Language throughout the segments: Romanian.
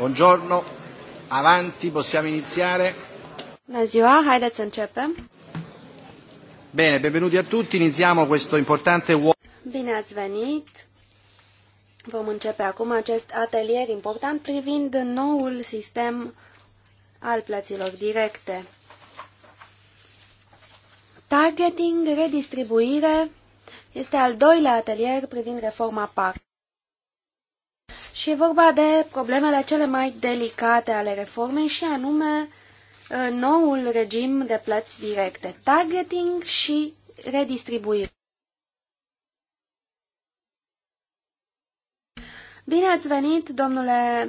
Buongiorno, avanti, possiamo iniziare. Bună ziua, haideți să începem. Bene, benvenuti a tutti, iniziamo questo importante... Bine ați venit! Vom începe acum acest atelier important privind noul sistem al plăților directe. Targeting, redistribuire, este al doilea atelier privind reforma PAC. Și e vorba de problemele cele mai delicate ale reformei și anume ă, noul regim de plăți directe, targeting și redistribuire. Bine ați venit, domnule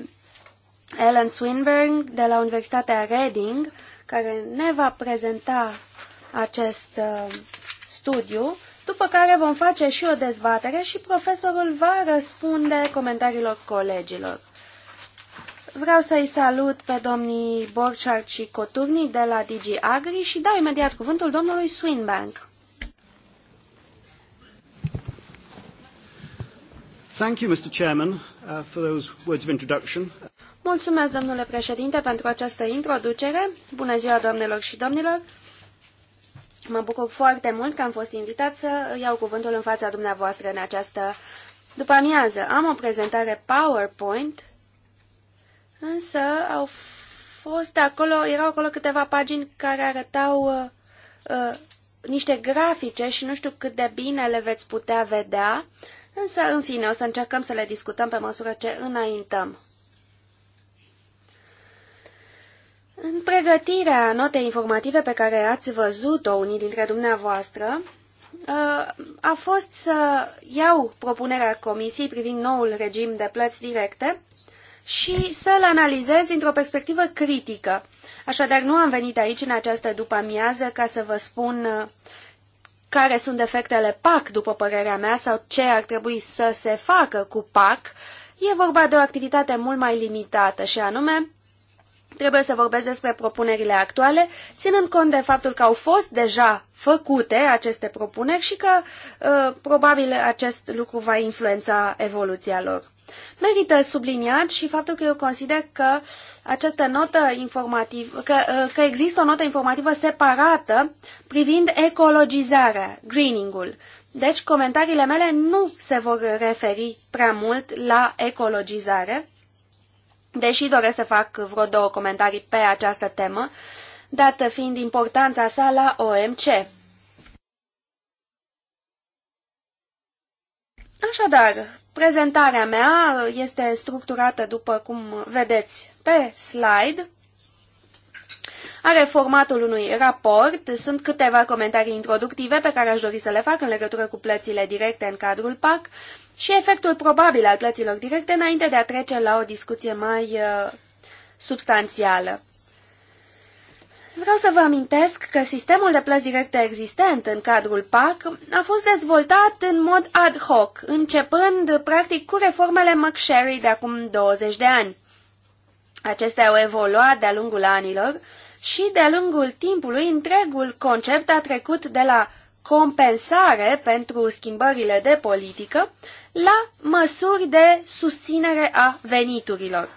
Ellen Swinburne de la Universitatea Reading, care ne va prezenta acest uh, studiu după care vom face și o dezbatere și profesorul va răspunde comentariilor colegilor. Vreau să-i salut pe domnii Borchard și Coturni de la DG Agri și dau imediat cuvântul domnului Swinbank. Thank you, Mr. Chairman, uh, for those words of introduction. Mulțumesc, domnule președinte, pentru această introducere. Bună ziua, doamnelor și domnilor! Mă bucur foarte mult că am fost invitat să iau cuvântul în fața dumneavoastră în această după amiază. Am o prezentare PowerPoint, însă au fost acolo, erau acolo câteva pagini care arătau uh, uh niște grafice și nu știu cât de bine le veți putea vedea, însă în fine o să încercăm să le discutăm pe măsură ce înaintăm. În pregătirea notei informative pe care ați văzut-o unii dintre dumneavoastră, uh, a fost să iau propunerea Comisiei privind noul regim de plăți directe și să-l analizez dintr-o perspectivă critică. Așadar, nu am venit aici în această după-amiază ca să vă spun uh, care sunt defectele PAC, după părerea mea, sau ce ar trebui să se facă cu PAC. E vorba de o activitate mult mai limitată și anume Trebuie să vorbesc despre propunerile actuale, ținând cont de faptul că au fost deja făcute aceste propuneri și că uh, probabil acest lucru va influența evoluția lor. Merită subliniat și faptul că eu consider că această notă informativă, că, uh, că există o notă informativă separată privind ecologizarea, greening-ul. Deci comentariile mele nu se vor referi prea mult la ecologizare, deși doresc să fac vreo două comentarii pe această temă, dată fiind importanța sa la OMC. Așadar, prezentarea mea este structurată după cum vedeți pe slide. Are formatul unui raport, sunt câteva comentarii introductive pe care aș dori să le fac în legătură cu plățile directe în cadrul PAC și efectul probabil al plăților directe înainte de a trece la o discuție mai uh, substanțială. Vreau să vă amintesc că sistemul de plăți directe existent în cadrul PAC a fost dezvoltat în mod ad hoc, începând practic cu reformele McSherry de acum 20 de ani. Acestea au evoluat de-a lungul anilor și de-a lungul timpului întregul concept a trecut de la compensare pentru schimbările de politică la măsuri de susținere a veniturilor.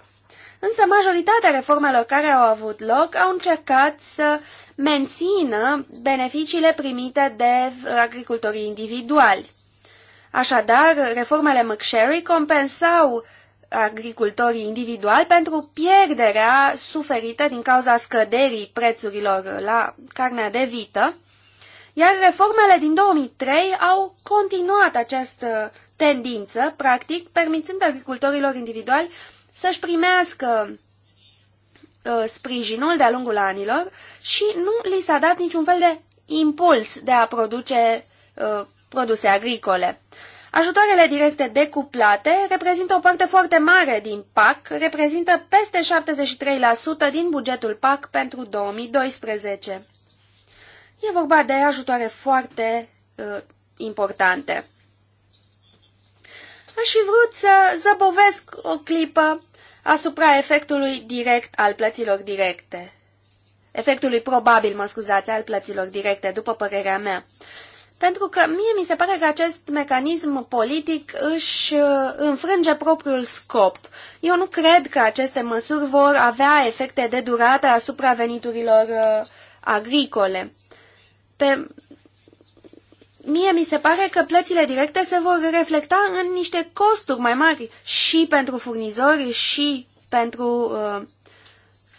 Însă majoritatea reformelor care au avut loc au încercat să mențină beneficiile primite de agricultorii individuali. Așadar, reformele McSherry compensau agricultorii individuali pentru pierderea suferită din cauza scăderii prețurilor la carnea de vită, iar reformele din 2003 au continuat această tendință, practic, permițând agricultorilor individuali să-și primească uh, sprijinul de-a lungul anilor și nu li s-a dat niciun fel de impuls de a produce uh, produse agricole. Ajutoarele directe decuplate reprezintă o parte foarte mare din PAC, reprezintă peste 73% din bugetul PAC pentru 2012. E vorba de ajutoare foarte uh, importante. Aș fi vrut să zăbovesc o clipă asupra efectului direct al plăților directe. Efectului probabil, mă scuzați, al plăților directe, după părerea mea. Pentru că mie mi se pare că acest mecanism politic își uh, înfrânge propriul scop. Eu nu cred că aceste măsuri vor avea efecte de durată asupra veniturilor uh, agricole. Pe... Mie mi se pare că plățile directe se vor reflecta în niște costuri mai mari și pentru furnizori și pentru uh,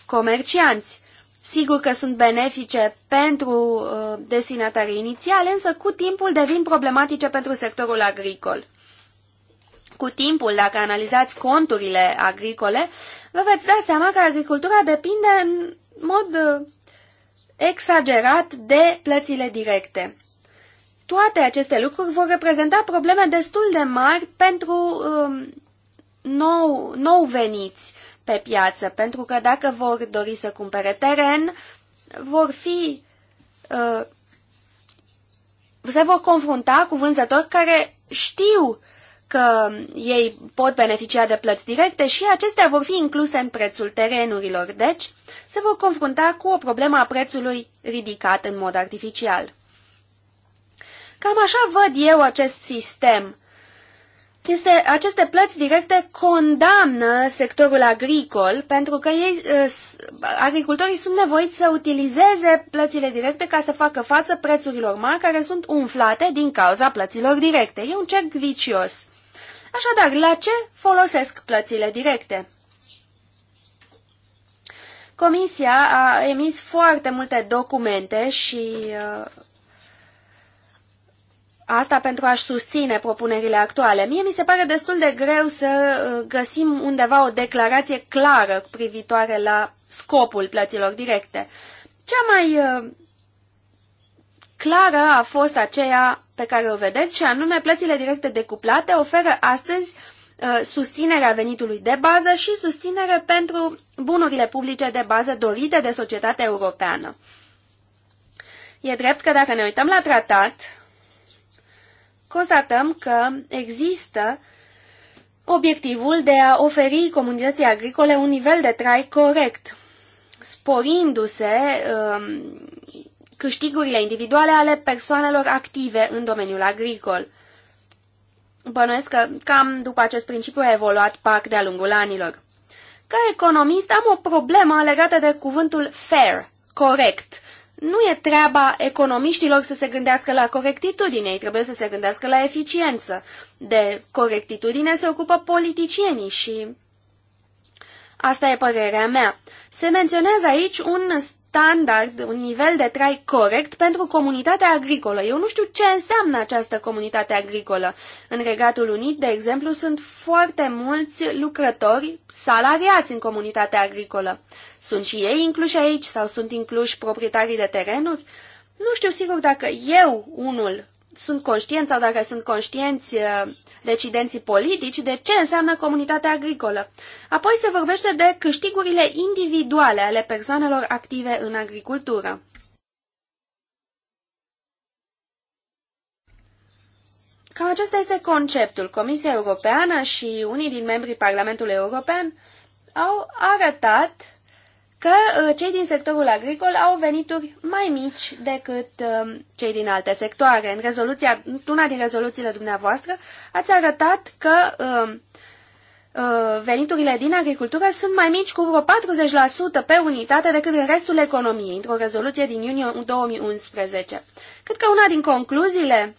comercianți. Sigur că sunt benefice pentru uh, destinatarii inițiale, însă cu timpul devin problematice pentru sectorul agricol. Cu timpul, dacă analizați conturile agricole, vă veți da seama că agricultura depinde în mod uh, exagerat de plățile directe. Toate aceste lucruri vor reprezenta probleme destul de mari pentru um, nou, nou veniți pe piață, pentru că dacă vor dori să cumpere teren, vor fi uh, se vor confrunta cu vânzători care știu că ei pot beneficia de plăți directe și acestea vor fi incluse în prețul terenurilor, deci se vor confrunta cu o problemă a prețului ridicat în mod artificial. Cam așa văd eu acest sistem este, aceste plăți directe condamnă sectorul agricol pentru că ei, uh, agricultorii sunt nevoiți să utilizeze plățile directe ca să facă față prețurilor mari care sunt umflate din cauza plăților directe. E un cerc vicios. Așadar, la ce folosesc plățile directe? Comisia a emis foarte multe documente și uh, Asta pentru a-și susține propunerile actuale. Mie mi se pare destul de greu să uh, găsim undeva o declarație clară privitoare la scopul plăților directe. Cea mai uh, clară a fost aceea pe care o vedeți și anume plățile directe decuplate oferă astăzi uh, susținerea venitului de bază și susținere pentru bunurile publice de bază dorite de societatea europeană. E drept că dacă ne uităm la tratat, constatăm că există obiectivul de a oferi comunității agricole un nivel de trai corect, sporindu-se um, câștigurile individuale ale persoanelor active în domeniul agricol. Bănuiesc că cam după acest principiu a evoluat PAC de-a lungul anilor. Ca economist am o problemă legată de cuvântul fair, corect, nu e treaba economiștilor să se gândească la corectitudine, ei trebuie să se gândească la eficiență. De corectitudine se ocupă politicienii și asta e părerea mea. Se menționează aici un standard, un nivel de trai corect pentru comunitatea agricolă. Eu nu știu ce înseamnă această comunitate agricolă. În Regatul Unit, de exemplu, sunt foarte mulți lucrători salariați în comunitatea agricolă. Sunt și ei incluși aici sau sunt incluși proprietarii de terenuri? Nu știu sigur dacă eu, unul, sunt conștient sau dacă sunt conștienți uh, decidenții politici de ce înseamnă comunitatea agricolă. Apoi se vorbește de câștigurile individuale ale persoanelor active în agricultură. Cam acesta este conceptul. Comisia Europeană și unii din membrii Parlamentului European au arătat că uh, cei din sectorul agricol au venituri mai mici decât uh, cei din alte sectoare. În rezoluția, una din rezoluțiile dumneavoastră ați arătat că uh, veniturile din agricultură sunt mai mici cu vreo 40% pe unitate decât în restul economiei, într-o rezoluție din iunie 2011. Cred că una din concluziile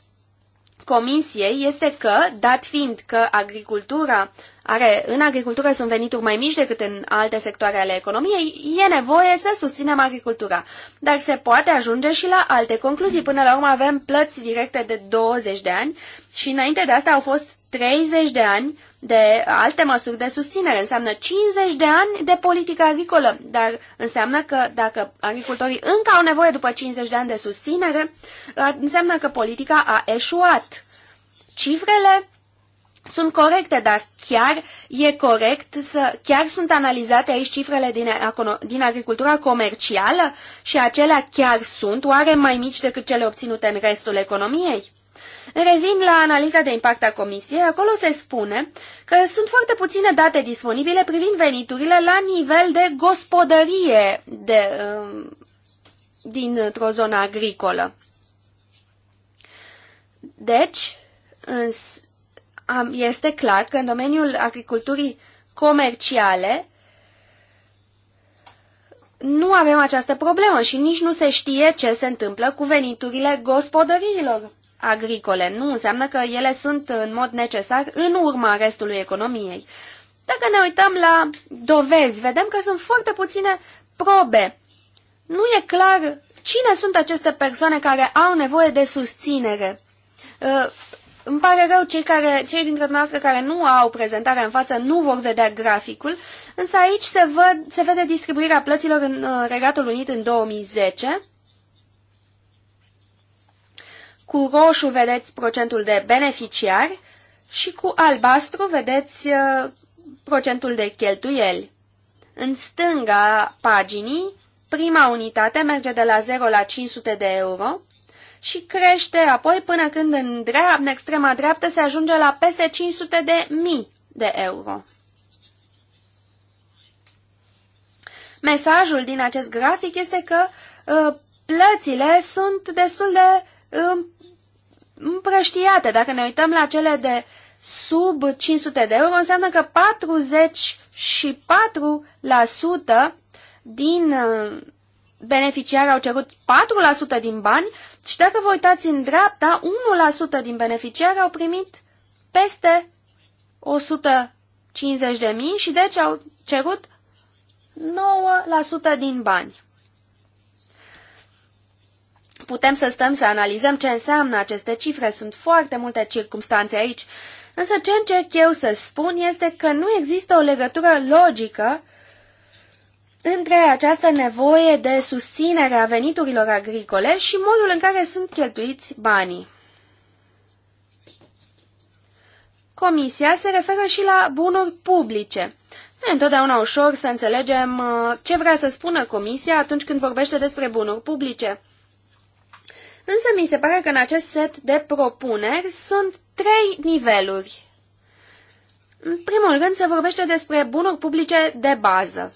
Comisiei este că, dat fiind că agricultura are în agricultură sunt venituri mai mici decât în alte sectoare ale economiei, e nevoie să susținem agricultura. Dar se poate ajunge și la alte concluzii. Până la urmă avem plăți directe de 20 de ani și înainte de asta au fost 30 de ani de alte măsuri de susținere. Înseamnă 50 de ani de politică agricolă, dar înseamnă că dacă agricultorii încă au nevoie după 50 de ani de susținere, înseamnă că politica a eșuat. Cifrele sunt corecte, dar chiar e corect să... Chiar sunt analizate aici cifrele din, din agricultura comercială și acelea chiar sunt oare mai mici decât cele obținute în restul economiei? Revin la analiza de impact a Comisiei. Acolo se spune că sunt foarte puține date disponibile privind veniturile la nivel de gospodărie de, um, dintr-o zonă agricolă. Deci, este clar că în domeniul agriculturii comerciale nu avem această problemă și nici nu se știe ce se întâmplă cu veniturile gospodăriilor agricole. Nu înseamnă că ele sunt în mod necesar în urma restului economiei. Dacă ne uităm la dovezi, vedem că sunt foarte puține probe. Nu e clar cine sunt aceste persoane care au nevoie de susținere. Uh, îmi pare rău, cei, care, cei dintre noastre care nu au prezentarea în față nu vor vedea graficul, însă aici se, văd, se vede distribuirea plăților în uh, Regatul Unit în 2010. Cu roșu vedeți procentul de beneficiari și cu albastru vedeți uh, procentul de cheltuieli. În stânga paginii, prima unitate merge de la 0 la 500 de euro, și crește apoi până când în, dreap, în extrema dreaptă se ajunge la peste 500 de mii de euro. Mesajul din acest grafic este că uh, plățile sunt destul de uh, împrăștiate. Dacă ne uităm la cele de sub 500 de euro, înseamnă că 44% din uh, beneficiari au cerut 4% din bani și dacă vă uitați în dreapta, 1% din beneficiari au primit peste 150.000 de mii și deci au cerut 9% din bani. Putem să stăm să analizăm ce înseamnă aceste cifre, sunt foarte multe circumstanțe aici, însă ce încerc eu să spun este că nu există o legătură logică între această nevoie de susținere a veniturilor agricole și modul în care sunt cheltuiți banii. Comisia se referă și la bunuri publice. Nu e întotdeauna ușor să înțelegem uh, ce vrea să spună Comisia atunci când vorbește despre bunuri publice. Însă mi se pare că în acest set de propuneri sunt trei niveluri. În primul rând se vorbește despre bunuri publice de bază.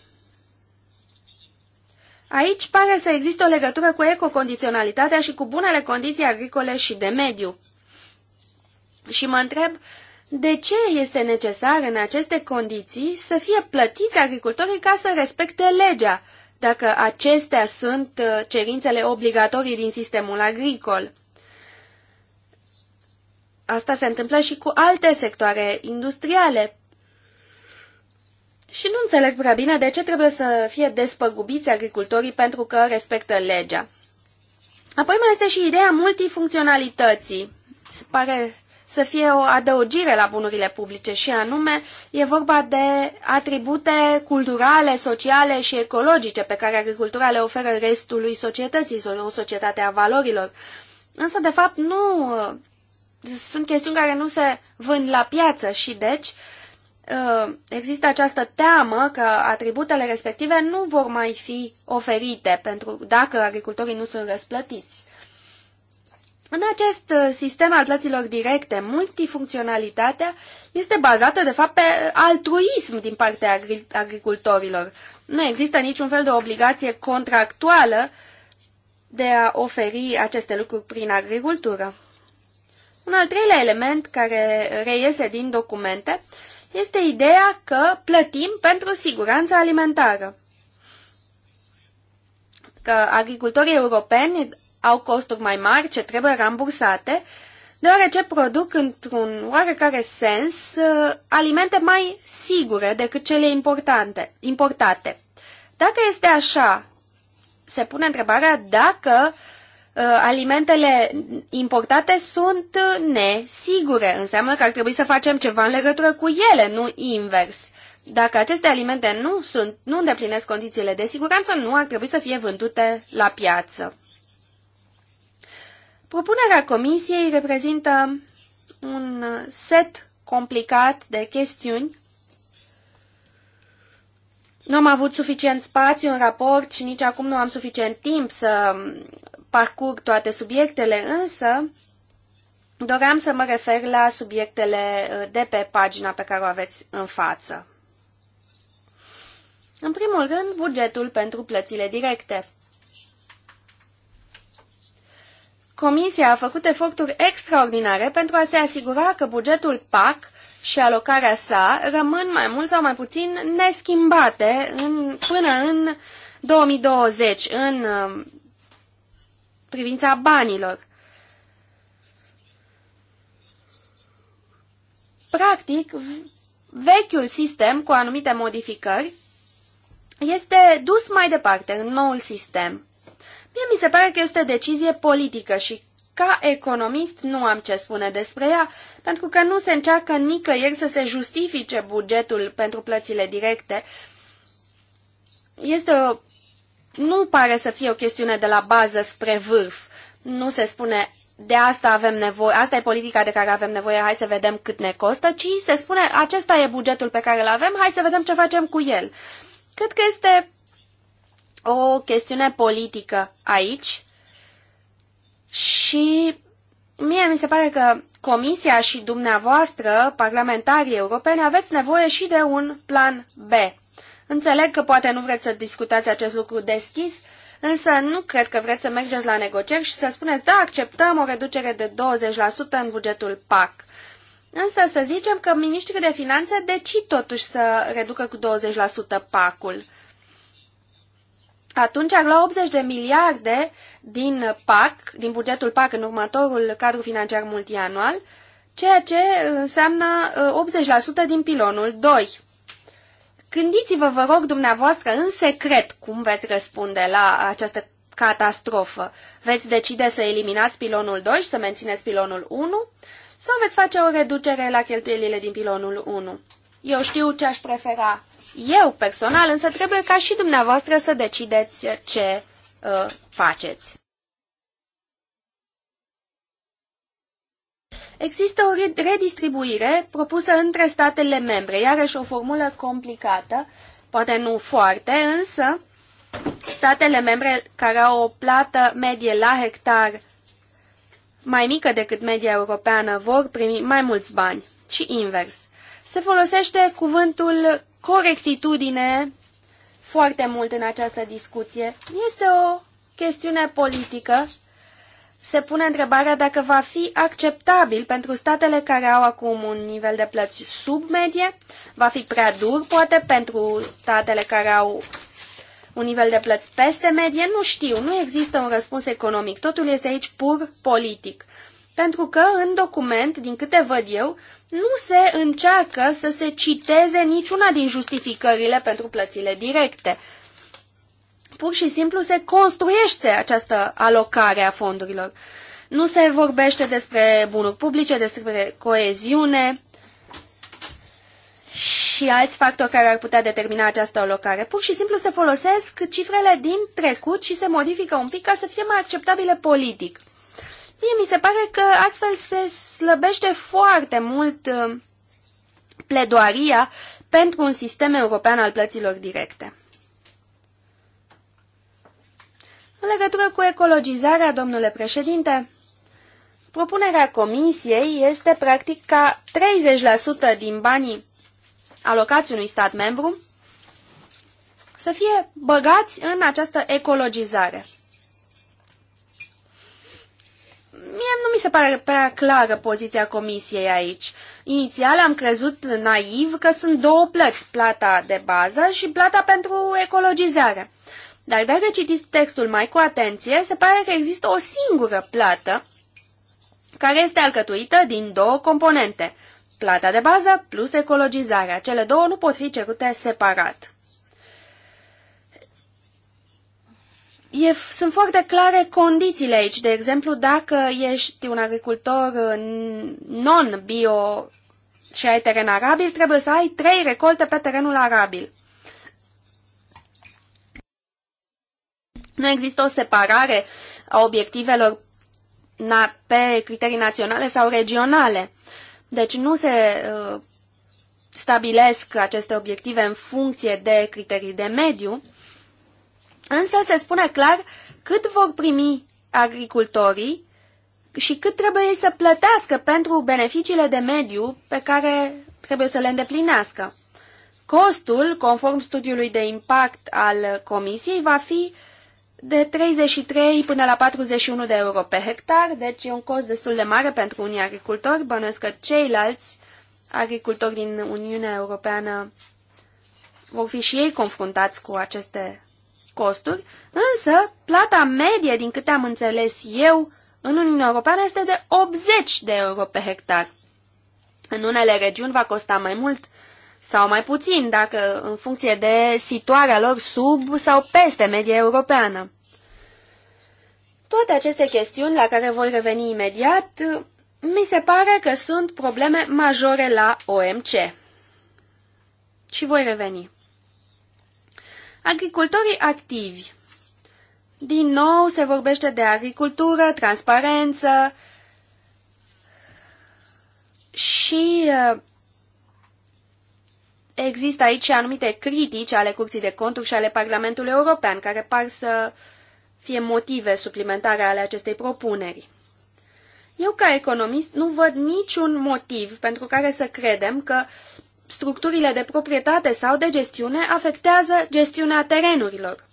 Aici pare să existe o legătură cu ecocondiționalitatea și cu bunele condiții agricole și de mediu. Și mă întreb, de ce este necesar în aceste condiții să fie plătiți agricultorii ca să respecte legea, dacă acestea sunt uh, cerințele obligatorii din sistemul agricol? Asta se întâmplă și cu alte sectoare industriale. Și nu înțeleg prea bine de ce trebuie să fie despăgubiți agricultorii pentru că respectă legea. Apoi mai este și ideea multifuncționalității. Se pare să fie o adăugire la bunurile publice și anume e vorba de atribute culturale, sociale și ecologice pe care agricultura le oferă restului societății, o societate a valorilor. Însă, de fapt, nu sunt chestiuni care nu se vând la piață și deci uh, Uh, există această teamă că atributele respective nu vor mai fi oferite pentru dacă agricultorii nu sunt răsplătiți. În acest uh, sistem al plăților directe, multifuncționalitatea este bazată, de fapt, pe altruism din partea agricultorilor. Nu există niciun fel de obligație contractuală de a oferi aceste lucruri prin agricultură. Un al treilea element care reiese din documente este ideea că plătim pentru siguranța alimentară. Că agricultorii europeni au costuri mai mari ce trebuie rambursate, deoarece produc într-un oarecare sens uh, alimente mai sigure decât cele importante, importate. Dacă este așa, se pune întrebarea dacă uh, Uh, alimentele importate sunt uh, nesigure. Înseamnă că ar trebui să facem ceva în legătură cu ele, nu invers. Dacă aceste alimente nu, sunt, nu îndeplinesc condițiile de siguranță, nu ar trebui să fie vândute la piață. Propunerea Comisiei reprezintă un set complicat de chestiuni. Nu am avut suficient spațiu în raport și nici acum nu am suficient timp să parcurg toate subiectele, însă doream să mă refer la subiectele uh, de pe pagina pe care o aveți în față. În primul rând, bugetul pentru plățile directe. Comisia a făcut eforturi extraordinare pentru a se asigura că bugetul PAC și alocarea sa rămân mai mult sau mai puțin neschimbate în, până în 2020, în uh, privința banilor. Practic, vechiul sistem cu anumite modificări este dus mai departe în noul sistem. Mie mi se pare că este o decizie politică și ca economist nu am ce spune despre ea, pentru că nu se încearcă nicăieri să se justifice bugetul pentru plățile directe. Este o nu pare să fie o chestiune de la bază spre vârf. Nu se spune de asta avem nevoie, asta e politica de care avem nevoie, hai să vedem cât ne costă, ci se spune acesta e bugetul pe care îl avem, hai să vedem ce facem cu el. Cred că este o chestiune politică aici și mie mi se pare că Comisia și dumneavoastră, parlamentarii europeni, aveți nevoie și de un plan B. Înțeleg că poate nu vreți să discutați acest lucru deschis, însă nu cred că vreți să mergeți la negocieri și să spuneți, da, acceptăm o reducere de 20% în bugetul PAC. Însă să zicem că ministrii de finanțe decid totuși să reducă cu 20% PAC-ul. Atunci ar lua 80 de miliarde din PAC, din bugetul PAC în următorul cadru financiar multianual, ceea ce înseamnă 80% uh, din pilonul 2. Gândiți-vă, vă rog, dumneavoastră, în secret, cum veți răspunde la această catastrofă. Veți decide să eliminați pilonul 2 și să mențineți pilonul 1? Sau veți face o reducere la cheltuielile din pilonul 1? Eu știu ce aș prefera eu personal, însă trebuie ca și dumneavoastră să decideți ce uh, faceți. Există o redistribuire propusă între statele membre, iarăși o formulă complicată, poate nu foarte, însă statele membre care au o plată medie la hectar mai mică decât media europeană vor primi mai mulți bani și invers. Se folosește cuvântul corectitudine foarte mult în această discuție. Este o chestiune politică se pune întrebarea dacă va fi acceptabil pentru statele care au acum un nivel de plăți sub medie, va fi prea dur, poate, pentru statele care au un nivel de plăți peste medie, nu știu, nu există un răspuns economic, totul este aici pur politic. Pentru că în document, din câte văd eu, nu se încearcă să se citeze niciuna din justificările pentru plățile directe pur și simplu se construiește această alocare a fondurilor. Nu se vorbește despre bunuri publice, despre coeziune și alți factori care ar putea determina această alocare. Pur și simplu se folosesc cifrele din trecut și se modifică un pic ca să fie mai acceptabile politic. Mie mi se pare că astfel se slăbește foarte mult uh, pledoaria pentru un sistem european al plăților directe. În legătură cu ecologizarea, domnule președinte, propunerea comisiei este practic ca 30% din banii alocați unui stat membru să fie băgați în această ecologizare. Mie nu mi se pare prea clară poziția comisiei aici. Inițial am crezut naiv că sunt două plăți, plata de bază și plata pentru ecologizare. Dar dacă citiți textul mai cu atenție, se pare că există o singură plată care este alcătuită din două componente, plata de bază plus ecologizarea. Cele două nu pot fi cerute separat. E, sunt foarte clare condițiile aici. De exemplu, dacă ești un agricultor uh, non-bio și ai teren arabil, trebuie să ai trei recolte pe terenul arabil. Nu există o separare a obiectivelor pe criterii naționale sau regionale. Deci nu se uh, stabilesc aceste obiective în funcție de criterii de mediu, însă se spune clar cât vor primi agricultorii și cât trebuie ei să plătească pentru beneficiile de mediu pe care trebuie să le îndeplinească. Costul, conform studiului de impact al Comisiei, va fi de 33 până la 41 de euro pe hectar, deci e un cost destul de mare pentru unii agricultori. Bănuiesc că ceilalți agricultori din Uniunea Europeană vor fi și ei confruntați cu aceste costuri, însă plata medie, din câte am înțeles eu, în Uniunea Europeană este de 80 de euro pe hectar. În unele regiuni va costa mai mult, sau mai puțin, dacă în funcție de situarea lor sub sau peste media europeană. Toate aceste chestiuni, la care voi reveni imediat, mi se pare că sunt probleme majore la OMC. Și voi reveni. Agricultorii activi. Din nou se vorbește de agricultură, transparență și uh, Există aici și anumite critici ale Curții de Conturi și ale Parlamentului European, care par să fie motive suplimentare ale acestei propuneri. Eu, ca economist, nu văd niciun motiv pentru care să credem că structurile de proprietate sau de gestiune afectează gestiunea terenurilor.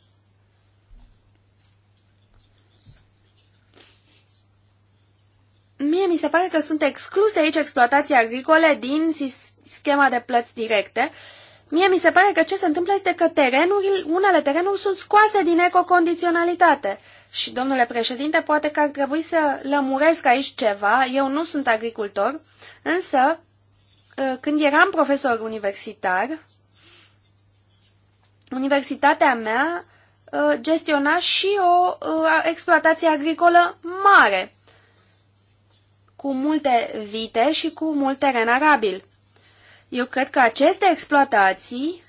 Mie mi se pare că sunt excluse aici exploatații agricole din schema de plăți directe. Mie mi se pare că ce se întâmplă este că terenuri, unele terenuri sunt scoase din ecocondiționalitate. Și, domnule președinte, poate că ar trebui să lămuresc aici ceva. Eu nu sunt agricultor, însă ă, când eram profesor universitar, universitatea mea ă, gestiona și o ă, exploatație agricolă mare cu multe vite și cu mult teren arabil. Eu cred că aceste exploatații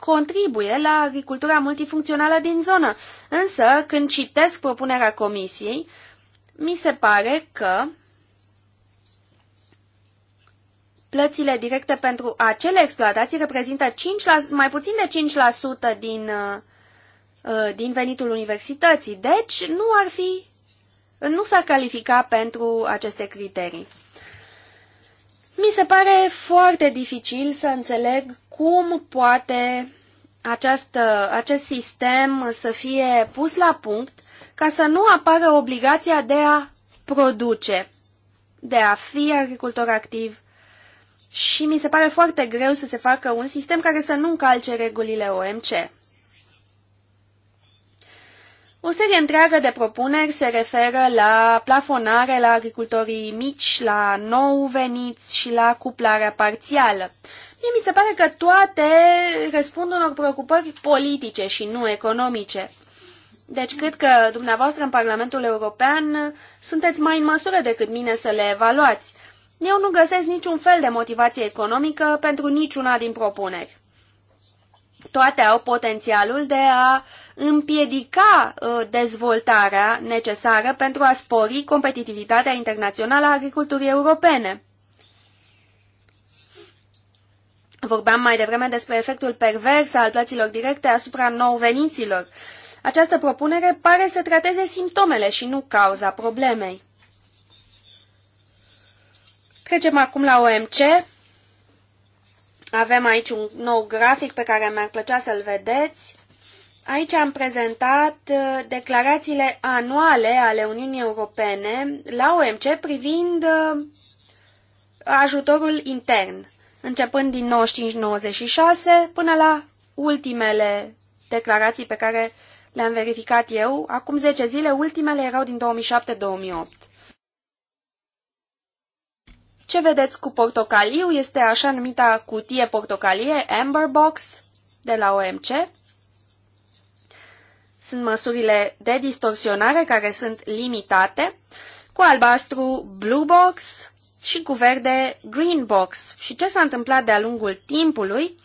contribuie la agricultura multifuncțională din zonă, însă când citesc propunerea comisiei, mi se pare că plățile directe pentru acele exploatații reprezintă 5 la, mai puțin de 5% din, uh, uh, din venitul universității, deci nu ar fi nu s-ar califica pentru aceste criterii. Mi se pare foarte dificil să înțeleg cum poate această, acest sistem să fie pus la punct ca să nu apară obligația de a produce, de a fi agricultor activ și mi se pare foarte greu să se facă un sistem care să nu încalce regulile OMC. O serie întreagă de propuneri se referă la plafonare la agricultorii mici, la nou veniți și la cuplarea parțială. Mie mi se pare că toate răspund unor preocupări politice și nu economice. Deci cred că dumneavoastră în Parlamentul European sunteți mai în măsură decât mine să le evaluați. Eu nu găsesc niciun fel de motivație economică pentru niciuna din propuneri toate au potențialul de a împiedica uh, dezvoltarea necesară pentru a spori competitivitatea internațională a agriculturii europene. Vorbeam mai devreme despre efectul pervers al plăților directe asupra nou-veniților. Această propunere pare să trateze simptomele și nu cauza problemei. Trecem acum la OMC. Avem aici un nou grafic pe care mi-ar plăcea să-l vedeți. Aici am prezentat uh, declarațiile anuale ale Uniunii Europene la OMC privind uh, ajutorul intern, începând din 95-96 până la ultimele declarații pe care le-am verificat eu. Acum 10 zile, ultimele erau din 2007-2008. Ce vedeți cu portocaliu este așa numita cutie portocalie, Amber Box, de la OMC. Sunt măsurile de distorsionare care sunt limitate, cu albastru Blue Box și cu verde Green Box. Și ce s-a întâmplat de-a lungul timpului?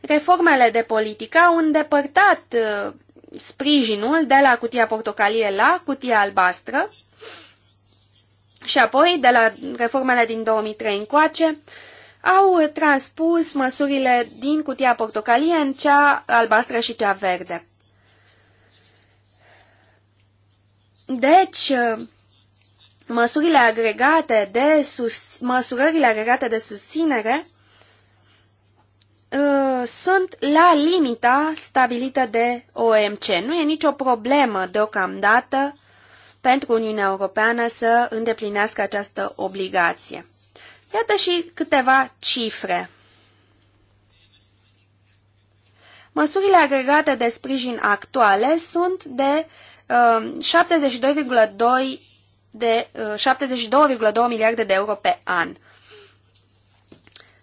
Reformele de politică au îndepărtat uh, sprijinul de la cutia portocalie la cutia albastră, și apoi, de la reformele din 2003 încoace, au transpus măsurile din cutia portocalie în cea albastră și cea verde. Deci, măsurile agregate de sus, măsurările agregate de susținere uh, sunt la limita stabilită de OMC. Nu e nicio problemă deocamdată pentru Uniunea Europeană să îndeplinească această obligație. Iată și câteva cifre. Măsurile agregate de sprijin actuale sunt de uh, 72,2 de uh, 72,2 miliarde de euro pe an.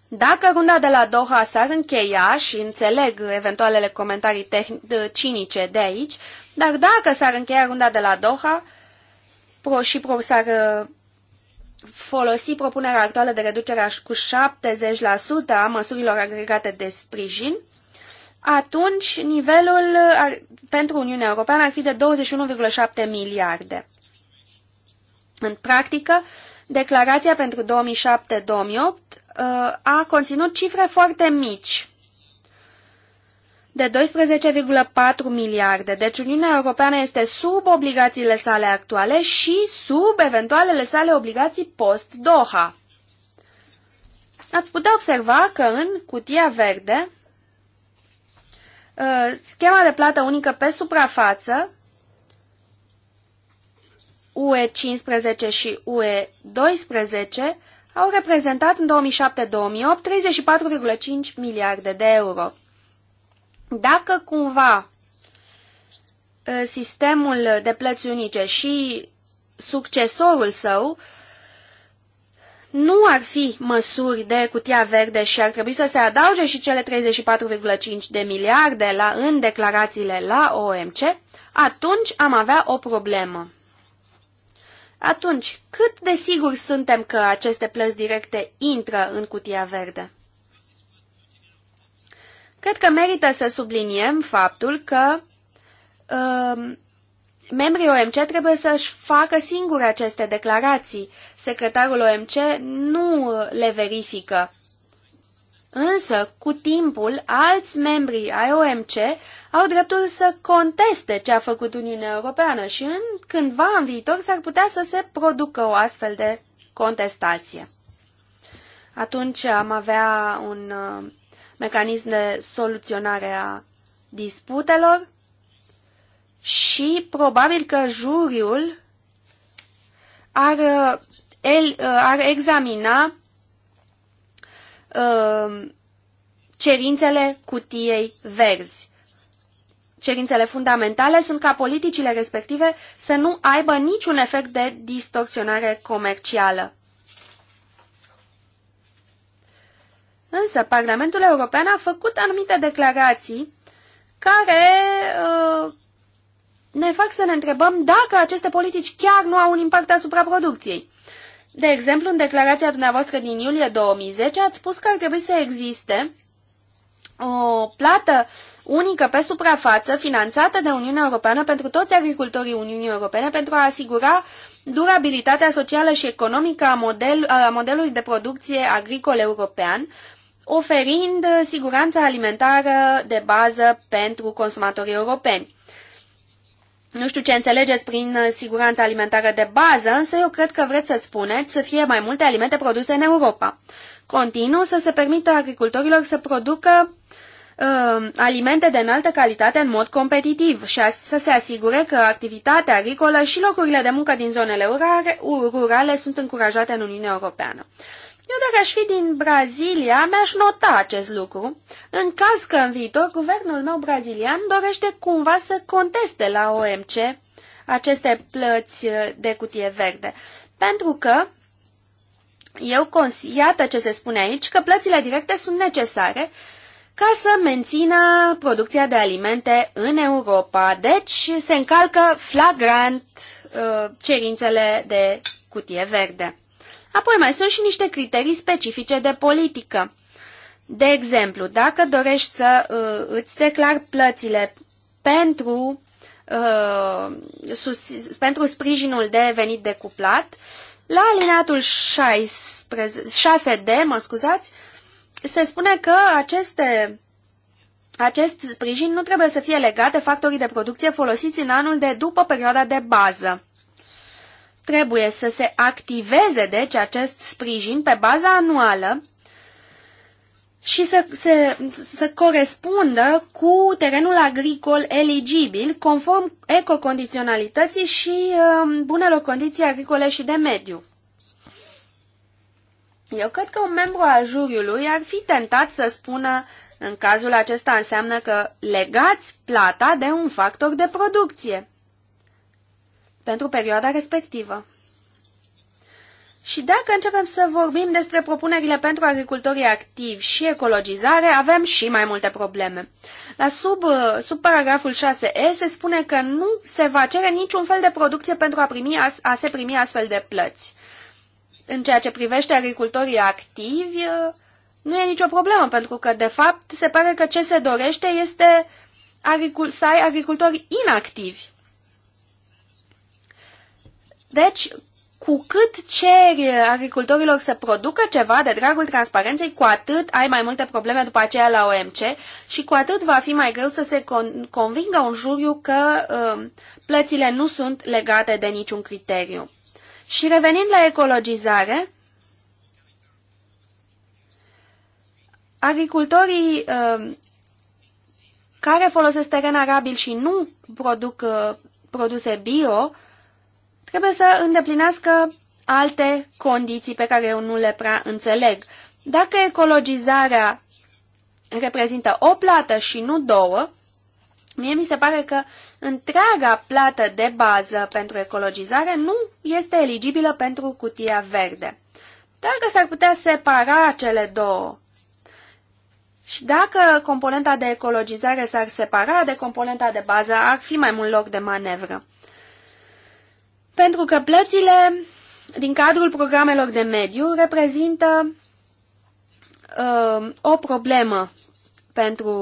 Dacă runda de la Doha s-ar încheia și înțeleg eventualele comentarii cinice de aici, dar dacă s-ar încheia runda de la Doha, uh, pro și pro s-ar uh, folosi propunerea actuală de reducere cu 70% a măsurilor agregate de sprijin, atunci nivelul uh, ar, pentru Uniunea Europeană ar fi de 21,7 miliarde. În practică, declarația pentru 2007-2008 uh, a conținut cifre foarte mici de 12,4 miliarde. Deci Uniunea Europeană este sub obligațiile sale actuale și sub eventualele sale obligații post-Doha. Ați putea observa că în cutia verde, ă, schema de plată unică pe suprafață, UE 15 și UE 12, au reprezentat în 2007-2008 34,5 miliarde de euro. Dacă cumva ă, sistemul de plăți unice și succesorul său nu ar fi măsuri de cutia verde și ar trebui să se adauge și cele 34,5 de miliarde la, în declarațiile la OMC, atunci am avea o problemă. Atunci, cât de sigur suntem că aceste plăți directe intră în cutia verde? Cred că merită să subliniem faptul că uh, membrii OMC trebuie să-și facă singuri aceste declarații. Secretarul OMC nu le verifică. Însă, cu timpul, alți membri ai OMC au dreptul să conteste ce a făcut Uniunea Europeană și în cândva în viitor s-ar putea să se producă o astfel de contestație. Atunci am avea un uh, mecanism de soluționare a disputelor și probabil că juriul ar, el, uh, ar examina uh, cerințele cutiei verzi. Cerințele fundamentale sunt ca politicile respective să nu aibă niciun efect de distorsionare comercială. Însă Parlamentul European a făcut anumite declarații care uh, ne fac să ne întrebăm dacă aceste politici chiar nu au un impact asupra producției. De exemplu, în declarația dumneavoastră din iulie 2010 ați spus că ar trebui să existe o plată unică pe suprafață finanțată de Uniunea Europeană pentru toți agricultorii Uniunii Europene pentru a asigura durabilitatea socială și economică a, model, a modelului de producție agricol european oferind uh, siguranța alimentară de bază pentru consumatorii europeni. Nu știu ce înțelegeți prin uh, siguranța alimentară de bază, însă eu cred că vreți să spuneți să fie mai multe alimente produse în Europa. Continuu să se permită agricultorilor să producă uh, alimente de înaltă calitate în mod competitiv și a, să se asigure că activitatea agricolă și locurile de muncă din zonele rurale, rurale sunt încurajate în Uniunea Europeană. Eu dacă aș fi din Brazilia, mi-aș nota acest lucru, în caz că în viitor guvernul meu brazilian dorește cumva să conteste la OMC aceste plăți uh, de cutie verde. Pentru că eu iată ce se spune aici, că plățile directe sunt necesare ca să mențină producția de alimente în Europa. Deci se încalcă flagrant uh, cerințele de cutie verde. Apoi mai sunt și niște criterii specifice de politică. De exemplu, dacă dorești să uh, îți declari plățile pentru, uh, sus, pentru sprijinul de venit decuplat, la alineatul 16, 6D, mă scuzați, se spune că aceste, acest sprijin nu trebuie să fie legat de factorii de producție folosiți în anul de după perioada de bază. Trebuie să se activeze, deci, acest sprijin pe baza anuală și să, se, să corespundă cu terenul agricol eligibil, conform ecocondiționalității și uh, bunelor condiții agricole și de mediu. Eu cred că un membru al juriului ar fi tentat să spună în cazul acesta înseamnă că legați plata de un factor de producție pentru perioada respectivă. Și dacă începem să vorbim despre propunerile pentru agricultorii activi și ecologizare, avem și mai multe probleme. La sub, uh, sub paragraful 6e se spune că nu se va cere niciun fel de producție pentru a, primi, a se primi astfel de plăți. În ceea ce privește agricultorii activi, uh, nu e nicio problemă, pentru că, de fapt, se pare că ce se dorește este să ai agricultori inactivi. Deci, cu cât ceri agricultorilor să producă ceva de dragul transparenței, cu atât ai mai multe probleme după aceea la OMC și cu atât va fi mai greu să se con- convingă un juriu că uh, plățile nu sunt legate de niciun criteriu. Și revenind la ecologizare, agricultorii uh, care folosesc teren arabil și nu produc uh, produse bio, uh, trebuie să îndeplinească alte condiții pe care eu nu le prea înțeleg. Dacă ecologizarea reprezintă o plată și nu două, mie mi se pare că întreaga plată de bază pentru ecologizare nu este eligibilă pentru cutia verde. Dacă s-ar putea separa cele două și dacă componenta de ecologizare s-ar separa de componenta de bază, ar fi mai mult loc de manevră. Pentru că plățile din cadrul programelor de mediu reprezintă uh, o problemă pentru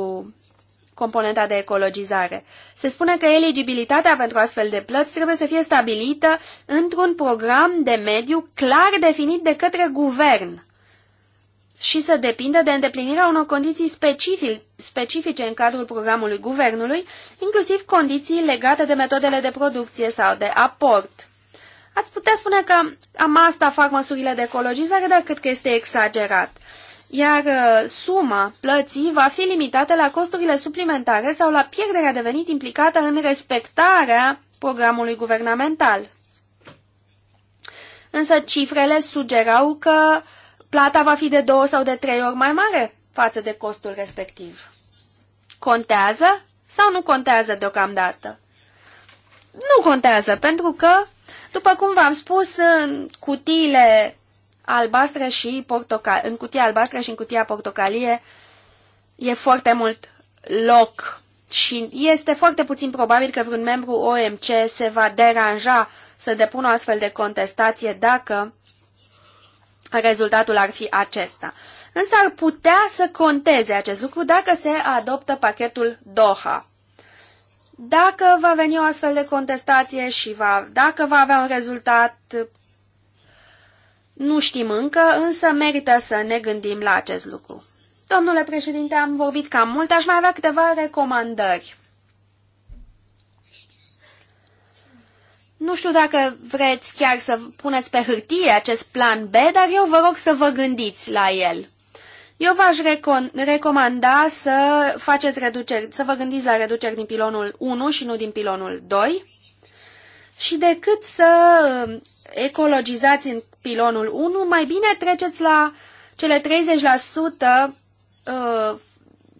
componenta de ecologizare. Se spune că eligibilitatea pentru astfel de plăți trebuie să fie stabilită într-un program de mediu clar definit de către guvern și să depindă de îndeplinirea unor condiții specific, specifice în cadrul programului guvernului, inclusiv condiții legate de metodele de producție sau de aport. Ați putea spune că am asta fac măsurile de ecologizare, dar cât că este exagerat. Iar uh, suma plății va fi limitată la costurile suplimentare sau la pierderea de venit implicată în respectarea programului guvernamental. Însă cifrele sugerau că uh, plata va fi de două sau de trei ori mai mare față de costul respectiv. Contează sau nu contează deocamdată? Nu contează, pentru că, după cum v-am spus, în cutiile albastre și portocal, în cutia albastră și în cutia portocalie e foarte mult loc și este foarte puțin probabil că vreun membru OMC se va deranja să depună o astfel de contestație dacă rezultatul ar fi acesta. Însă ar putea să conteze acest lucru dacă se adoptă pachetul Doha. Dacă va veni o astfel de contestație și va, dacă va avea un rezultat, nu știm încă, însă merită să ne gândim la acest lucru. Domnule președinte, am vorbit cam mult, aș mai avea câteva recomandări. Nu știu dacă vreți chiar să puneți pe hârtie acest plan B, dar eu vă rog să vă gândiți la el. Eu v-aș recomanda să faceți reduceri, să vă gândiți la reduceri din pilonul 1 și nu din pilonul 2 și decât să um, ecologizați în pilonul 1, mai bine treceți la cele 30% uh,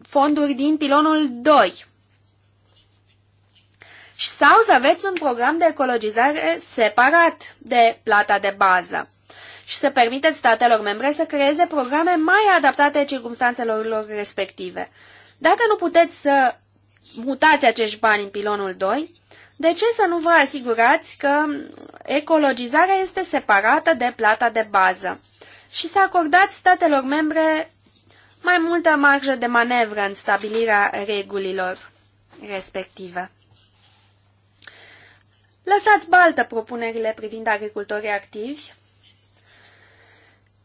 fonduri din pilonul 2 sau să aveți un program de ecologizare separat de plata de bază și să permiteți statelor membre să creeze programe mai adaptate circunstanțelor lor respective. Dacă nu puteți să mutați acești bani în pilonul 2, de ce să nu vă asigurați că ecologizarea este separată de plata de bază și să acordați statelor membre mai multă marjă de manevră în stabilirea regulilor respective? Lăsați baltă propunerile privind agricultorii activi.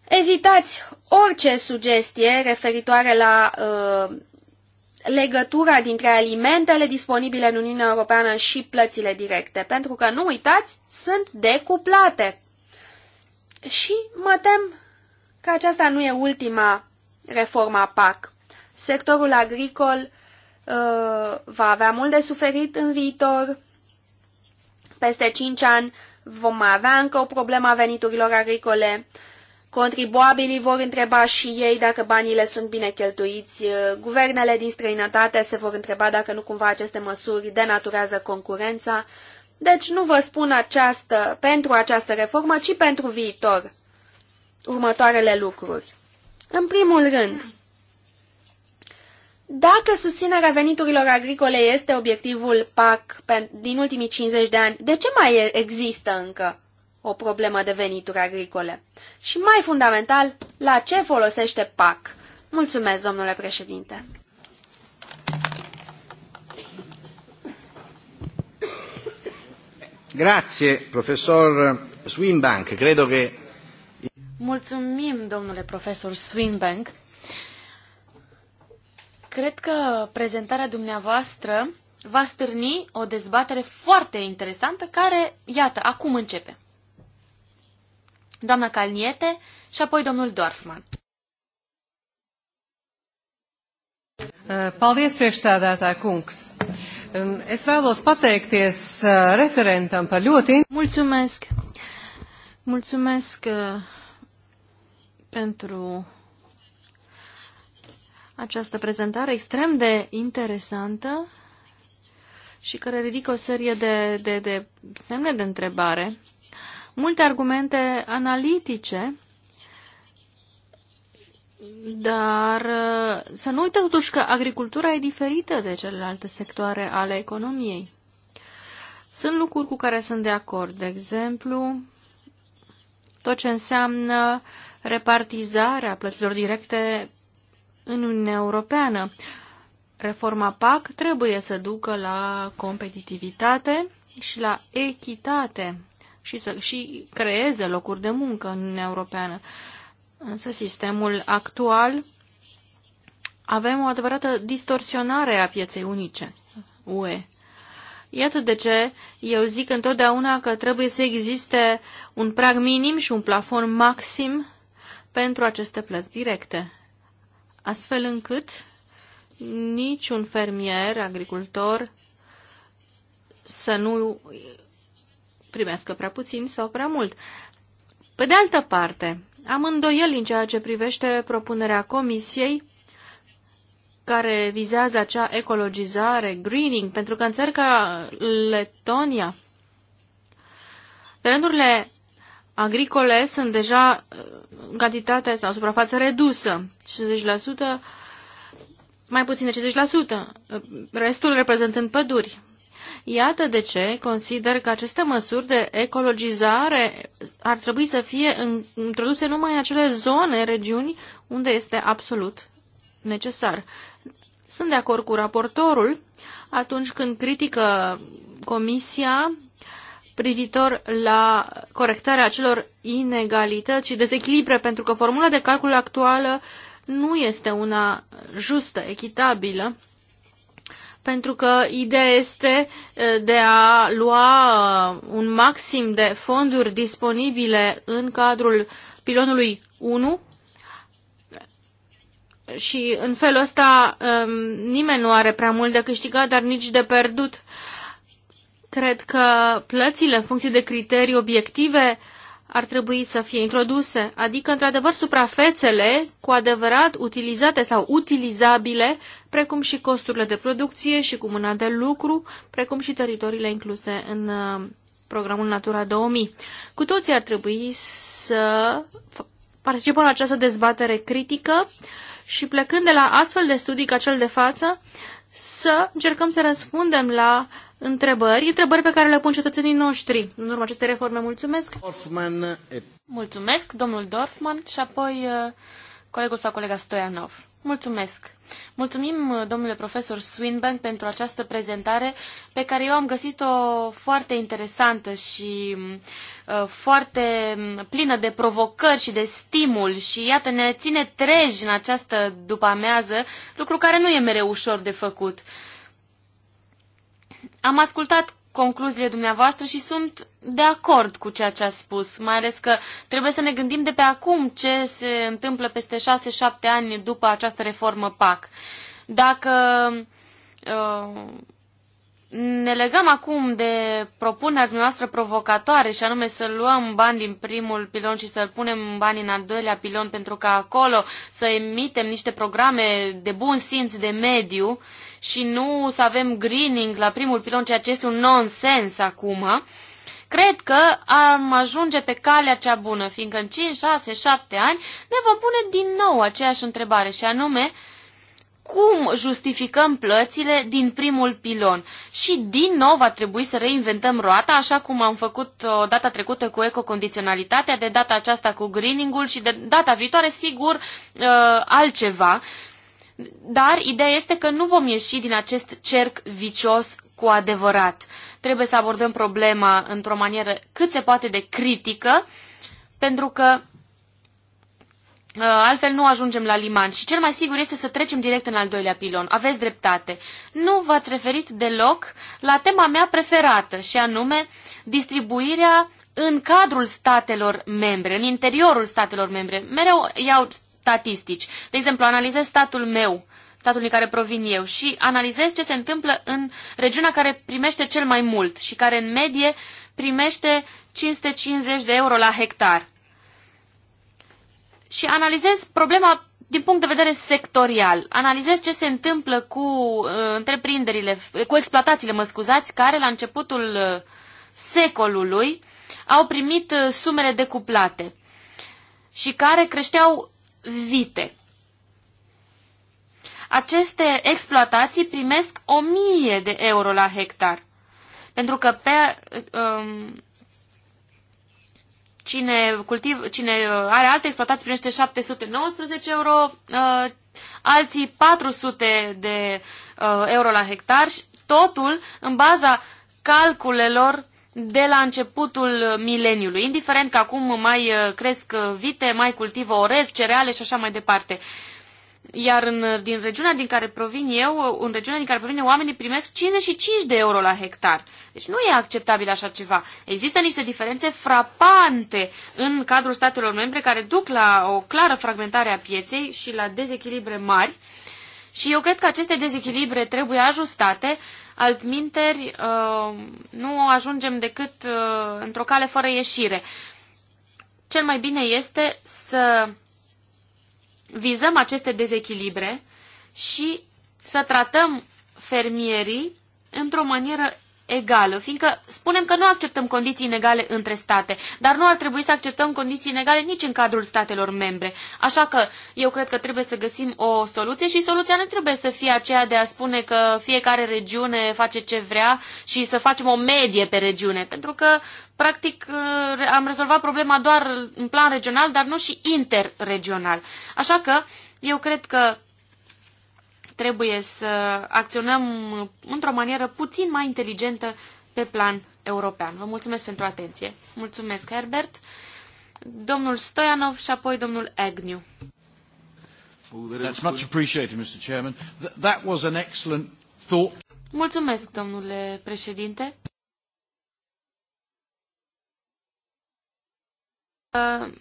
Evitați orice sugestie referitoare la uh, legătura dintre alimentele disponibile în Uniunea Europeană și plățile directe, pentru că, nu uitați, sunt decuplate. Și mă tem că aceasta nu e ultima reforma PAC. Sectorul agricol uh, va avea mult de suferit în viitor peste cinci ani vom mai avea încă o problemă a veniturilor agricole. Contribuabilii vor întreba și ei dacă banii le sunt bine cheltuiți. Guvernele din străinătate se vor întreba dacă nu cumva aceste măsuri denaturează concurența. Deci nu vă spun această, pentru această reformă, ci pentru viitor următoarele lucruri. În primul rând, dacă susținerea veniturilor agricole este obiectivul PAC din ultimii 50 de ani, de ce mai există încă o problemă de venituri agricole? Și mai fundamental, la ce folosește PAC? Mulțumesc, domnule președinte. Grazie, profesor Swinbank. Credo che... Mulțumim, domnule profesor Swinbank. Cred că prezentarea dumneavoastră va stârni o dezbatere foarte interesantă care, iată, acum începe. Doamna Calniete și apoi domnul Dorfman. Eh, paldies, priekšsēdētāja kungs. Es vēlos pateikties eh, referentam par ļoti... Mulțumesc! Mulțumesc eh, pentru această prezentare extrem de interesantă și care ridică o serie de, de, de semne de întrebare, multe argumente analitice, dar uh, să nu uităm totuși că agricultura e diferită de celelalte sectoare ale economiei. Sunt lucruri cu care sunt de acord, de exemplu, tot ce înseamnă repartizarea plăților directe în Uniunea Europeană. Reforma PAC trebuie să ducă la competitivitate și la echitate și să și creeze locuri de muncă în Uniunea Europeană. Însă sistemul actual avem o adevărată distorsionare a pieței unice UE. Iată de ce eu zic întotdeauna că trebuie să existe un prag minim și un plafon maxim pentru aceste plăți directe astfel încât niciun fermier, agricultor, să nu primească prea puțin sau prea mult. Pe de altă parte, am îndoieli în ceea ce privește propunerea Comisiei care vizează acea ecologizare, greening, pentru că în țări ca Letonia, terenurile agricole sunt deja uh, în cantitate sau suprafață redusă, 50%, mai puțin de 50%, uh, restul reprezentând păduri. Iată de ce consider că aceste măsuri de ecologizare ar trebui să fie introduse numai în acele zone, regiuni, unde este absolut necesar. Sunt de acord cu raportorul atunci când critică Comisia privitor la corectarea acelor inegalități și dezechilibre, pentru că formula de calcul actuală nu este una justă, echitabilă, pentru că ideea este eh, de a lua eh, un maxim de fonduri disponibile în cadrul pilonului 1 și în felul ăsta eh, nimeni nu are prea mult de câștigat, dar nici de pierdut Cred că plățile în funcție de criterii obiective ar trebui să fie introduse, adică, într-adevăr, suprafețele cu adevărat utilizate sau utilizabile, precum și costurile de producție și cu mâna de lucru, precum și teritoriile incluse în uh, programul Natura 2000. Cu toții ar trebui să participăm la această dezbatere critică și plecând de la astfel de studii ca cel de față, să încercăm să răspundem la întrebări, întrebări pe care le pun cetățenii noștri în urma acestei reforme. Mulțumesc! Dorfman. Mulțumesc, domnul Dorfman și apoi colegul sau colega Stoianov. Mulțumesc! Mulțumim, domnule profesor Swinbank, pentru această prezentare pe care eu am găsit-o foarte interesantă și uh, foarte plină de provocări și de stimul și iată ne ține treji în această după-amiază, lucru care nu e mereu ușor de făcut. Uh, am ascultat concluziile dumneavoastră și sunt de acord cu ceea ce ați spus, mai ales că trebuie să ne gândim de pe acum ce se întâmplă peste 6-7 ani după această reformă PAC. Dacă uh, ne legăm acum de propunerea noastră provocatoare și anume să luăm bani din primul pilon și să punem bani în al doilea pilon pentru că acolo să emitem niște programe de bun simț de mediu și nu să avem greening la primul pilon, ceea ce este un nonsens acum, cred că am ajunge pe calea cea bună, fiindcă în 5, 6, 7 ani ne vom pune din nou aceeași întrebare și anume cum justificăm plățile din primul pilon. Și din nou va trebui să reinventăm roata, așa cum am făcut o uh, data trecută cu ecocondiționalitatea, de data aceasta cu greening-ul și de data viitoare, sigur, uh, altceva. Dar ideea este că nu vom ieși din acest cerc vicios cu adevărat. Trebuie să abordăm problema într-o manieră cât se poate de critică, pentru că Uh, altfel nu ajungem la liman și cel mai sigur este să trecem direct în al doilea pilon. Aveți dreptate. Nu v-ați referit deloc la tema mea preferată și anume distribuirea în cadrul statelor membre, în interiorul statelor membre. Mereu iau statistici. De exemplu, analizez statul meu, statul din care provin eu și analizez ce se întâmplă în regiunea care primește cel mai mult și care în medie primește 550 de euro la hectar și analizez problema din punct de vedere sectorial. Analizez ce se întâmplă cu uh, întreprinderile, cu exploatațiile, mă scuzați, care la începutul uh, secolului au primit uh, sumele decuplate și care creșteau vite. Aceste exploatații primesc 1000 de euro la hectar. Pentru că pe, um, Cine, cultiv, cine uh, are alte exploatații primește 719 euro, uh, alții 400 de uh, euro la hectar și totul în baza calculelor de la începutul mileniului, indiferent că acum mai cresc vite, mai cultivă orez, cereale și așa mai departe. Iar în, din regiunea din care provin eu, în regiunea din care provin eu, oamenii primesc 55 de euro la hectar. Deci nu e acceptabil așa ceva. Există niște diferențe frapante în cadrul statelor membre care duc la o clară fragmentare a pieței și la dezechilibre mari. Și eu cred că aceste dezechilibre trebuie ajustate, altminteri uh, nu ajungem decât uh, într-o cale fără ieșire. Cel mai bine este să vizăm aceste dezechilibre și să tratăm fermierii într-o manieră egală, fiindcă spunem că nu acceptăm condiții inegale între state, dar nu ar trebui să acceptăm condiții inegale nici în cadrul statelor membre. Așa că eu cred că trebuie să găsim o soluție și soluția nu trebuie să fie aceea de a spune că fiecare regiune face ce vrea și să facem o medie pe regiune, pentru că practic uh, am rezolvat problema doar în plan regional, dar nu și interregional. Așa că eu cred că trebuie să acționăm într-o manieră puțin mai inteligentă pe plan european. Vă mulțumesc pentru atenție. Mulțumesc, Herbert. Domnul Stoianov și apoi domnul Agnew. That's much appreciated, Mr. Chairman. That was an excellent thought. Mulțumesc, domnule președinte. Uh,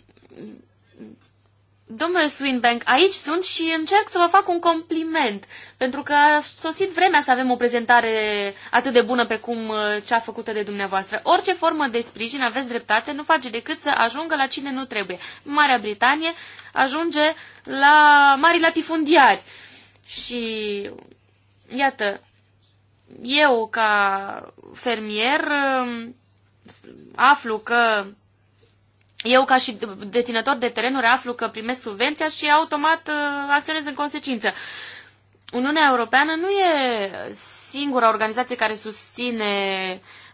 Domnule Swinbank, aici sunt și încerc să vă fac un compliment, pentru că a sosit vremea să avem o prezentare atât de bună precum uh, cea făcută de dumneavoastră. Orice formă de sprijin, aveți dreptate, nu face decât să ajungă la cine nu trebuie. Marea Britanie ajunge la mari latifundiari. Și, iată, eu ca fermier um, aflu că eu, ca și deținător de terenuri, aflu că primesc subvenția și automat uh, acționez în consecință. Uniunea Europeană nu e singura organizație care susține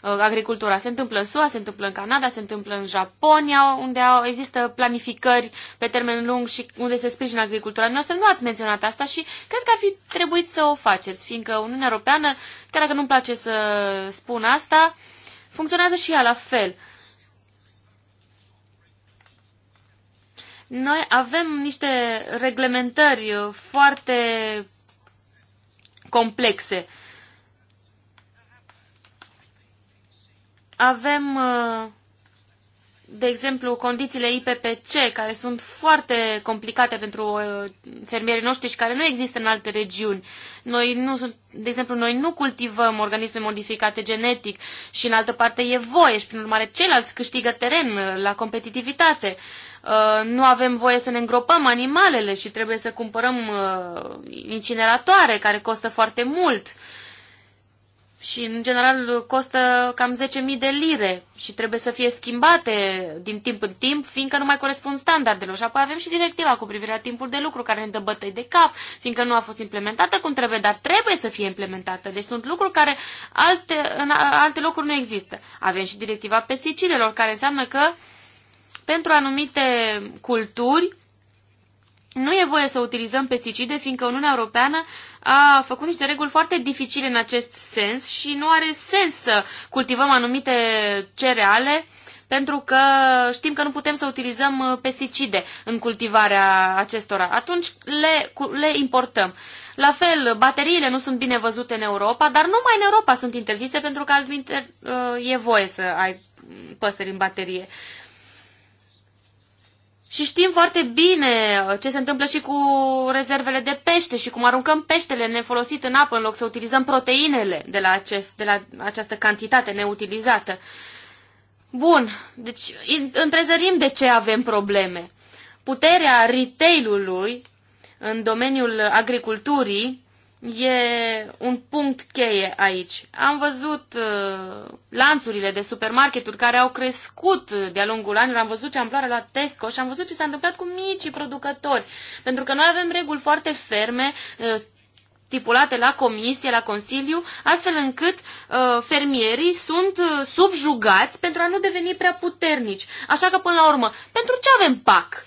uh, agricultura. Se întâmplă în SUA, se întâmplă în Canada, se întâmplă în Japonia, unde există planificări pe termen lung și unde se sprijină agricultura. Noastră nu ați menționat asta și cred că ar fi trebuit să o faceți, fiindcă Uniunea Europeană, chiar dacă nu-mi place să spun asta, funcționează și ea la fel. Uh, Noi avem niște reglementări foarte complexe. Avem, uh, de exemplu, condițiile IPPC, care sunt foarte complicate pentru uh, fermierii noștri și care nu există în alte regiuni. Noi nu sunt, de exemplu, noi nu cultivăm organisme modificate genetic și în altă parte e voie și, prin urmare, ceilalți câștigă teren la competitivitate. Uh, Uh, nu avem voie să ne îngropăm animalele și trebuie să cumpărăm uh, incineratoare care costă foarte mult și în general costă cam 10.000 de lire și trebuie să fie schimbate din timp în timp, fiindcă nu mai corespund standardelor. Și apoi avem și directiva cu privire la timpul de lucru care ne dă bătăi de cap, fiindcă nu a fost implementată cum trebuie, dar trebuie să fie implementată. Deci sunt lucruri care alte, în alte locuri nu există. Avem și directiva pesticidelor, care înseamnă că uh, pentru anumite culturi nu e voie să utilizăm pesticide, fiindcă Uniunea Europeană a făcut niște reguli foarte dificile în acest sens și nu are sens să cultivăm anumite cereale pentru că știm că nu putem să utilizăm uh, pesticide în cultivarea acestora. Atunci le, le importăm. La fel, bateriile nu sunt bine văzute în Europa, dar numai în Europa sunt interzise pentru că uh, e voie să ai păsări în baterie. Și știm foarte bine ce se întâmplă și cu rezervele de pește și cum aruncăm peștele nefolosit în apă în loc să utilizăm proteinele de la, acest, de la această cantitate neutilizată. Bun, deci întrezărim de ce avem probleme. Puterea retailului în domeniul agriculturii e un punct cheie aici. Am văzut uh, lanțurile de supermarketuri care au crescut de-a lungul anilor, am văzut ce amploare la Tesco și am văzut ce s-a întâmplat cu micii producători. Pentru că noi avem reguli foarte ferme, uh, stipulate la comisie, la Consiliu, astfel încât uh, fermierii sunt uh, subjugați pentru a nu deveni prea puternici. Așa că, până la urmă, pentru ce avem PAC?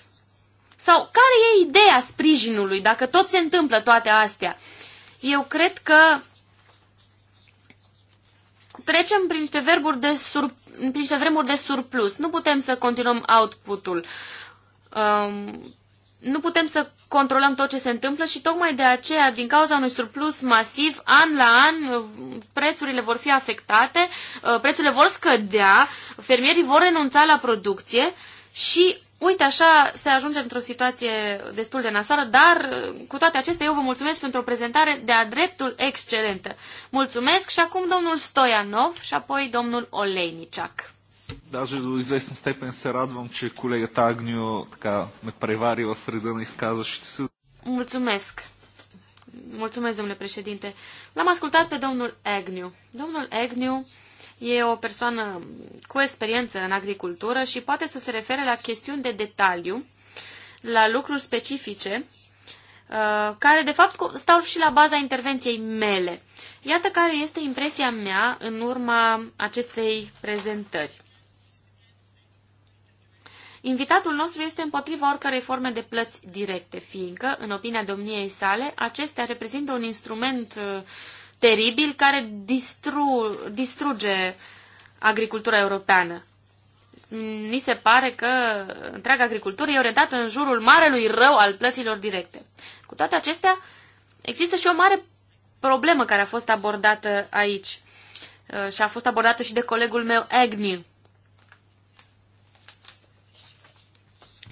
Sau care e ideea sprijinului, dacă tot se întâmplă toate astea? Uh, eu cred că trecem prin niște, verburi de sur, prin niște vremuri de surplus. Nu putem să continuăm output-ul. Um, nu putem să controlăm tot ce se întâmplă și tocmai de aceea, din cauza unui surplus masiv, an la an, prețurile vor fi afectate, uh, prețurile vor scădea, fermierii vor renunța la producție și Uite, așa se ajunge într-o situație destul de nasoară, dar cu toate acestea eu vă mulțumesc pentru o prezentare de-a dreptul excelentă. Mulțumesc și acum domnul Stoianov și apoi domnul Olejniciac. Даже до известен степен се радвам, че колегата Агнио така ме превари в реда на изказващите се. Mulțumesc. Mulțumesc, domnule președinte. L-am ascultat pe domnul Agnew. Domnul Agnew e o persoană cu experiență în agricultură și poate să se refere la chestiuni de detaliu, la lucruri specifice, uh, care de fapt stau și la baza intervenției mele. Iată care este impresia mea în urma acestei prezentări. Invitatul nostru este împotriva oricărei forme de plăți directe, fiindcă, în opinia domniei sale, acestea reprezintă un instrument uh, teribil care distru, distruge agricultura europeană. Ni se pare că întreaga agricultură e orientată în jurul marelui rău al plăților directe. Cu toate acestea, există și o mare problemă care a fost abordată aici uh, și a fost abordată și de colegul meu Agnew.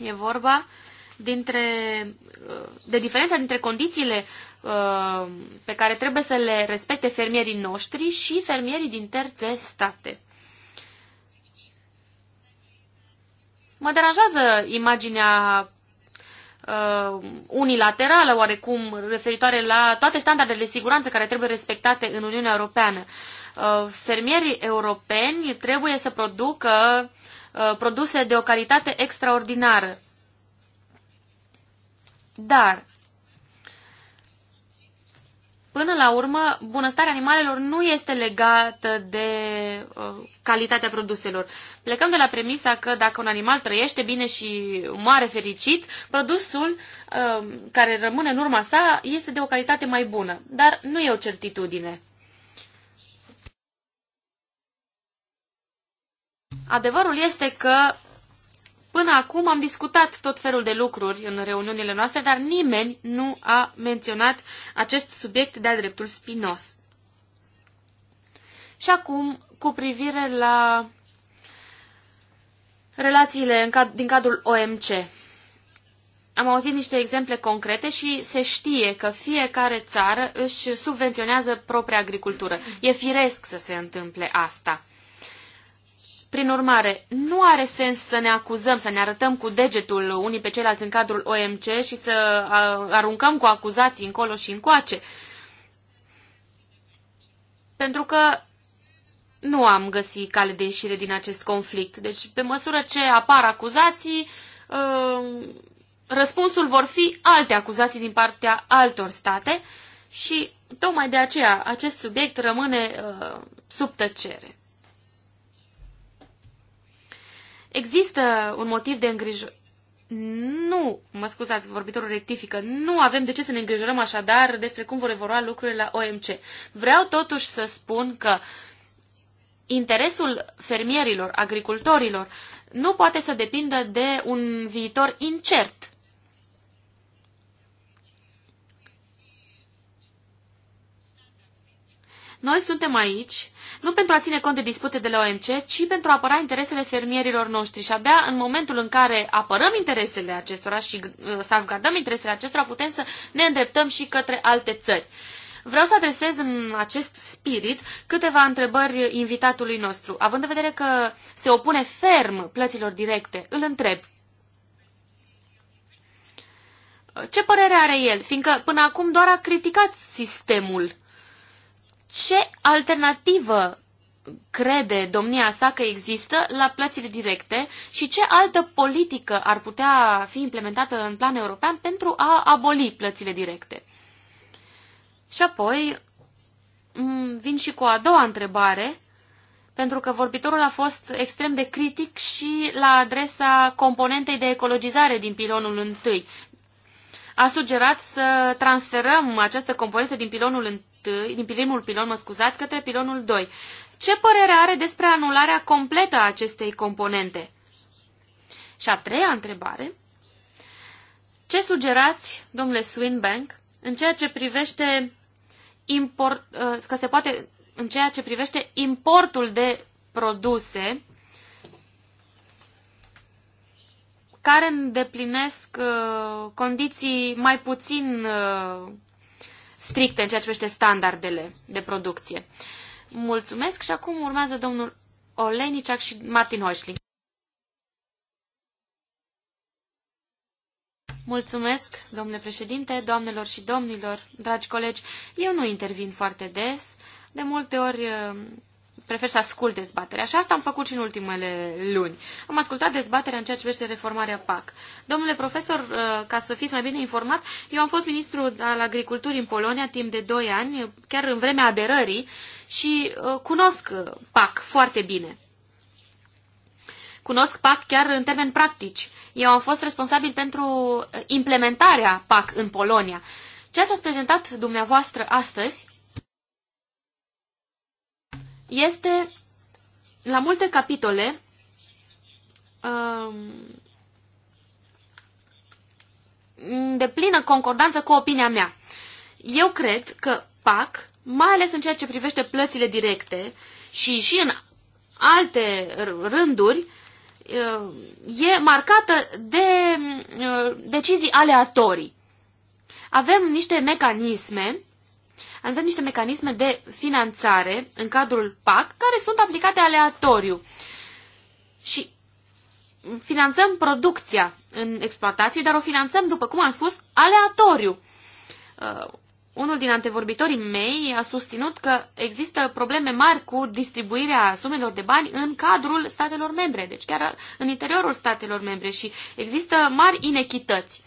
E vorba dintre, uh, de diferența dintre condițiile Uh, pe care trebuie să le respecte fermierii noștri și fermierii din terțe state. Mă deranjează imaginea uh, unilaterală, oarecum, referitoare la toate standardele de siguranță care trebuie respectate în Uniunea Europeană. Uh, fermierii europeni trebuie să producă uh, produse de o calitate extraordinară. Dar Până la urmă, bunăstarea animalelor nu este legată de uh, calitatea produselor. Plecăm de la premisa că dacă un animal trăiește bine și moare fericit, produsul uh, care rămâne în urma sa este de o calitate mai bună. Dar nu e o certitudine. Adevărul este că Până acum am discutat tot felul de lucruri în reuniunile noastre, dar nimeni nu a menționat acest subiect de-a dreptul spinos. Și acum, cu privire la relațiile în cad- din cadrul OMC. Am auzit niște exemple concrete și se știe că fiecare țară își subvenționează propria agricultură. E firesc să se întâmple asta. Prin urmare, nu are sens să ne acuzăm, să ne arătăm cu degetul unii pe ceilalți în cadrul OMC și să aruncăm cu acuzații încolo și încoace. Pentru că nu am găsit cale de ieșire din acest conflict. Deci, pe măsură ce apar acuzații, ă, răspunsul vor fi alte acuzații din partea altor state și tocmai de aceea acest subiect rămâne ă, sub tăcere. Există un motiv de îngrijorare. Nu, mă scuzați, vorbitorul rectifică, nu avem de ce să ne îngrijorăm așadar despre cum vor evolua lucrurile la OMC. Vreau totuși să spun că interesul fermierilor, agricultorilor, nu poate să depindă de un viitor incert. Noi suntem aici nu pentru a ține cont de dispute de la OMC, ci pentru a apăra interesele fermierilor noștri. Și abia în momentul în care apărăm interesele acestora și uh, salvgardăm interesele acestora, putem să ne îndreptăm și către alte țări. Vreau să adresez în acest spirit câteva întrebări invitatului nostru. Având în vedere că se opune ferm plăților directe, îl întreb. Ce părere are el? Fiindcă până acum doar a criticat sistemul ce alternativă crede domnia sa că există la plățile directe și ce altă politică ar putea fi implementată în plan european pentru a aboli plățile directe. Și apoi vin și cu a doua întrebare, pentru că vorbitorul a fost extrem de critic și la adresa componentei de ecologizare din pilonul întâi. A sugerat să transferăm această componentă din pilonul Uh, din primul pilon, mă scuzați, către pilonul 2. Ce părere are despre anularea completă a acestei componente? Și a treia întrebare, ce sugerați, domnule Swinbank, în ceea ce privește import, uh, că se poate, în ceea ce privește importul de produse care îndeplinesc uh, condiții mai puțin stricte în ceea ce privește standardele de producție. Mulțumesc și acum urmează domnul Oleniciac și Martin Hoșli. Mulțumesc, domnule președinte, doamnelor și domnilor, dragi colegi. Eu nu intervin foarte des. De multe ori prefer să ascult dezbaterea. Și asta am făcut și în ultimele luni. Am ascultat dezbaterea în ceea ce privește reformarea PAC. Domnule profesor, uh, ca să fiți mai bine informat, eu am fost ministru al agriculturii în Polonia timp de 2 ani, chiar în vremea aderării, și uh, cunosc PAC foarte bine. Cunosc PAC chiar în termeni practici. Eu am fost responsabil pentru implementarea PAC în Polonia. Ceea ce ați prezentat dumneavoastră astăzi este la multe capitole um, de plină concordanță cu opinia mea. Eu cred că PAC, mai ales în ceea ce privește plățile directe și și în alte rânduri, um, e marcată de um, decizii aleatorii. Avem niște mecanisme avem niște mecanisme de finanțare în cadrul PAC care sunt aplicate aleatoriu. Și finanțăm producția în exploatații, dar o finanțăm, după cum am spus, aleatoriu. Uh, unul din antevorbitorii mei a susținut că există probleme mari cu distribuirea sumelor de bani în cadrul statelor membre, deci chiar în interiorul statelor membre și există mari inechități.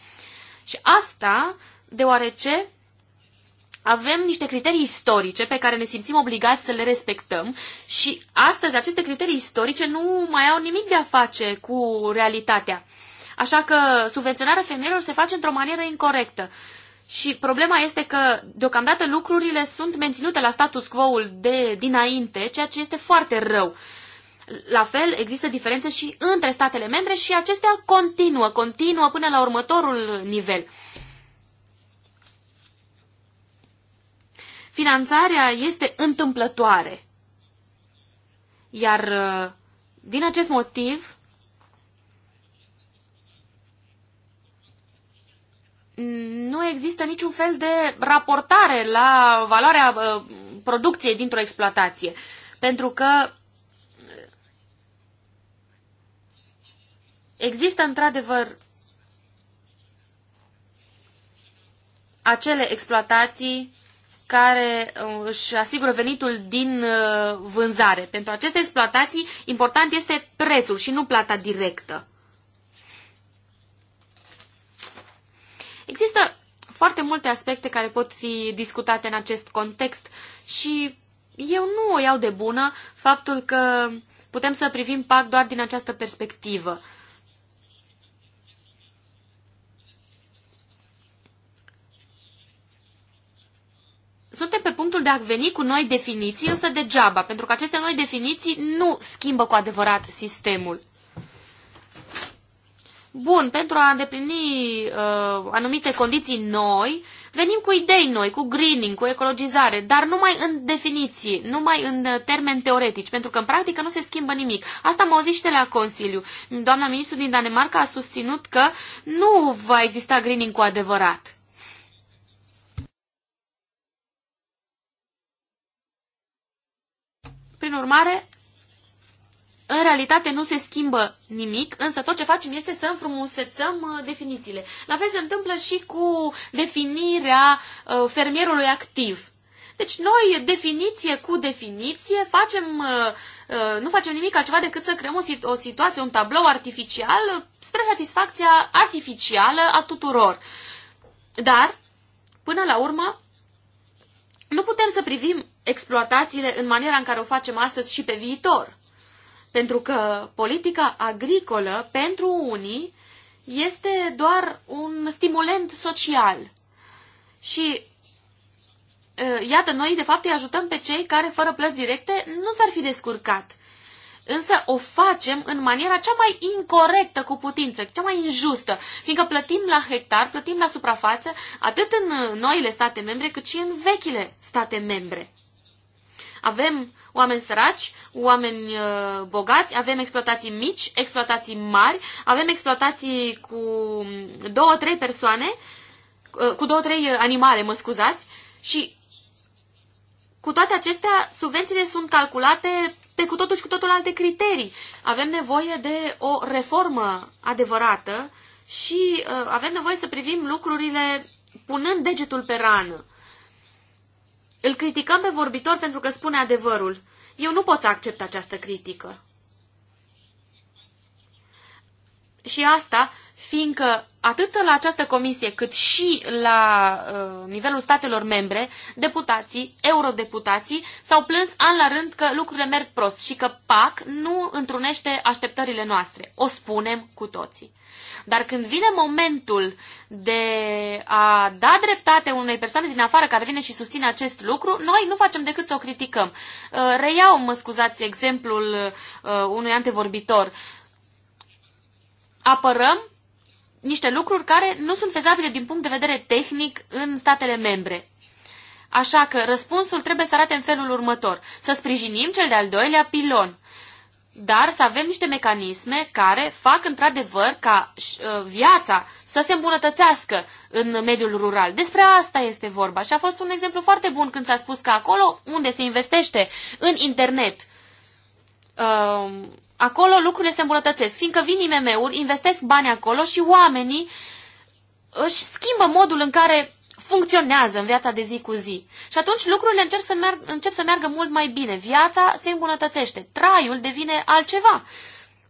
Și asta deoarece avem niște criterii istorice pe care ne simțim obligați să le respectăm și astăzi aceste criterii istorice nu mai au nimic de a face cu realitatea. Așa că subvenționarea femeilor se face într-o manieră incorrectă. Și problema este că, deocamdată, lucrurile sunt menținute la status quo-ul de dinainte, ceea ce este foarte rău. La fel, există diferențe și între statele membre și acestea continuă, continuă până la următorul nivel. Finanțarea este întâmplătoare. Iar uh, din acest motiv, nu există niciun fel de raportare la valoarea uh, producției dintr-o exploatație. Pentru că există într-adevăr acele exploatații care uh, își asigură venitul din uh, vânzare. Pentru aceste exploatații, important este prețul și nu plata directă. Există foarte multe aspecte care pot fi discutate în acest context și eu nu o iau de bună faptul că putem să privim PAC doar din această perspectivă. suntem pe punctul de a veni cu noi definiții, însă degeaba, pentru că aceste noi definiții nu schimbă cu adevărat sistemul. Bun, pentru a îndeplini uh, anumite condiții noi, venim cu idei noi, cu greening, cu ecologizare, dar numai în definiții, numai în uh, termeni teoretici, pentru că în practică nu se schimbă nimic. Asta am auzit și de la Consiliu. Doamna ministru din Danemarca a susținut că nu va exista greening cu adevărat. Prin urmare, în realitate nu se schimbă nimic, însă tot ce facem este să înfrumusețăm uh, definițiile. La fel se întâmplă și cu definirea uh, fermierului activ. Deci noi, definiție cu definiție, facem, uh, nu facem nimic altceva decât să creăm o situație, un tablou artificial spre satisfacția artificială a tuturor. Dar, până la urmă, nu putem să privim exploatațiile în maniera în care o facem astăzi și pe viitor. Pentru că politica agricolă, pentru unii, este doar un stimulent social. Și iată, noi de fapt îi ajutăm pe cei care fără plăți directe nu s-ar fi descurcat. Însă o facem în maniera cea mai incorrectă cu putință, cea mai injustă, fiindcă plătim la hectar, plătim la suprafață, atât în noile state membre, cât și în vechile state membre. Avem oameni săraci, oameni uh, bogați, avem exploatații mici, exploatații mari, avem exploatații cu două, trei persoane, uh, cu două, trei uh, animale, mă scuzați, și cu toate acestea, subvențiile sunt calculate pe cu totul și cu totul alte criterii. Avem nevoie de o reformă adevărată și uh, avem nevoie să privim lucrurile punând degetul pe rană. Îl criticăm pe vorbitor pentru că spune adevărul. Eu nu pot să accept această critică. Și asta fiindcă atât la această comisie cât și la uh, nivelul statelor membre, deputații, eurodeputații s-au plâns an la rând că lucrurile merg prost și că PAC nu întrunește așteptările noastre. O spunem cu toții. Dar când vine momentul de a da dreptate unei persoane din afară care vine și susține acest lucru, noi nu facem decât să o criticăm. Uh, reiau, mă scuzați, exemplul uh, unui antevorbitor. Apărăm niște lucruri care nu sunt fezabile din punct de vedere tehnic în statele membre. Așa că răspunsul trebuie să arate în felul următor. Să sprijinim cel de-al doilea pilon, dar să avem niște mecanisme care fac într-adevăr ca uh, viața să se îmbunătățească în mediul rural. Despre asta este vorba și a fost un exemplu foarte bun când s-a spus că acolo unde se investește în internet, uh, acolo lucrurile se îmbunătățesc, fiindcă vin IMM-uri, investesc bani acolo și oamenii își schimbă modul în care funcționează în viața de zi cu zi. Și atunci lucrurile încep să, merg, încep să meargă mult mai bine. Viața se îmbunătățește, traiul devine altceva.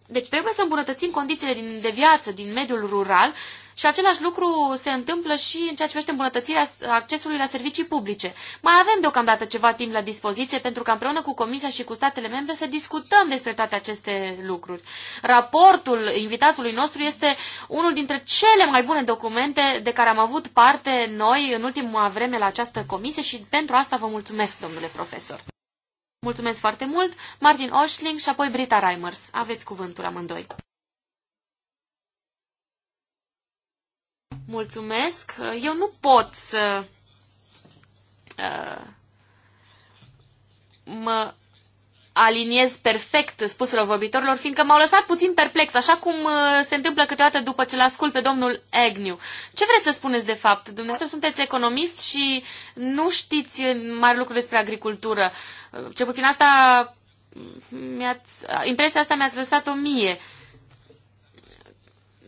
Deci trebuie să îmbunătățim condițiile din, de viață din mediul rural și același lucru se întâmplă și în ceea ce privește îmbunătățirea accesului la servicii publice. Mai avem deocamdată ceva timp la dispoziție pentru că împreună cu Comisia și cu statele membre să discutăm despre toate aceste lucruri. Raportul invitatului nostru este unul dintre cele mai bune documente de care am avut parte noi în ultima vreme la această comisie și pentru asta vă mulțumesc, domnule profesor. Mulțumesc foarte mult, Martin Oșling și apoi Brita Reimers. Aveți cuvântul amândoi. Mulțumesc. Eu nu pot să uh, mă aliniez perfect spuselor vorbitorilor, fiindcă m-au lăsat puțin perplex, așa cum uh, se întâmplă câteodată după ce l-ascult pe domnul Agnew. Ce vreți să spuneți de fapt? Dumneavoastră sunteți economist și nu știți mari lucruri despre agricultură. Uh, ce puțin asta mi-ați, impresia asta mi-ați lăsat-o mie. Uh,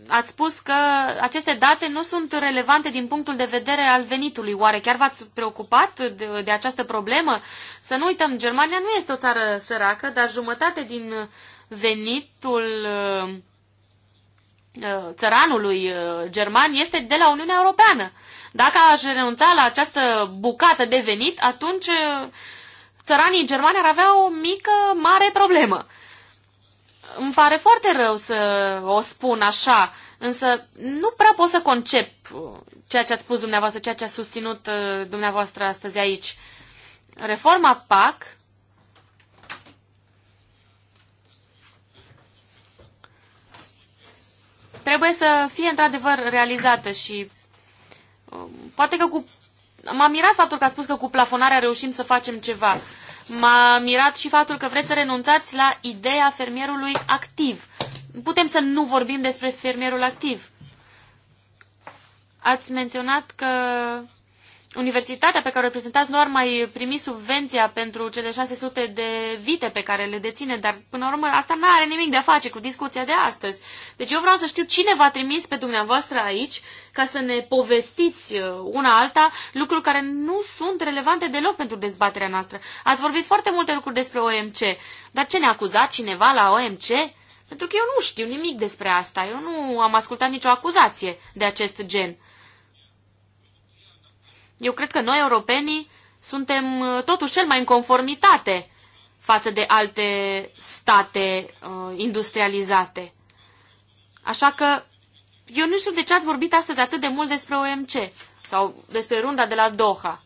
ați spus că aceste date nu sunt relevante din punctul de vedere al venitului. Oare chiar v-ați preocupat de, de această problemă? Să nu uităm, Germania nu este o țară săracă, dar jumătate din venitul uh, uh, țăranului uh, german este de la Uniunea Europeană. Dacă aș renunța la această bucată de venit, atunci țăranii germani ar avea o mică, mare problemă îmi pare foarte rău să o spun așa, însă nu prea pot să concep uh, ceea ce ați spus dumneavoastră, ceea ce a susținut uh, dumneavoastră astăzi aici. Reforma PAC trebuie să fie într-adevăr realizată și uh, poate că cu... m am mirat faptul că a spus că cu plafonarea reușim să facem ceva. M-a mirat și faptul că vreți să renunțați la ideea fermierului activ. Putem să nu vorbim despre fermierul activ. Ați menționat că universitatea pe care o reprezentați nu ar mai primi subvenția pentru cele 600 de vite pe care le deține, dar până la urmă asta nu are nimic de a face cu discuția de astăzi. Deci eu vreau să știu cine v-a trimis pe dumneavoastră aici ca să ne povestiți uh, una alta lucruri care nu sunt relevante deloc pentru dezbaterea noastră. Ați vorbit foarte multe lucruri despre OMC, dar ce ne-a acuzat cineva la OMC? Pentru că eu nu știu nimic despre asta, eu nu am ascultat nicio acuzație de acest gen. Eu cred că noi, europenii, suntem uh, totuși cel mai în conformitate față de alte state uh, industrializate. Așa că eu nu știu de ce ați vorbit astăzi atât de mult despre OMC sau despre runda de la Doha.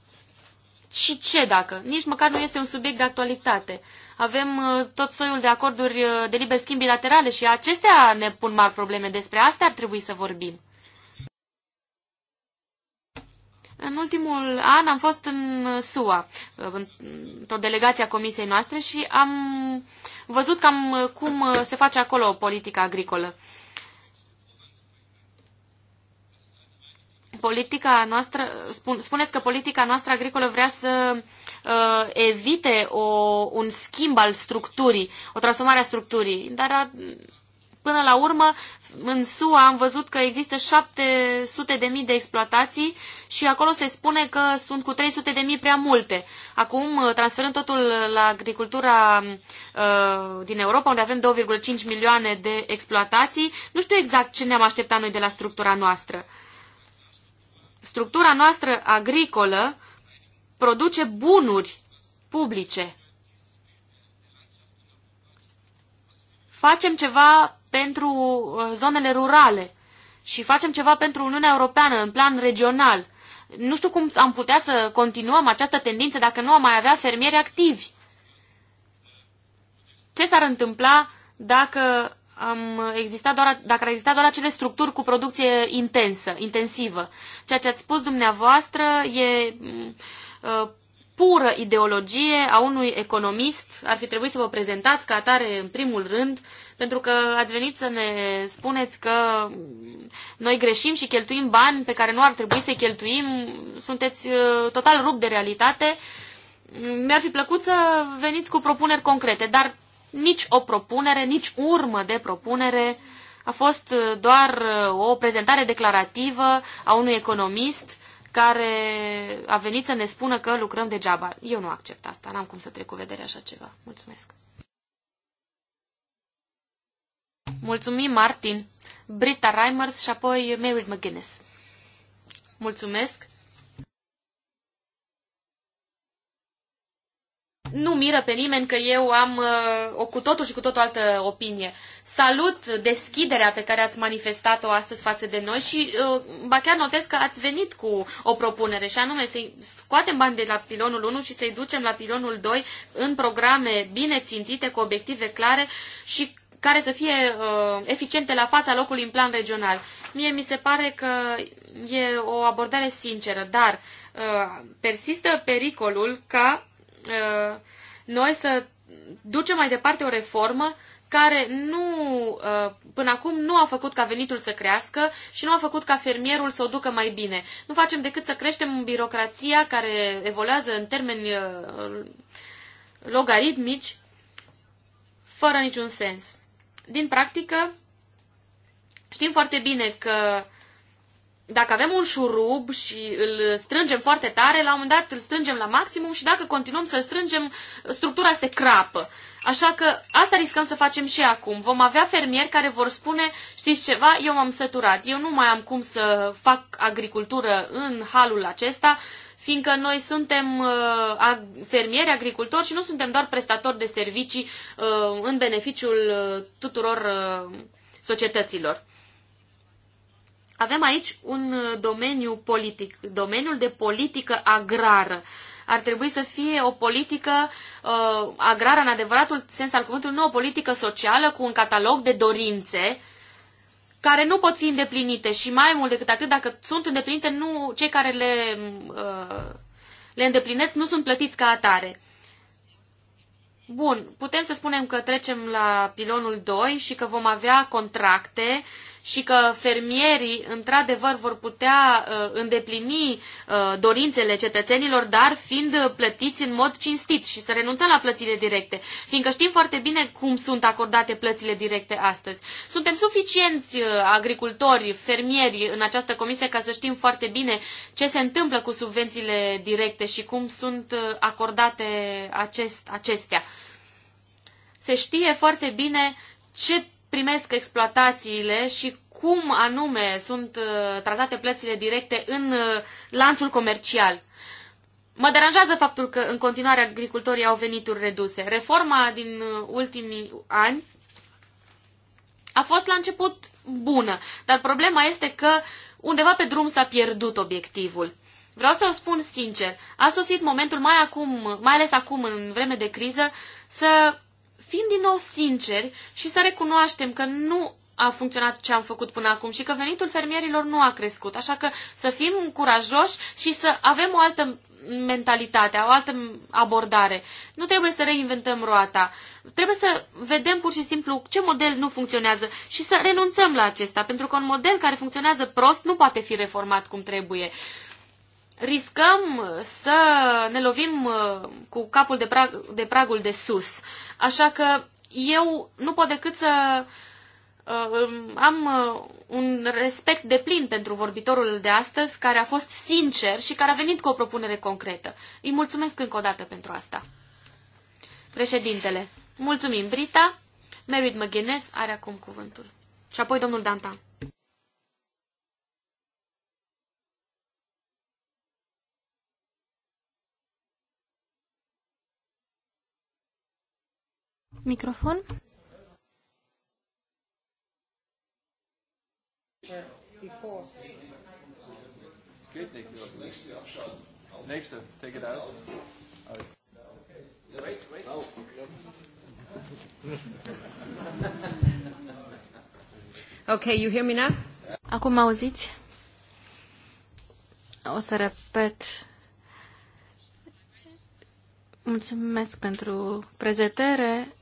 Și ce dacă? Nici măcar nu este un subiect de actualitate. Avem uh, tot soiul de acorduri uh, de liber schimb bilaterale și acestea ne pun mari probleme. Despre astea ar trebui să vorbim. În ultimul an am fost în SUA, într-o delegație a comisiei noastre și am văzut cam cum se face acolo politica agricolă. politica noastră, spun, spuneți că politica noastră agricolă vrea să uh, evite o, un schimb al structurii, o transformare a structurii, dar a, Până la urmă, în SUA am văzut că există 700 de mii de exploatații și acolo se spune că sunt cu 300 de mii prea multe. Acum, uh, transferând totul la agricultura uh, din Europa, unde avem 2,5 milioane de exploatații, nu știu exact ce ne-am așteptat noi de la structura noastră. Structura noastră agricolă produce bunuri publice. Facem ceva pentru uh, zonele rurale și facem ceva pentru Uniunea Europeană în plan regional. Nu știu cum am putea să continuăm această tendință dacă nu am mai avea fermieri activi. Ce s-ar întâmpla dacă am existat doar, dacă ar exista doar acele structuri cu producție intensă, intensivă. Ceea ce ați spus dumneavoastră e mm, uh, pură ideologie a unui economist. Ar fi trebuit să vă prezentați ca atare în primul rând pentru că ați venit să ne spuneți că noi greșim și cheltuim bani pe care nu ar trebui să-i cheltuim. Sunteți uh, total rupt de realitate. Mi-ar fi plăcut să veniți cu propuneri concrete, dar nici o propunere, nici urmă de propunere a fost uh, doar uh, o prezentare declarativă a unui economist care a venit să ne spună că lucrăm degeaba. Eu nu accept asta, n-am cum să trec cu vedere așa ceva. Mulțumesc. Mulțumim, Martin, Britta Reimers și apoi Mary McGuinness. Mulțumesc! nu miră pe nimeni că eu am uh, o cu totul și cu totul altă opinie. Salut deschiderea pe care ați manifestat-o astăzi față de noi și uh, ba chiar notez că ați venit cu o propunere și anume să-i scoatem bani de la pilonul 1 și să-i ducem la pilonul 2 în programe bine țintite, cu obiective clare și care să fie uh, eficiente la fața locului în plan regional. Mie mi se pare că e o abordare sinceră, dar uh, persistă pericolul ca uh, noi să ducem mai departe o reformă care nu, uh, până acum nu a făcut ca venitul să crească și nu a făcut ca fermierul să o ducă mai bine. Nu facem decât să creștem birocrația care evoluează în termeni uh, logaritmici fără niciun sens din practică, știm foarte bine că dacă avem un șurub și îl strângem foarte tare, la un moment dat îl strângem la maximum și dacă continuăm să-l strângem, structura se crapă. Așa că asta riscăm să facem și acum. Vom avea fermieri care vor spune, știți ceva, eu m-am săturat, eu nu mai am cum să fac agricultură în halul acesta, fiindcă noi suntem uh, fermieri, agricultori și nu suntem doar prestatori de servicii uh, în beneficiul uh, tuturor societăților. Avem aici un domeniu politic, domeniul de politică agrară. Ar trebui să fie o politică uh, agrară în adevăratul sens al cuvântului, nu o politică socială cu un catalog de dorințe care nu pot fi îndeplinite și mai mult decât atât, dacă sunt îndeplinite, nu, cei care le, uh, le îndeplinesc nu sunt plătiți ca atare. Bun, putem să spunem că trecem la pilonul 2 și că vom avea contracte și că fermierii într-adevăr vor putea uh, îndeplini uh, dorințele cetățenilor, dar fiind plătiți în mod cinstit și să renunțăm la plățile directe, fiindcă știm foarte bine cum sunt acordate plățile directe astăzi. Suntem suficienți uh, agricultori, fermieri în această comisie ca să știm foarte bine ce se întâmplă cu subvențiile directe și cum sunt acordate acest, acestea. Se știe foarte bine ce primesc exploatațiile și cum anume sunt uh, tratate plățile directe în uh, lanțul comercial. Mă deranjează faptul că în continuare agricultorii au venituri reduse. Reforma din uh, ultimii ani a fost la început bună, dar problema este că undeva pe drum s-a pierdut obiectivul. Vreau să o spun sincer, a sosit momentul, mai, acum, mai ales acum, în vreme de criză, să fim din nou sinceri și să recunoaștem că nu a funcționat ce am făcut până acum și că venitul fermierilor nu a crescut. Așa că să fim curajoși și să avem o altă mentalitate, o altă abordare. Nu trebuie să reinventăm roata. Trebuie să vedem pur și simplu ce model nu funcționează și să renunțăm la acesta, pentru că un model care funcționează prost nu poate fi reformat cum trebuie. Riscăm să ne lovim uh, cu capul de, prag, de pragul de sus. Uh, Așa că eu nu pot decât să uh, am uh, un respect de plin pentru vorbitorul de astăzi, care a fost sincer și care a venit cu o propunere concretă. Îi mulțumesc încă o dată pentru asta. Președintele, mulțumim, Brita. Merit McGuinness are acum cuvântul. Și apoi domnul Dantan. Microfon. Before. Good, Next, take it out. Wait, wait. No. okay, you hear me now? Acum auziți? O să repet. Mulțumesc pentru prezentare.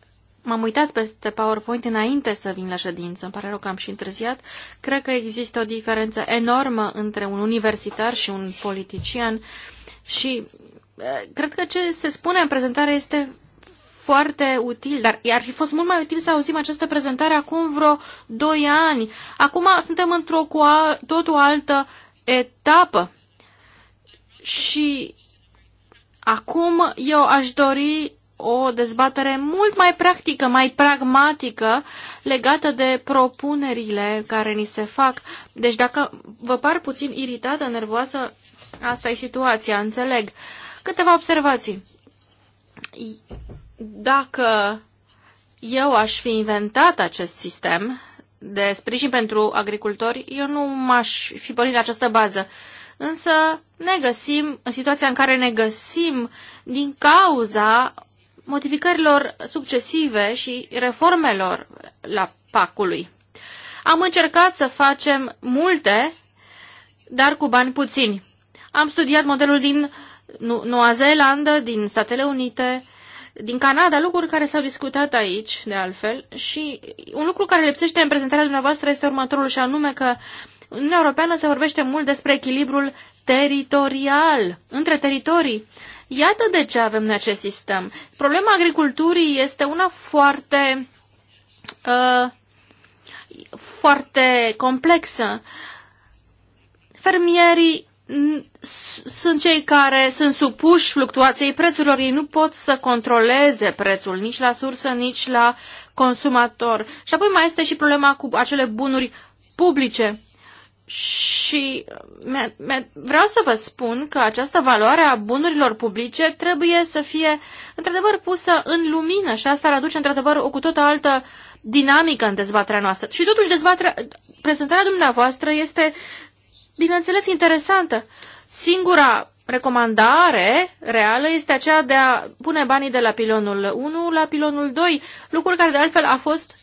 M-am uitat peste PowerPoint înainte să vin la ședință, îmi pare rău că am și întârziat. Cred că există o diferență enormă între un universitar și un politician și eh, cred că ce se spune în prezentare este foarte util, dar ar fi fost mult mai util să auzim această prezentare acum vreo 2 ani. Acum suntem într-o cu a, tot o altă etapă și acum eu aș dori o dezbatere mult mai practică, mai pragmatică legată de propunerile care ni se fac. Deci dacă vă par puțin iritată, nervoasă, asta e situația, înțeleg. Câteva observații. Dacă eu aș fi inventat acest sistem de sprijin pentru agricultori, eu nu m-aș fi pornit la această bază însă ne găsim în situația în care ne găsim din cauza modificărilor succesive și reformelor la pacului. Am încercat să facem multe, dar cu bani puțini. Am studiat modelul din Noua Zeelandă, din Statele Unite, din Canada, lucruri care s-au discutat aici, de altfel, și un lucru care lipsește în prezentarea dumneavoastră este următorul, și anume că în Uniunea Europeană se vorbește mult despre echilibrul teritorial, între teritorii. Iată de ce avem noi acest sistem. Problema agriculturii este una foarte, uh, foarte complexă. Fermierii sunt cei care sunt supuși fluctuației prețurilor. Ei nu pot să controleze prețul nici la sursă, nici la consumator. Și apoi mai este și problema cu acele bunuri publice. Și vreau să vă spun că această valoare a bunurilor publice trebuie să fie într-adevăr pusă în lumină și asta ar aduce într-adevăr o cu tot altă dinamică în dezbaterea noastră. Și totuși dezbaterea, prezentarea dumneavoastră este, bineînțeles, interesantă. Singura recomandare reală este aceea de a pune banii de la pilonul 1 la pilonul 2, lucru care de altfel a fost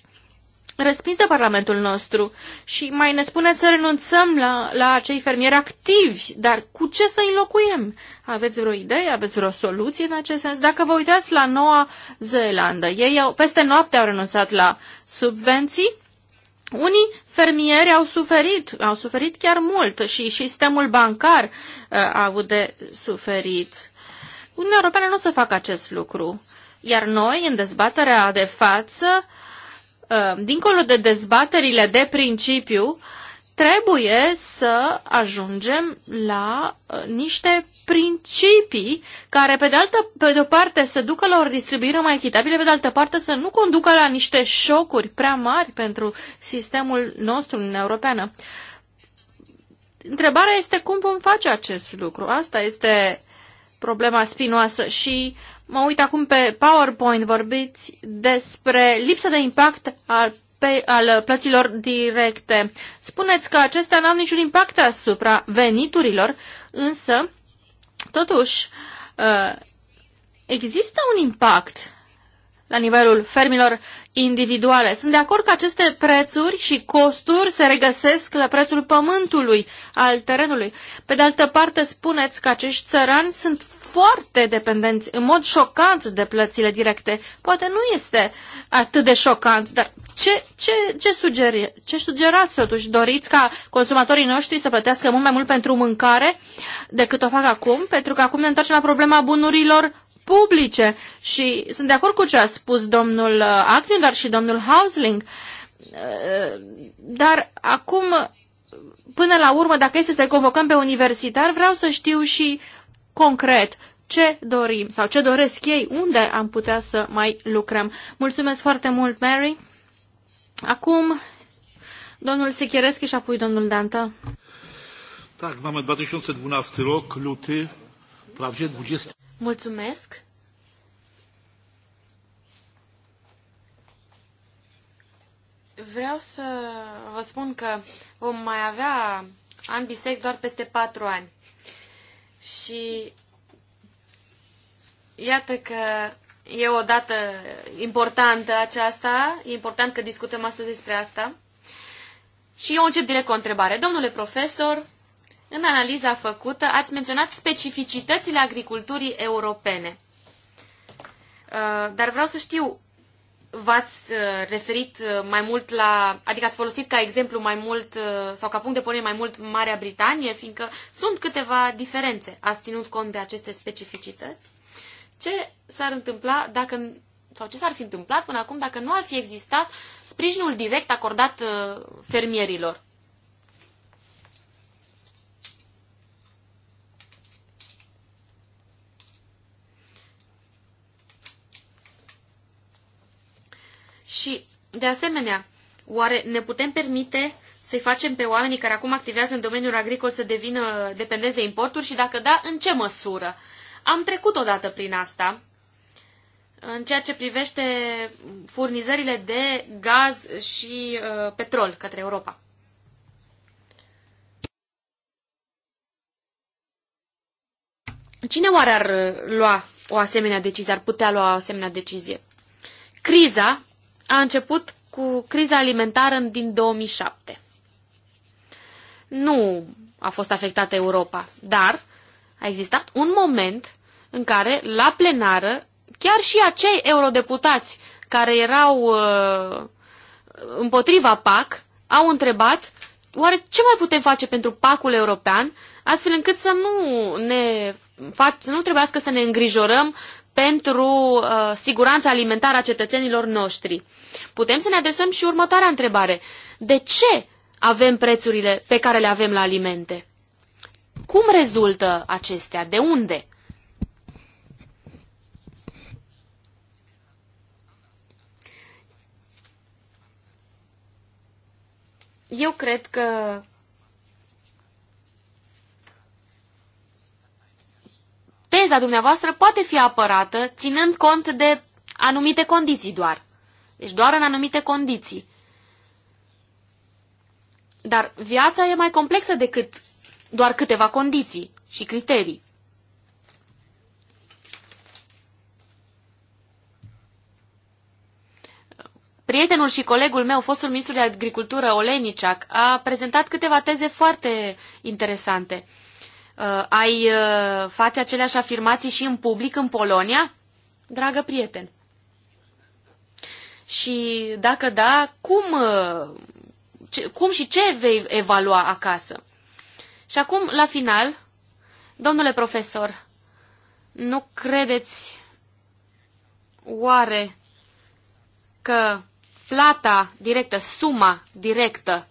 respins de Parlamentul nostru și mai ne spuneți să renunțăm la, la acei fermieri activi, dar cu ce să înlocuim? Aveți vreo idee, aveți vreo soluție în acest sens? Dacă vă uitați la Noua Zeelandă, ei au, peste noapte au renunțat la subvenții, unii fermieri au suferit, au suferit chiar mult și, sistemul bancar uh, a avut de suferit. Uniunea Europeană nu o să facă acest lucru. Iar noi, în dezbaterea de față, Uh, dincolo de dezbaterile de principiu, trebuie să ajungem la uh, niște principii care, pe de, altă, pe de o parte, să ducă la o distribuire mai echitabilă, pe de altă parte, să nu conducă la niște șocuri prea mari pentru sistemul nostru în Europeană. Întrebarea este cum vom face acest lucru. Asta este problema spinoasă și Mă uit acum pe PowerPoint, vorbiți despre lipsa de impact al, pe, al plăților directe. Spuneți că acestea n-au niciun impact asupra veniturilor, însă, totuși, uh, există un impact la nivelul fermilor individuale. Sunt de acord că aceste prețuri și costuri se regăsesc la prețul pământului, al terenului. Pe de altă parte, spuneți că acești țărani sunt foarte dependenți în mod șocant de plățile directe. Poate nu este atât de șocant, dar ce, ce, ce, sugeri, ce sugerați totuși? Doriți ca consumatorii noștri să plătească mult mai mult pentru mâncare decât o fac acum? Pentru că acum ne întoarcem la problema bunurilor publice și sunt de acord cu ce a spus domnul uh, Agnew, dar și domnul Housling. Uh, dar acum până la urmă, dacă este să-i convocăm pe universitar, vreau să știu și concret ce dorim sau ce doresc ei, unde am putea să mai lucrăm. Mulțumesc foarte mult, Mary. Acum, domnul Sechereschi și apoi domnul Danta. Tak, mamy 2012 rok, luty, prawdzie 20. Mulțumesc. Vreau să vă spun că vom mai avea an bisec doar peste patru ani. Și iată că e o dată importantă aceasta, e important că discutăm astăzi despre asta. Și eu încep direct cu o întrebare. Domnule profesor, în analiza făcută ați menționat specificitățile agriculturii europene. Uh, dar vreau să știu v-ați uh, referit uh, mai mult la, adică ați folosit ca exemplu mai mult uh, sau ca punct de pornire mai mult Marea Britanie, fiindcă sunt câteva diferențe. Ați ținut cont de aceste specificități? Ce s-ar întâmpla dacă sau ce s-ar fi întâmplat până acum dacă nu ar fi existat sprijinul direct acordat fermierilor? Și, de asemenea, oare ne putem permite să-i facem pe oamenii care acum activează în domeniul agricol să devină dependenți de importuri și, dacă da, în ce măsură? Am trecut odată prin asta în ceea ce privește furnizările de gaz și uh, petrol către Europa. Cine oare ar uh, lua o asemenea decizie, ar putea lua o asemenea decizie? Criza a început cu criza alimentară din 2007. Nu a fost afectată Europa, dar a existat un moment în care, la plenară, chiar și acei eurodeputați care erau uh, împotriva PAC au întrebat oare ce mai putem face pentru PAC-ul european astfel încât să nu ne fac, să nu trebuiască să ne îngrijorăm pentru uh, siguranța alimentară a cetățenilor noștri. Putem să ne adresăm și următoarea întrebare. De ce avem prețurile pe care le avem la alimente? Cum rezultă acestea? De unde? Eu cred că teza dumneavoastră poate fi apărată ținând cont de anumite condiții doar. Deci doar în anumite condiții. Dar viața e mai complexă decât doar câteva condiții și criterii. Prietenul și colegul meu, fostul ministru de agricultură Oleniciac, a prezentat câteva teze foarte interesante uh, ai uh, face aceleași afirmații și în public în Polonia? Dragă prieten. Și dacă da, cum, uh, ce, cum și ce vei evalua acasă? Și acum, la final, domnule profesor, nu credeți oare că plata directă, suma directă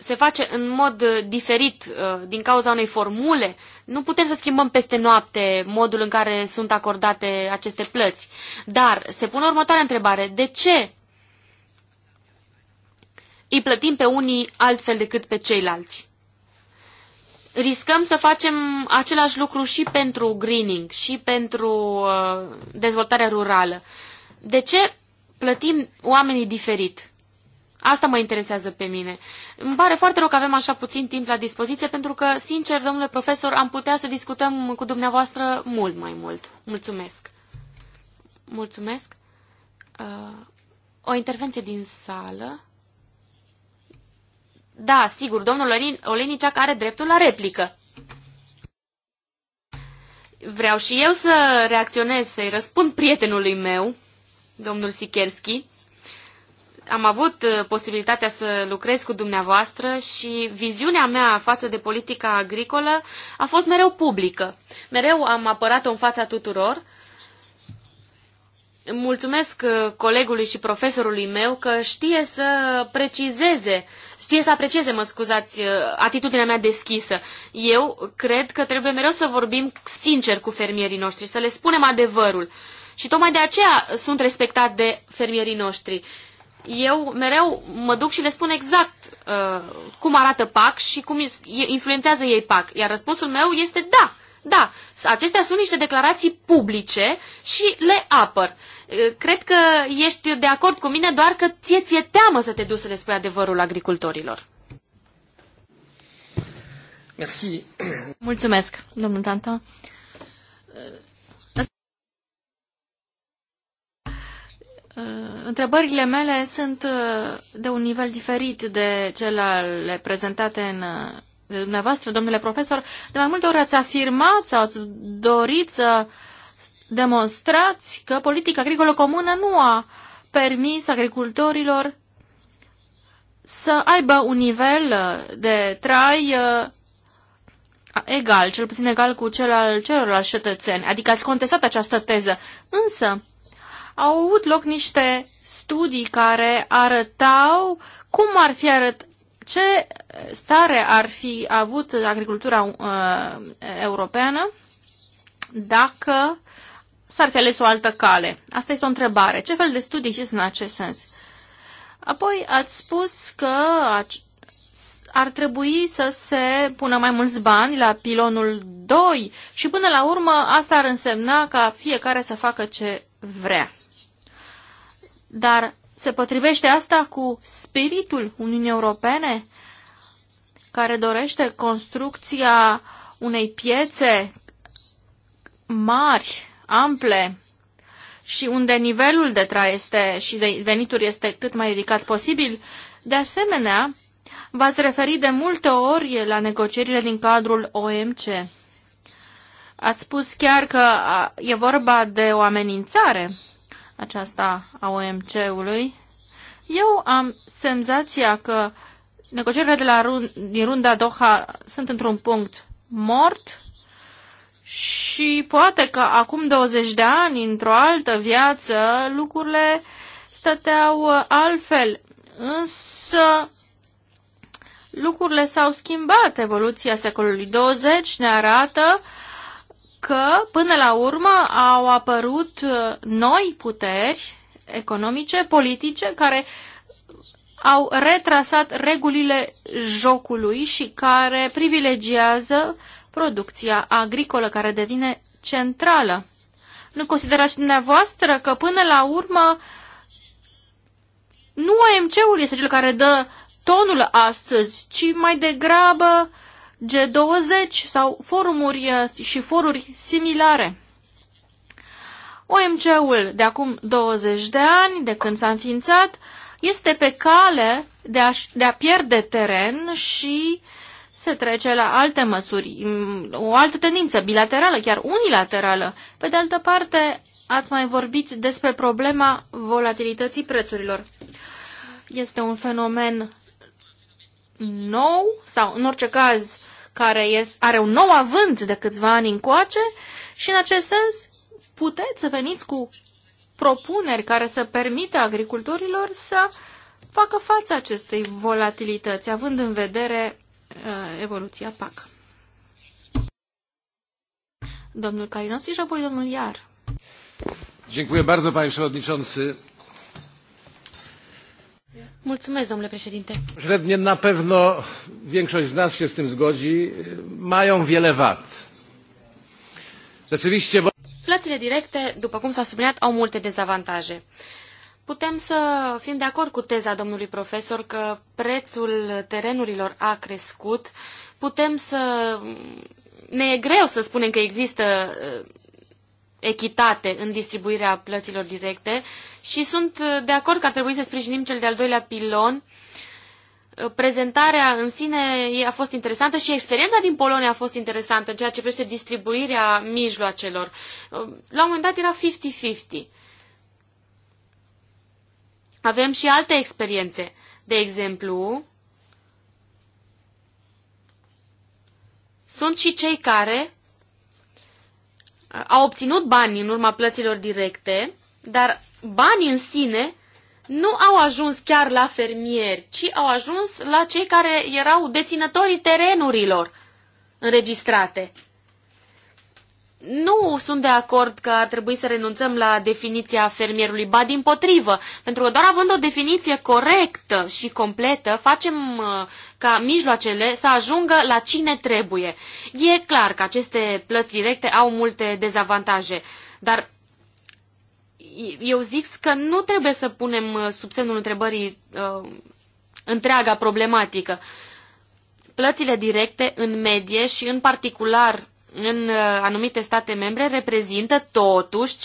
se face în mod uh, diferit uh, din cauza unei formule. Nu putem să schimbăm peste noapte modul în care sunt acordate aceste plăți. Dar se pune următoarea întrebare. De ce îi plătim pe unii altfel decât pe ceilalți? Riscăm să facem același lucru și pentru greening, și pentru uh, dezvoltarea rurală. De ce plătim oamenii diferit? Asta mă interesează pe mine. Îmi pare foarte rău că avem așa puțin timp la dispoziție, pentru că, sincer, domnule profesor, am putea să discutăm cu dumneavoastră mult mai mult. Mulțumesc. Mulțumesc. Uh, o intervenție din sală. Da, sigur, domnul Oleniciac are dreptul la replică. Vreau și eu să reacționez, să-i răspund prietenului meu, domnul Sikerski am avut uh, posibilitatea să lucrez cu dumneavoastră și viziunea mea față de politica agricolă a fost mereu publică. Mereu am apărat-o în fața tuturor. Mulțumesc uh, colegului și profesorului meu că știe să precizeze, știe să aprecieze, mă scuzați, uh, atitudinea mea deschisă. Eu cred că trebuie mereu să vorbim sincer cu fermierii noștri, să le spunem adevărul. Și tocmai de aceea sunt respectat de fermierii noștri eu mereu mă duc și le spun exact uh, cum arată PAC și cum influențează ei PAC. Iar răspunsul meu este da, da. Acestea sunt niște declarații publice și le apăr. Uh, cred că ești de acord cu mine doar că ție ți-e teamă să te duci să le spui adevărul agricultorilor. Merci. Mulțumesc, domnul Tanta. Uh, întrebările mele sunt uh, de un nivel diferit de cel ale prezentate în uh, de dumneavoastră, domnule profesor. De mai multe ori ați afirmat sau ați dorit să demonstrați că politica agricolă comună nu a permis agricultorilor să aibă un nivel de trai egal, cel puțin egal cu cel al celorlalți cetățeni. Adică ați contestat această teză. Însă, au avut loc niște studii care arătau cum ar fi arăt, ce stare ar fi avut agricultura uh, europeană dacă s-ar fi ales o altă cale. Asta este o întrebare. Ce fel de studii există în acest sens? Apoi ați spus că ar trebui să se pună mai mulți bani la pilonul 2 și până la urmă asta ar însemna ca fiecare să facă ce vrea. Dar se potrivește asta cu spiritul Uniunii Europene, care dorește construcția unei piețe mari, ample și unde nivelul de trai este și de venituri este cât mai ridicat posibil. De asemenea, v-ați referit de multe ori la negocierile din cadrul OMC. Ați spus chiar că e vorba de o amenințare aceasta a OMC-ului, eu am senzația că negocierile de la run- din runda Doha sunt într-un punct mort și poate că acum 20 de ani, într-o altă viață, lucrurile stăteau uh, altfel. Însă lucrurile s-au schimbat. Evoluția secolului 20 ne arată uh, că până la urmă au apărut uh, noi puteri economice, politice, care au retrasat regulile jocului și care privilegiază producția agricolă, care devine centrală. Nu considerați dumneavoastră că până la urmă nu OMC-ul este cel care dă tonul astăzi, ci mai degrabă uh, G20 sau forumuri uh, și foruri similare. OMC-ul de acum 20 de ani, de când s-a înființat, este pe cale de a, de a pierde teren și se trece la alte măsuri, mm, o altă tendință bilaterală, chiar unilaterală. Pe de altă parte, ați mai vorbit despre problema volatilității prețurilor. Este un fenomen nou sau, în orice caz, care are un nou avânt de câțiva ani încoace și în acest sens puteți să veniți cu propuneri care să permită agricultorilor să facă față acestei volatilități, având în vedere uh, evoluția PAC. Domnul Kalinowski și apoi domnul Iar. Dziękuję bardzo, panie przewodniczący. Mulțumesc, domnule președinte. Średnie na pewno większość z nas się z tym zgodzi, mają wiele wad. Rzeczywiście, bo... Plățile directe, după cum s-a subliniat, au multe dezavantaje. Putem să fim de acord cu teza domnului profesor că prețul terenurilor a crescut. Putem să ne e greu să spunem că există echitate în distribuirea plăților directe și sunt uh, de acord că ar trebui să sprijinim cel de-al doilea pilon. Uh, prezentarea în sine a fost interesantă și experiența din Polonia a fost interesantă în ceea ce privește distribuirea mijloacelor. Uh, la un moment dat era 50-50. Avem și alte experiențe. De exemplu, sunt și cei care a obținut bani în urma plăților directe, dar banii în sine nu au ajuns chiar la fermieri, ci au ajuns la cei care erau deținătorii terenurilor înregistrate nu sunt de acord că ar trebui să renunțăm la definiția fermierului, ba din potrivă, pentru că doar având o definiție corectă și completă, facem uh, ca mijloacele să ajungă la cine trebuie. E clar că aceste plăți directe au multe dezavantaje, dar eu zic că nu trebuie să punem uh, sub semnul întrebării uh, întreaga problematică. Plățile directe, în medie și în particular în uh, anumite state membre reprezintă totuși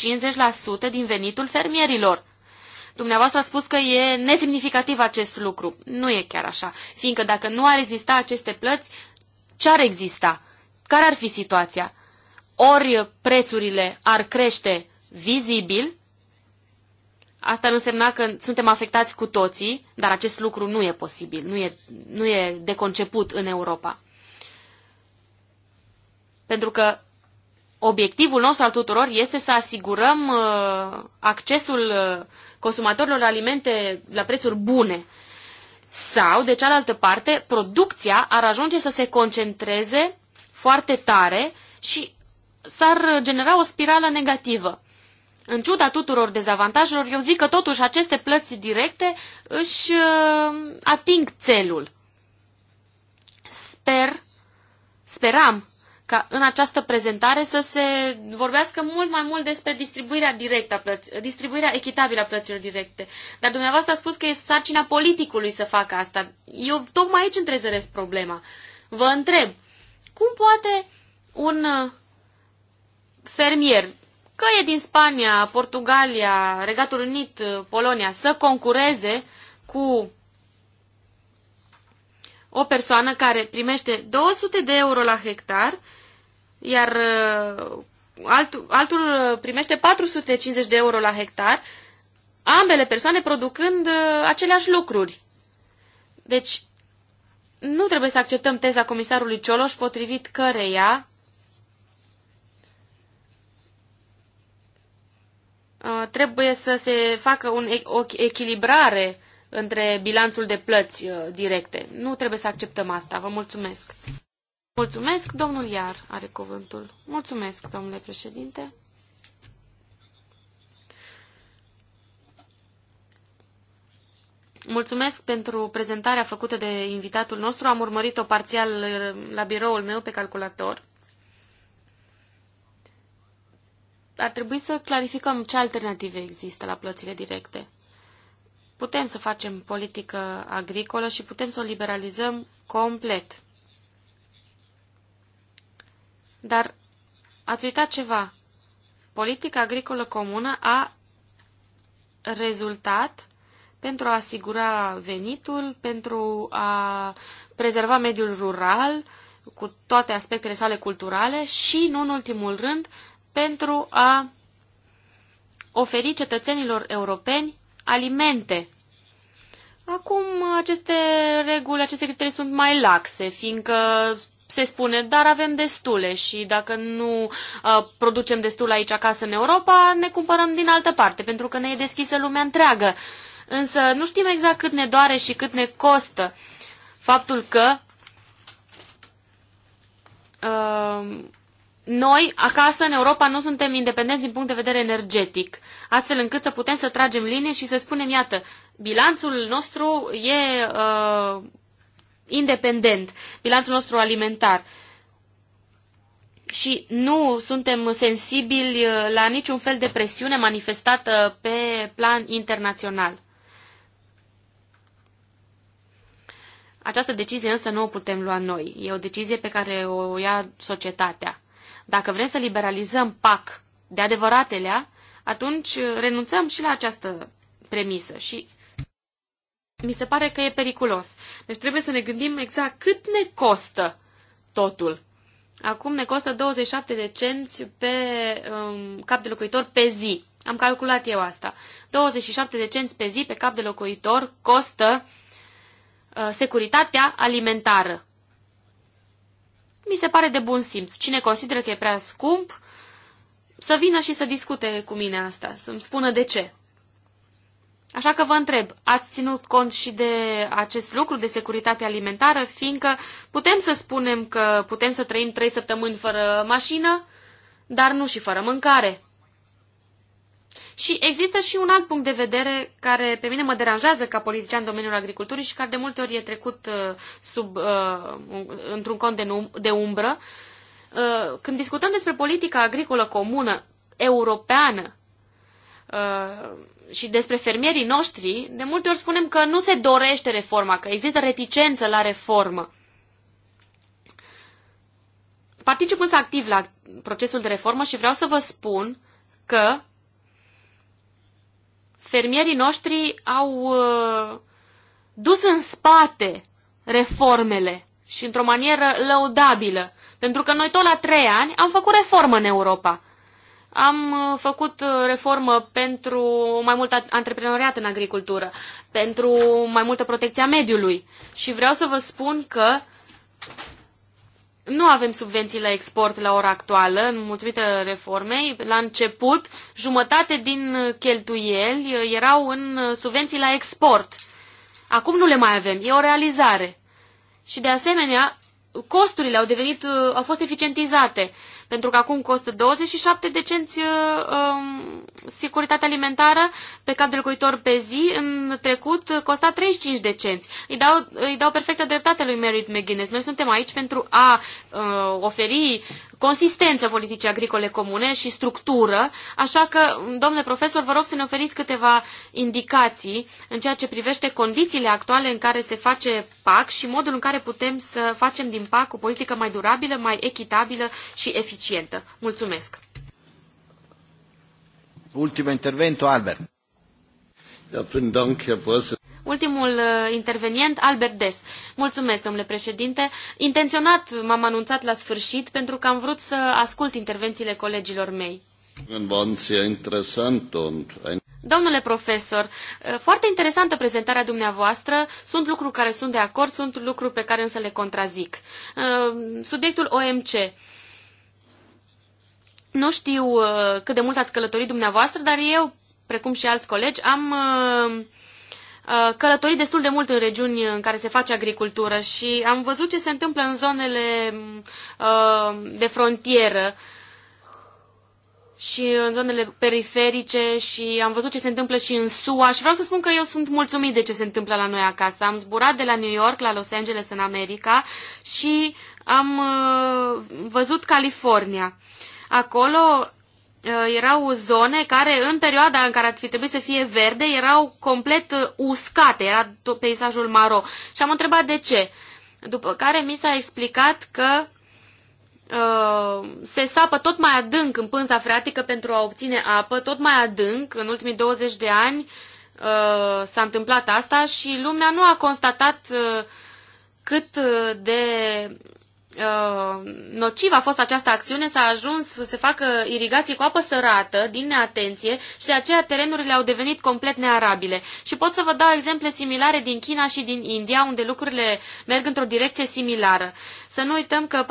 50% din venitul fermierilor. Dumneavoastră ați spus că e nesemnificativ acest lucru. Nu e chiar așa, fiindcă dacă nu ar exista aceste plăți, ce ar exista? Care ar fi situația? Ori prețurile ar crește vizibil, asta ar însemna că suntem afectați cu toții, dar acest lucru nu e posibil, nu e, nu e de conceput în Europa. Pentru că obiectivul nostru al tuturor este să asigurăm uh, accesul uh, consumatorilor la alimente la prețuri bune. Sau, de cealaltă parte, producția ar ajunge să se concentreze foarte tare și s-ar genera o spirală negativă. În ciuda tuturor dezavantajelor, eu zic că totuși aceste plăți directe își uh, ating țelul. Sper, speram ca în această prezentare să se vorbească mult mai mult despre distribuirea directă a plăț- distribuirea echitabilă a plăților directe. Dar dumneavoastră a spus că e sarcina politicului să facă asta. Eu tocmai aici întrezăresc problema. Vă întreb, cum poate un uh, fermier, că e din Spania, Portugalia, Regatul Unit, uh, Polonia, să concureze cu o persoană care primește 200 de euro la hectar, iar uh, altul, altul uh, primește 450 de euro la hectar, ambele persoane producând uh, aceleași lucruri. Deci, nu trebuie să acceptăm teza comisarului Cioloș potrivit căreia trebuie să se facă un, o echilibrare între bilanțul de plăți uh, directe. Nu trebuie să acceptăm asta. Vă mulțumesc. Mulțumesc, domnul Iar are cuvântul. Mulțumesc, domnule președinte. Mulțumesc pentru prezentarea făcută de invitatul nostru. Am urmărit-o parțial uh, la biroul meu pe calculator. Ar trebui să clarificăm ce alternative există la plățile directe. Putem să facem politică agricolă și putem să o liberalizăm complet. Dar ați uitat ceva. Politica agricolă comună a rezultat pentru a asigura venitul, pentru a prezerva mediul rural cu toate aspectele sale culturale și, nu în ultimul rând, pentru a oferi cetățenilor europeni alimente. Acum aceste reguli, aceste criterii sunt mai laxe, fiindcă se spune, dar avem destule și dacă nu uh, producem destul aici acasă în Europa, ne cumpărăm din altă parte, pentru că ne e deschisă lumea întreagă. Însă nu știm exact cât ne doare și cât ne costă faptul că uh, noi, acasă, în Europa, nu suntem independenți din punct de vedere energetic, astfel încât să putem să tragem linie și să spunem, iată, bilanțul nostru e uh, independent, bilanțul nostru alimentar. Și nu suntem sensibili uh, la niciun fel de presiune manifestată pe plan internațional. Această decizie însă nu o putem lua noi. E o decizie pe care o ia societatea. Dacă vrem să liberalizăm PAC de adevăratelea, atunci uh, renunțăm și la această premisă și mi se pare că e periculos. Deci trebuie să ne gândim exact cât ne costă totul. Acum ne costă 27 de cenți pe um, cap de locuitor pe zi. Am calculat eu asta. 27 de cenți pe zi pe cap de locuitor costă uh, securitatea alimentară mi se pare de bun simț. Cine consideră că e prea scump, să vină și să discute cu mine asta, să-mi spună de ce. Așa că vă întreb, ați ținut cont și de acest lucru de securitate alimentară, fiindcă putem să spunem că putem să trăim trei săptămâni fără mașină, dar nu și fără mâncare. Și există și un alt punct de vedere care pe mine mă deranjează ca politician în domeniul agriculturii și care de multe ori e trecut uh, sub, uh, într-un cont de, de umbră. Uh, când discutăm despre politica agricolă comună europeană, și despre fermierii noștri, de multe ori spunem că nu se dorește reforma, că există reticență la reformă. Particip însă activ la procesul de reformă și vreau să vă spun că fermierii noștri au uh, dus în spate reformele și într-o manieră lăudabilă. Pentru că noi tot la trei ani am făcut reformă în Europa. Am uh, făcut uh, reformă pentru mai mult antreprenoriat în agricultură, pentru mai multă protecția mediului. Și vreau să vă spun că nu avem subvenții la export la ora actuală, în mulțumită reformei. La început, jumătate din cheltuieli erau în subvenții la export. Acum nu le mai avem, e o realizare. Și de asemenea, costurile au devenit, uh, au fost eficientizate, pentru că acum costă 27 de cenți uh, um, securitatea alimentară pe cap de locuitor pe zi, în trecut uh, costa 35 de cenți. Îi dau, îi dau perfectă dreptate lui Merit McGuinness. Noi suntem aici pentru a uh, oferi consistență politicii agricole comune și structură, așa că, domnule profesor, vă rog să ne oferiți câteva indicații în ceea ce privește condițiile actuale în care se face PAC și modul în care putem să facem din PAC o politică mai durabilă, mai echitabilă și eficientă. Mulțumesc! Ultimul intervento, Albert. Ja, vielen Dank, Herr Ultimul uh, intervenient, Albert Des. Mulțumesc, domnule președinte. Intenționat m-am anunțat la sfârșit pentru că am vrut să ascult intervențiile colegilor mei. Domnule profesor, uh, foarte interesantă prezentarea dumneavoastră. Sunt lucruri care sunt de acord, sunt lucruri pe care însă le contrazic. Uh, subiectul OMC. Nu știu cât de mult ați călătorit dumneavoastră, dar eu, precum și alți colegi, am Uh, călătorit destul de mult în regiuni în care se face agricultură și am văzut ce se întâmplă în zonele uh, de frontieră și în zonele periferice și am văzut ce se întâmplă și în SUA și vreau să spun că eu sunt mulțumit de ce se întâmplă la noi acasă. Am zburat de la New York la Los Angeles în America și am uh, văzut California. Acolo Uh, erau zone care în perioada în care ar fi trebuit să fie verde erau complet uh, uscate, era tot peisajul maro. Și am întrebat de ce. După care mi s-a explicat că uh, se sapă tot mai adânc în pânza freatică pentru a obține apă, tot mai adânc, în ultimii 20 de ani uh, s-a întâmplat asta și lumea nu a constatat uh, cât uh, de Uh, nocivă a fost această acțiune, s-a ajuns să se facă irigații cu apă sărată, din neatenție, și de aceea terenurile au devenit complet nearabile. Și pot să vă dau exemple similare din China și din India, unde lucrurile merg într-o direcție similară. Să nu uităm că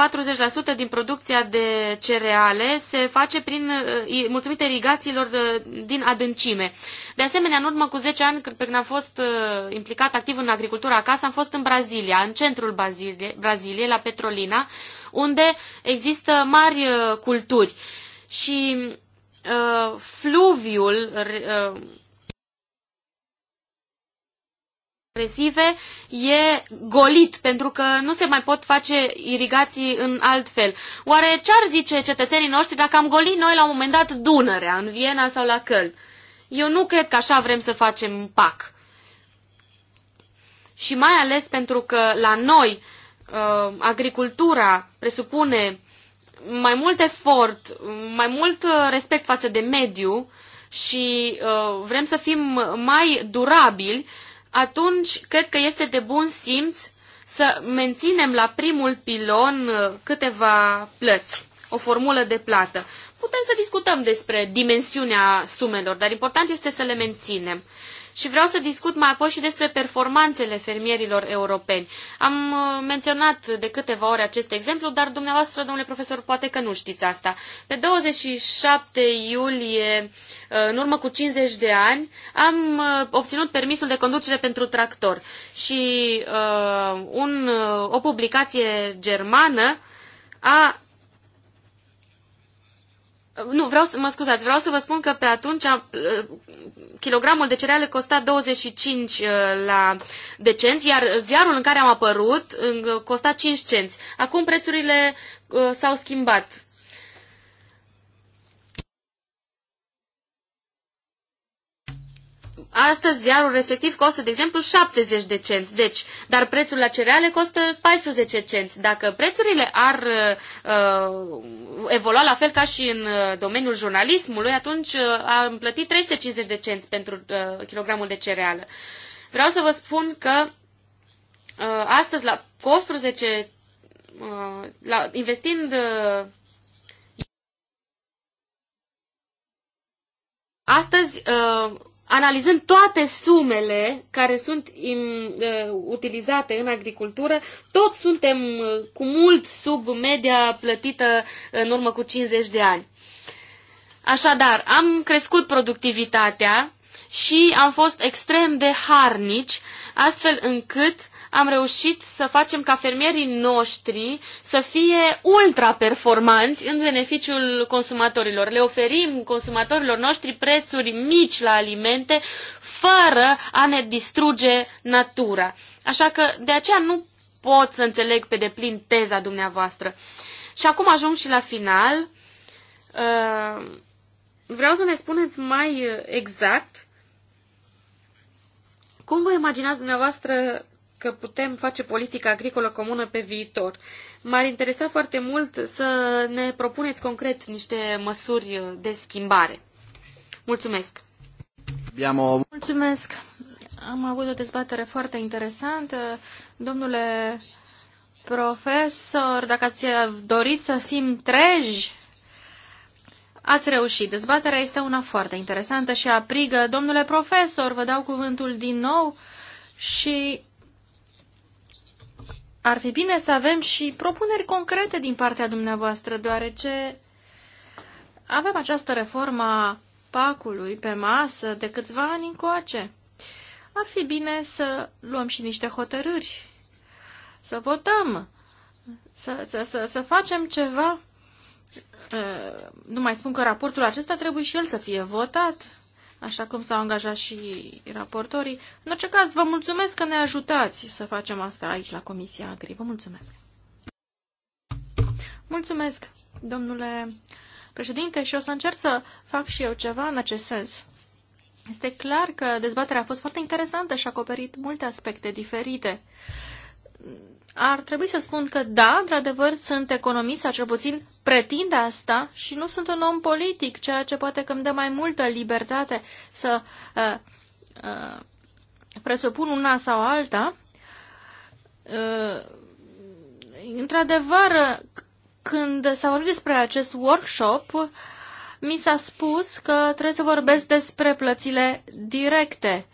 40% din producția de cereale se face prin, uh, mulțumite irigațiilor uh, din adâncime. De asemenea, în urmă cu 10 ani, când am fost uh, implicat activ în agricultura acasă, am fost în Brazilia, în centrul Braziliei, la Petrolina, unde există mari culturi. Și uh, fluviul uh, depresive e golit, pentru că nu se mai pot face irigații în alt fel. Oare ce ar zice cetățenii noștri dacă am golit noi la un moment dat Dunărea, în Viena sau la Căl? Eu nu cred că așa vrem să facem pac. Și mai ales pentru că la noi uh, agricultura presupune mai mult efort, mai mult uh, respect față de mediu și uh, vrem să fim mai durabili, atunci cred că este de bun simț să menținem la primul pilon uh, câteva plăți, o formulă de plată. Putem să discutăm despre dimensiunea sumelor, dar important este să le menținem și vreau să discut mai apoi și despre performanțele fermierilor europeni. Am uh, menționat de câteva ori acest exemplu, dar dumneavoastră, domnule profesor, poate că nu știți asta. Pe 27 iulie, uh, în urmă cu 50 de ani, am uh, obținut permisul de conducere pentru tractor și uh, un, o publicație germană a nu, vreau să, mă scuzați, vreau să vă spun că pe atunci kilogramul de cereale costa 25 uh, la de iar ziarul în care am apărut costa 5 cenți. Acum prețurile uh, s-au schimbat. Astăzi ziarul respectiv costă, de exemplu, 70 de cenți, deci, dar prețul la cereale costă 14 cenți. Dacă prețurile ar uh, uh, evolua la fel ca și în uh, domeniul jurnalismului, atunci uh, am plătit 350 de cenți pentru uh, kilogramul de cereală. Vreau să vă spun că uh, astăzi, la 11, uh, la, investind... Uh, Astăzi, uh, analizând toate sumele care sunt in, uh, utilizate în agricultură, tot suntem uh, cu mult sub media plătită în urmă cu 50 de ani. Așadar, am crescut productivitatea și am fost extrem de harnici, astfel încât uh, am reușit să facem ca fermierii noștri să fie ultra-performanți în beneficiul consumatorilor. Le oferim consumatorilor noștri prețuri mici la alimente fără a ne distruge natura. Așa că de aceea nu pot să înțeleg pe deplin teza dumneavoastră. Și acum ajung și la final. Uh, vreau să ne spuneți mai exact cum vă imaginați dumneavoastră că putem face politica agricolă comună pe viitor. M-ar interesa foarte mult să ne propuneți concret niște măsuri de schimbare. Mulțumesc! Mulțumesc! Am avut o dezbatere foarte interesantă. Domnule profesor, dacă ați dorit să fim treji, ați reușit. Dezbaterea este una foarte interesantă și aprigă. Domnule profesor, vă dau cuvântul din nou și ar fi bine să avem și propuneri concrete din partea dumneavoastră, deoarece avem această reformă a pacului pe masă de câțiva ani încoace. Ar fi bine să luăm și niște hotărâri, să votăm, să, să, să, să facem ceva. Uh, nu mai spun că raportul acesta trebuie și el să fie votat așa cum s-au angajat și raportorii. În orice caz, vă mulțumesc că ne ajutați să facem asta aici, la Comisia Agri. Vă mulțumesc! Mulțumesc, domnule președinte, și o să încerc să fac și eu ceva în acest sens. Este clar că dezbaterea a fost foarte interesantă și a acoperit multe aspecte diferite ar trebui să spun că da, într-adevăr, sunt economist, sau cel puțin pretind asta și nu sunt un om politic, ceea ce poate că îmi dă mai multă libertate să uh, uh, presupun una sau alta. Uh, într-adevăr, când s-a vorbit despre acest workshop, mi s-a spus că trebuie să vorbesc despre plățile directe.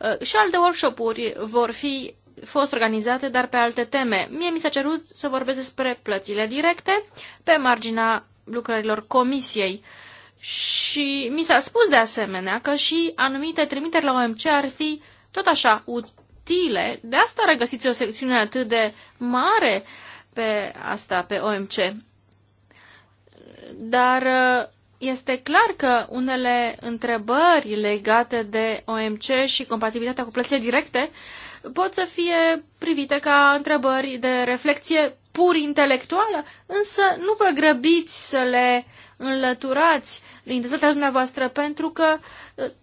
Uh, și alte workshop-uri vor fi fost organizate, dar pe alte teme. Mie mi s-a cerut să vorbesc despre plățile directe pe marginea lucrărilor comisiei. Și mi s-a spus de asemenea că și anumite trimiteri la OMC ar fi tot așa utile. De asta regăsiți o secțiune atât de mare pe asta, pe OMC. Dar uh, este clar că unele întrebări legate de OMC și compatibilitatea cu plățile directe uh, pot să fie privite ca întrebări de reflexie pur intelectuală, însă nu vă grăbiți să le înlăturați din dezbaterea dumneavoastră, pentru că,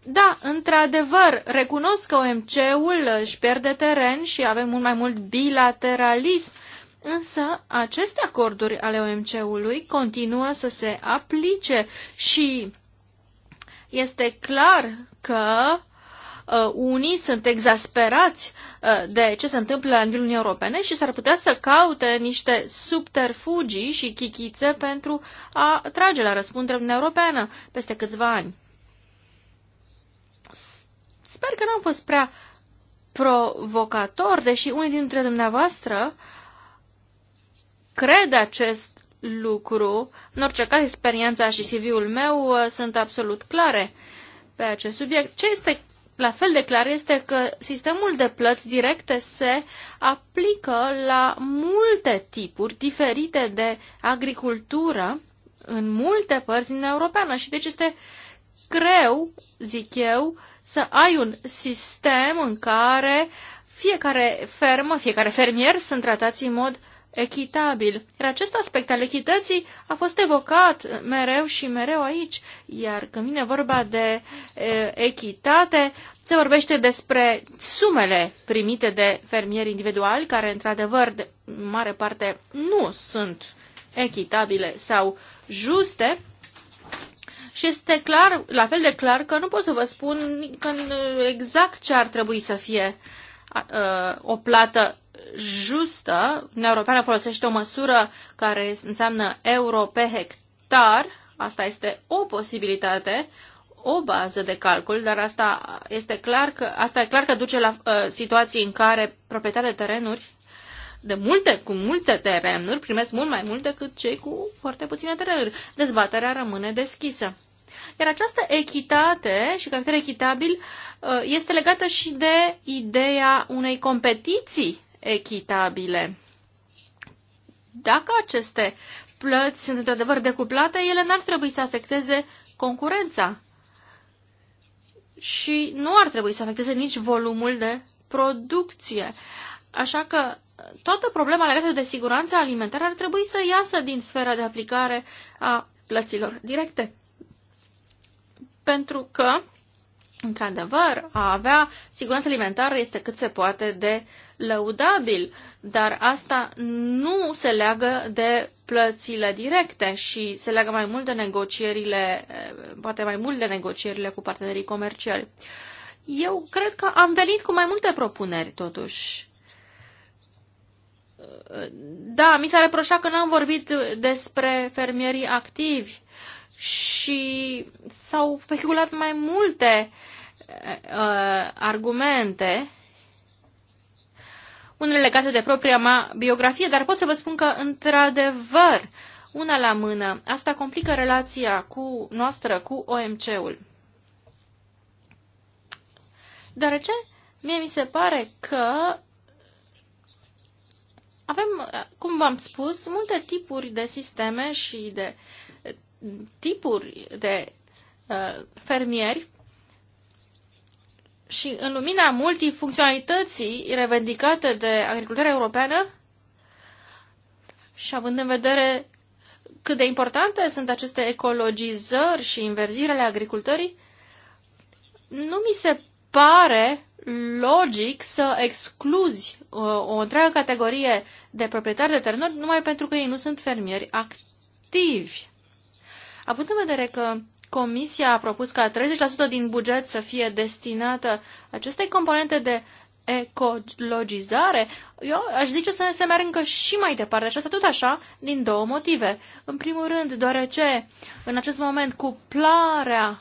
da, într-adevăr, recunosc că OMC-ul își pierde teren și avem mult mai mult bilateralism, Însă, aceste acorduri ale OMC-ului continuă să se aplice și este clar că uh, unii sunt exasperați Uh, de ce se întâmplă la nivelul Uniunii Europene și s-ar putea să caute niște subterfugii și chichițe pentru a trage la răspundere Uniunea Europeană peste câțiva ani. Sper că n-am fost prea provocator, deși unii dintre dumneavoastră cred acest lucru. În orice caz, experiența și CV-ul meu uh, sunt absolut clare pe acest subiect. Ce este la fel de clar este că sistemul de plăți directe se aplică la multe tipuri diferite de agricultură în multe părți din Europeană și deci este greu, zic eu, să ai un sistem în care fiecare fermă, fiecare fermier sunt tratați în mod echitabil. Iar acest aspect al echității a fost evocat mereu și mereu aici, iar când vine vorba de e, echitate, se vorbește despre sumele primite de fermieri individuali, care într-adevăr, de mare parte, nu sunt echitabile sau juste, și este clar, la fel de clar, că nu pot să vă spun exact ce ar trebui să fie o plată justă. Uniunea Europeană folosește o măsură care înseamnă euro pe hectar. Asta este o posibilitate, o bază de calcul, dar asta este clar că, asta e clar că duce la uh, situații în care proprietatea de terenuri de multe, cu multe terenuri, primesc mult mai mult decât cei cu foarte puține terenuri. Dezbaterea rămâne deschisă. Iar această echitate și caracter echitabil uh, este legată și de ideea unei competiții echitabile. Dacă aceste plăți sunt într-adevăr decuplate, ele n-ar trebui să afecteze concurența și nu ar trebui să afecteze nici volumul de producție. Așa că toată problema legată de siguranța alimentară ar trebui să iasă din sfera de aplicare a plăților directe. Pentru că, într-adevăr, a avea siguranță alimentară este cât se poate de lăudabil, dar asta nu se leagă de plățile directe și se leagă mai mult de negocierile, eh, poate mai mult de negocierile cu partenerii comerciali. Eu cred că am venit cu mai multe propuneri, totuși. Da, mi s-a reproșat că n-am vorbit despre fermierii activi și s-au vehiculat mai multe uh, argumente unele legate de propria mea biografie, dar pot să vă spun că, într-adevăr, una la mână, asta complică relația cu noastră cu OMC-ul. Deoarece, mie mi se pare că avem, cum v-am spus, multe tipuri de sisteme și de tipuri de uh, fermieri și în lumina multifuncționalității revendicate de agricultura europeană și având în vedere cât de importante sunt aceste ecologizări și inverzirele agricultării, nu mi se pare logic să excluzi o, uh, o întreagă categorie de proprietari de terenuri numai pentru că ei nu sunt fermieri activi. Având în vedere că Comisia a propus ca 30% din buget să fie destinată acestei componente de ecologizare, eu aș zice să se meargă și mai departe și asta tot așa din două motive. În primul rând, deoarece în acest moment cuplarea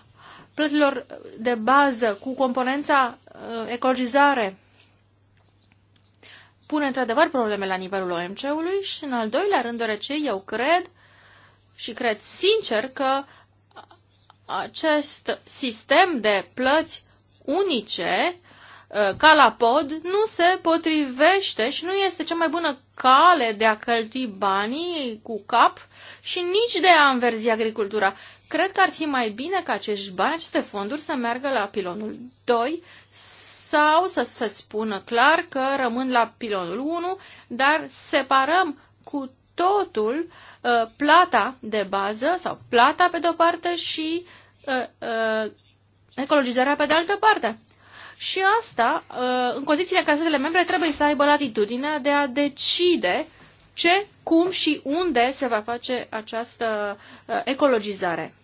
plăților de bază cu componența uh, ecologizare pune într-adevăr probleme la nivelul OMC-ului și în al doilea rând, deoarece eu cred și cred sincer că acest sistem de plăți unice uh, ca la pod nu se potrivește și nu este cea mai bună cale de a călti banii cu cap și nici de a înverzi agricultura. Cred că ar fi mai bine ca acești bani, aceste fonduri, să meargă la pilonul 2 sau să se spună clar că rămân la pilonul 1, dar separăm cu totul, uh, plata de bază sau plata pe de-o parte și uh, uh, ecologizarea pe de altă parte. Și asta, în condițiile în care statele membre trebuie să aibă latitudinea de a decide ce, cum și unde se va face această ecologizare.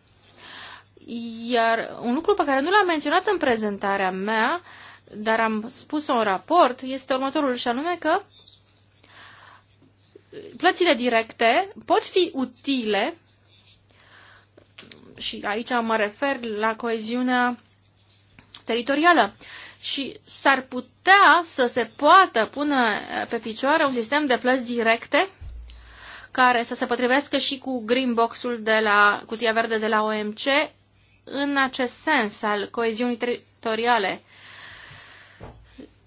Iar un lucru pe care nu l-am menționat în prezentarea mea, dar am spus-o în raport, este următorul și anume că plățile directe pot fi utile și aici mă refer la coeziunea teritorială și s-ar putea să se poată pune pe picioare un sistem de plăți directe care să se potrivească și cu green box-ul de la cutia verde de la OMC în acest sens al coeziunii teritoriale.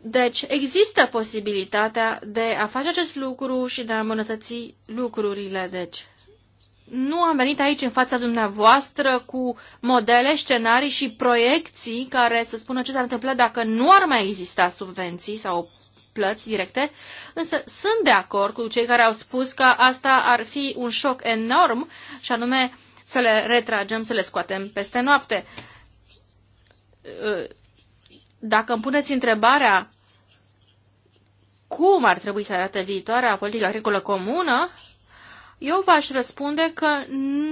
Deci există posibilitatea de a face acest lucru și de a îmbunătăți lucrurile. Deci nu am venit aici în fața dumneavoastră cu modele, scenarii și proiecții care să spună ce s-ar întâmpla dacă nu ar mai exista subvenții sau plăți directe, însă sunt de acord cu cei care au spus că asta ar fi un șoc enorm și anume să le retragem, să le scoatem peste noapte. Dacă îmi puneți întrebarea cum ar trebui să arate viitoarea politică agricolă comună, eu v-aș răspunde că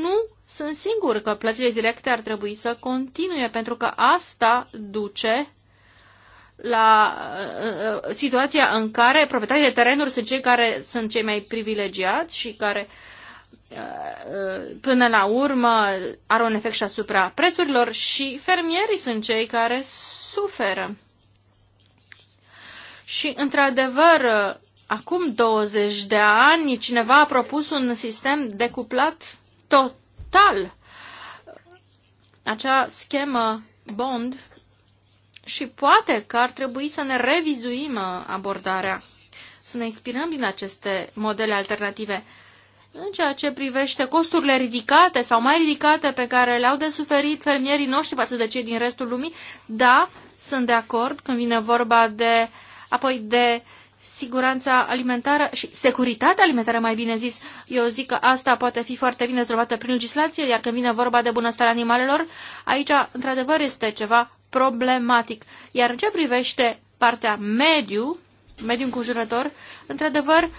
nu sunt sigur că plățile directe ar trebui să continue, pentru că asta duce la uh, uh, situația în care proprietarii de terenuri sunt cei care sunt cei mai privilegiați și care uh, uh, până la urmă are un efect și asupra prețurilor și fermierii sunt cei care suferă. Și, într-adevăr, acum 20 de ani, cineva a propus un sistem decuplat total. Acea schemă Bond și poate că ar trebui să ne revizuim abordarea, să ne inspirăm din aceste modele alternative. În ceea ce privește costurile ridicate sau mai ridicate pe care le-au de suferit fermierii noștri față de cei din restul lumii, da, sunt de acord când vine vorba de uh, apoi de siguranța alimentară și securitatea alimentară, mai bine zis. Eu zic că asta poate fi foarte bine rezolvată prin legislație, iar când vine vorba de bunăstarea animalelor, aici, într-adevăr, este ceva problematic. Iar în ce privește partea mediu, mediu înconjurător, într-adevăr, uh,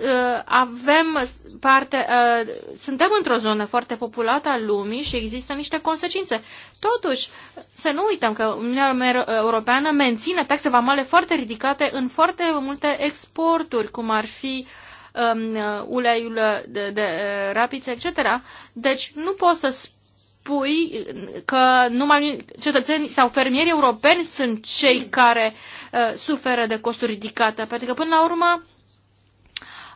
Uh, avem parte, uh, suntem într-o zonă foarte populată a lumii și există niște consecințe. Totuși, să nu uităm că Uniunea Europeană menține taxe vamale foarte ridicate în foarte multe exporturi, cum ar fi um, uh, uleiul de, de rapiță, etc. Deci nu poți să spui că numai cetățenii sau fermierii europeni sunt cei care uh, suferă de costuri ridicate, pentru că până la urmă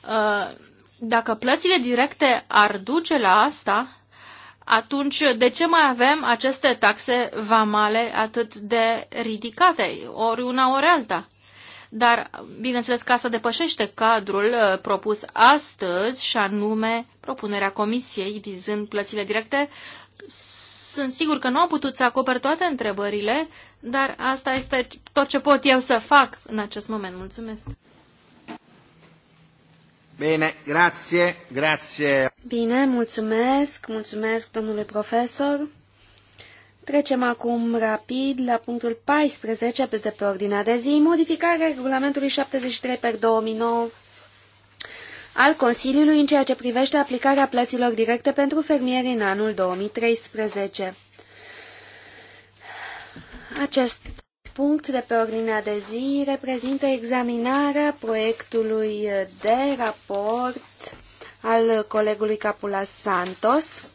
Uh, dacă plățile directe ar duce la asta, atunci de ce mai avem aceste taxe vamale atât de ridicate, ori una, ori alta? Dar, bineînțeles că asta depășește cadrul uh, propus astăzi și anume propunerea comisiei vizând plățile directe. Sunt sigur că nu au putut să acoper toate întrebările, dar asta este tot ce pot eu să fac în acest moment. Mulțumesc! Bine, Bine, mulțumesc, mulțumesc domnule profesor. Trecem acum rapid la punctul 14 de pe ordinea de zi, modificarea regulamentului 73 per 2009 al Consiliului în ceea ce privește aplicarea plăților directe pentru fermieri în anul 2013. Acest punct de pe ordinea de zi reprezintă examinarea proiectului de raport al colegului Capula Santos.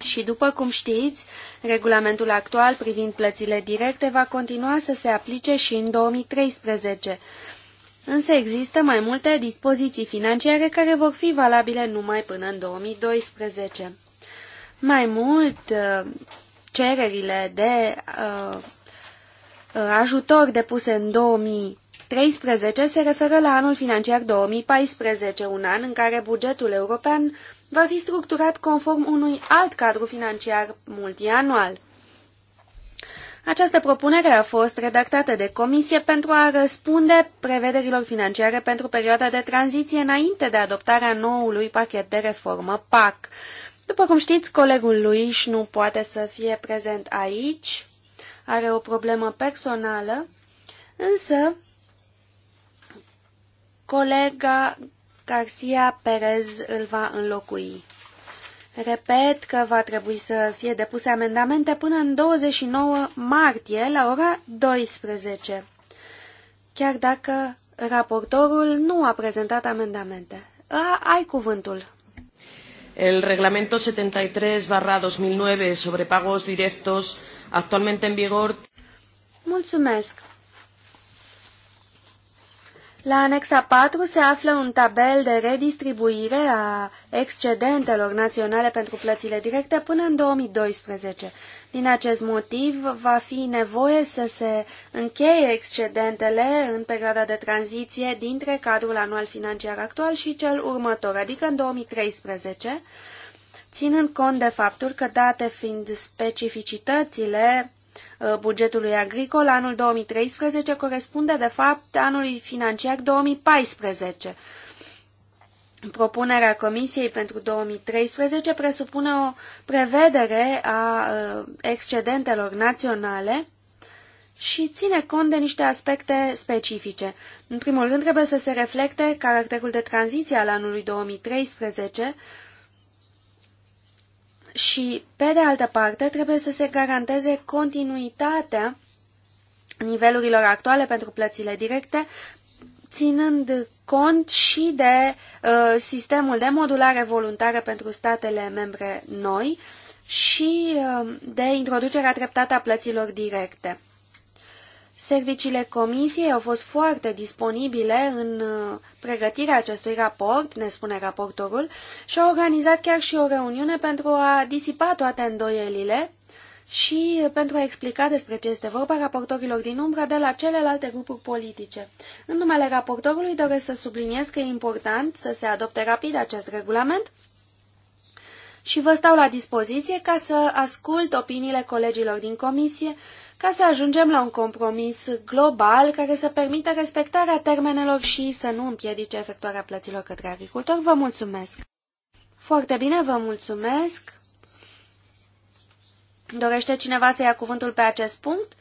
Și după cum știți, regulamentul actual privind plățile directe va continua să se aplice și în 2013. Însă există mai multe dispoziții financiare care vor fi valabile numai până în 2012. Mai mult, uh, cererile de uh, Uh, ajutor depuse în 2013 se referă la anul financiar 2014, un an în care bugetul european va fi structurat conform unui alt cadru financiar multianual. Această propunere a fost redactată de comisie pentru a răspunde prevederilor financiare pentru perioada de tranziție înainte de adoptarea noului pachet de reformă PAC. După cum știți, colegul lui nu poate să fie prezent aici are o problemă personală, însă colega Garcia Perez îl va înlocui. Repet că va trebui să fie depuse amendamente până în 29 martie la ora 12, chiar dacă raportorul nu a prezentat amendamente. A, ai cuvântul. El reglamento 73 barra 2009 sobre pagos directos actualmente en vigor. Mulțumesc. La anexa 4 se află un tabel de redistribuire a excedentelor naționale pentru plățile directe până în 2012. Din acest motiv, va fi nevoie să se încheie excedentele în perioada de tranziție dintre cadrul anual financiar actual și cel următor, adică în 2013, ținând cont de faptul că, date fiind specificitățile uh, bugetului agricol, anul 2013 corespunde, de fapt, anului financiar 2014. Propunerea Comisiei pentru 2013 presupune o prevedere a uh, excedentelor naționale și ține cont de niște aspecte specifice. În primul rând, trebuie să se reflecte caracterul de tranziție al anului 2013, și, pe de altă parte, trebuie să se garanteze continuitatea nivelurilor actuale pentru plățile directe, ținând cont și de uh, sistemul de modulare voluntară pentru statele membre noi și uh, de introducerea treptată a plăților directe. Serviciile comisiei au fost foarte disponibile în uh, pregătirea acestui raport, ne spune raportorul, și au organizat chiar și o reuniune pentru a disipa toate îndoielile și pentru a explica despre ce este vorba raportorilor din umbra de la celelalte grupuri politice. În numele raportorului doresc să subliniez că e important să se adopte rapid acest regulament și vă stau la dispoziție ca să ascult opiniile colegilor din comisie ca să ajungem la un compromis global care să permită respectarea termenelor și să nu împiedice efectuarea plăților către agricultori. Vă mulțumesc! Foarte bine, vă mulțumesc! Dorește cineva să ia cuvântul pe acest punct?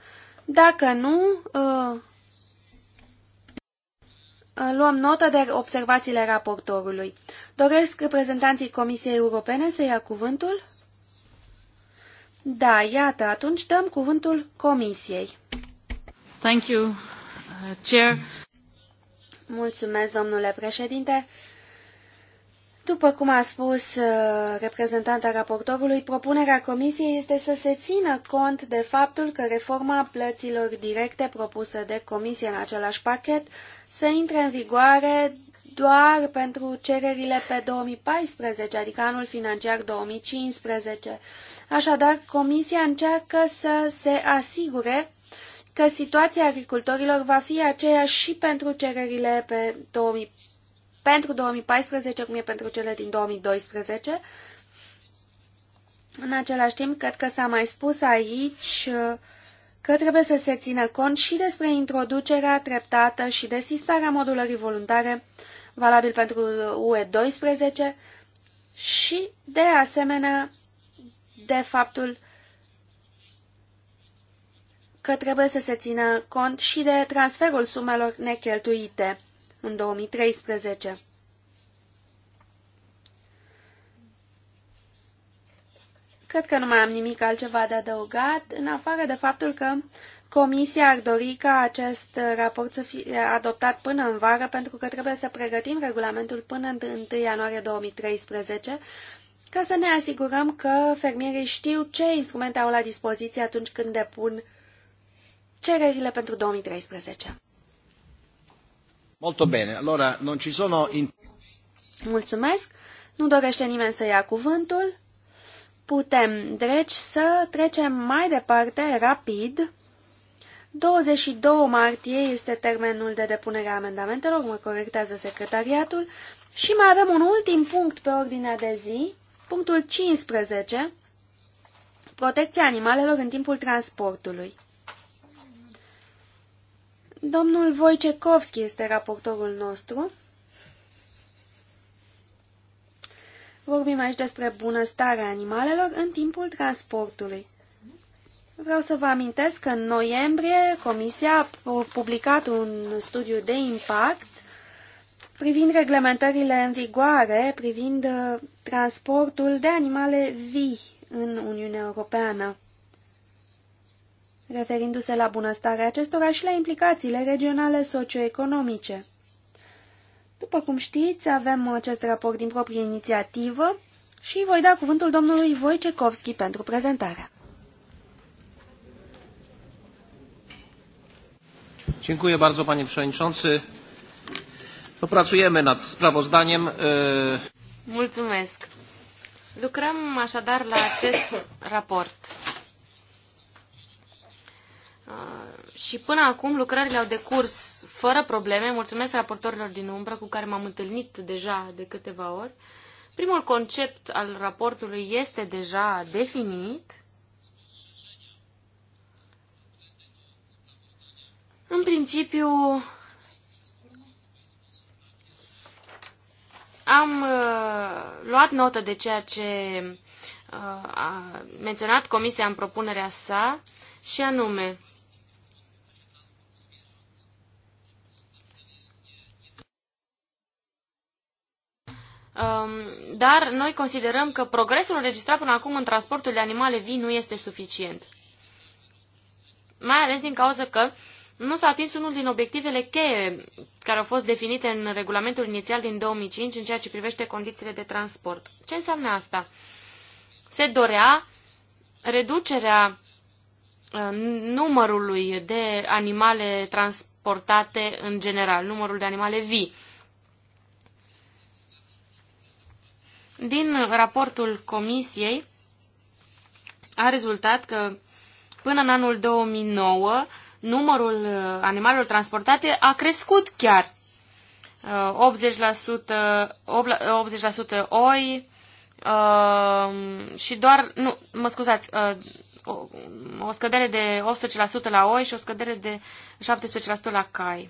Dacă nu, uh, uh, luăm notă de observațiile raportorului. Doresc reprezentanții Comisiei Europene să ia cuvântul? Da, iată, atunci dăm cuvântul Comisiei. Thank you, uh, Chair. Mulțumesc, domnule președinte. După cum a spus uh, reprezentanta raportorului, propunerea Comisiei este să se țină cont de faptul că reforma plăților directe propusă de Comisie în același pachet să intre în vigoare doar pentru cererile pe 2014, adică anul financiar 2015, Așadar, Comisia încearcă să se asigure că situația agricultorilor va fi aceeași și pentru cererile pe 2000, pentru 2014, cum e pentru cele din 2012. În același timp, cred că s-a mai spus aici că trebuie să se țină cont și despre introducerea treptată și desistarea modulării voluntare valabil pentru UE 12 și, de asemenea, de faptul că trebuie să se țină cont și de transferul sumelor necheltuite în 2013. Cred că nu mai am nimic altceva de adăugat, în afară de faptul că Comisia ar dori ca acest raport să fie adoptat până în vară, pentru că trebuie să pregătim regulamentul până în 1 ianuarie 2013 ca să ne asigurăm că fermierii știu ce instrumente au la dispoziție atunci când depun cererile pentru 2013. Molto bene, allora non ci sono... In... Mulțumesc, nu dorește nimeni să ia cuvântul. Putem, deci, să trecem mai departe, rapid. 22 martie este termenul de depunere a amendamentelor, mă corectează secretariatul, și mai avem un ultim punct pe ordinea de zi, Punctul 15. Protecția animalelor în timpul transportului. Domnul Wojciechowski este raportorul nostru. Vorbim aici despre bunăstarea animalelor în timpul transportului. Vreau să vă amintesc că în noiembrie Comisia a publicat un studiu de impact privind reglementările în vigoare, privind uh, transportul de animale vii în Uniunea Europeană, referindu-se la bunăstarea acestora și la implicațiile regionale socioeconomice. După cum știți, avem acest raport din proprie inițiativă și voi da cuvântul domnului Wojciechowski pentru prezentarea. Dziękuję bardzo, panie przewodniczący pracujemy nad sprawozdaniem. Mulțumesc. Lucrăm așadar la acest raport. Și până acum lucrările au decurs fără probleme. Mulțumesc raportorilor din umbră cu care m-am întâlnit deja de câteva ori. Primul concept al raportului este deja definit. În principiu, Am uh, luat notă de ceea ce uh, a menționat Comisia în propunerea sa și anume Um, dar noi considerăm că progresul înregistrat până acum în transportul de animale vii nu este suficient. Mai ales din cauza că nu s-a atins unul din obiectivele cheie care au fost definite în regulamentul inițial din 2005 în ceea ce privește condițiile de transport. Ce înseamnă asta? Se dorea reducerea uh, numărului de animale transportate în general, numărul de animale vii. Din raportul comisiei a rezultat că până în anul 2009 numărul uh, animalelor transportate a crescut chiar. 80%, uh, 80% uh, oi și doar, nu, mă scuzați, o, o scădere de 18% la oi și o scădere de 17% la cai.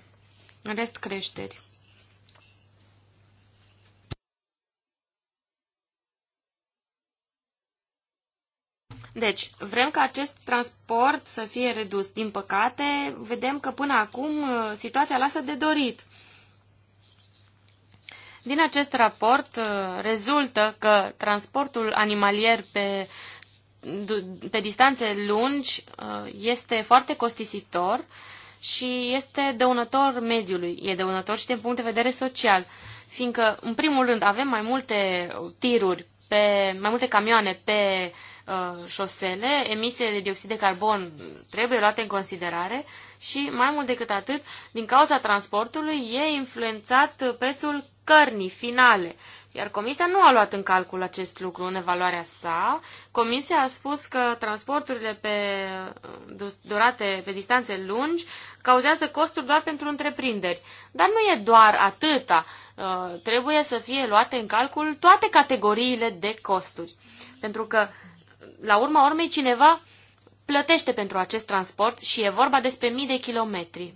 În rest creșteri. Deci, vrem ca acest transport să fie redus. Din păcate, vedem că până acum uh, situația lasă de dorit. Din acest raport uh, rezultă că transportul animalier pe, pe distanțe lungi uh, este foarte costisitor și este dăunător mediului. E dăunător și din punct de vedere social, fiindcă, în primul rând, avem mai multe tiruri pe mai multe camioane pe uh, șosele, emisiile de dioxid de carbon trebuie luate în considerare și mai mult decât atât, din cauza transportului e influențat prețul cărnii finale. Iar Comisia nu a luat în calcul acest lucru în evaluarea sa. Comisia a spus că transporturile pe durate, pe distanțe lungi, cauzează costuri doar pentru întreprinderi. Dar nu e doar atâta. Uh, trebuie să fie luate în calcul toate categoriile de costuri. Pentru că, la urma urmei, cineva plătește pentru acest transport și e vorba despre mii de kilometri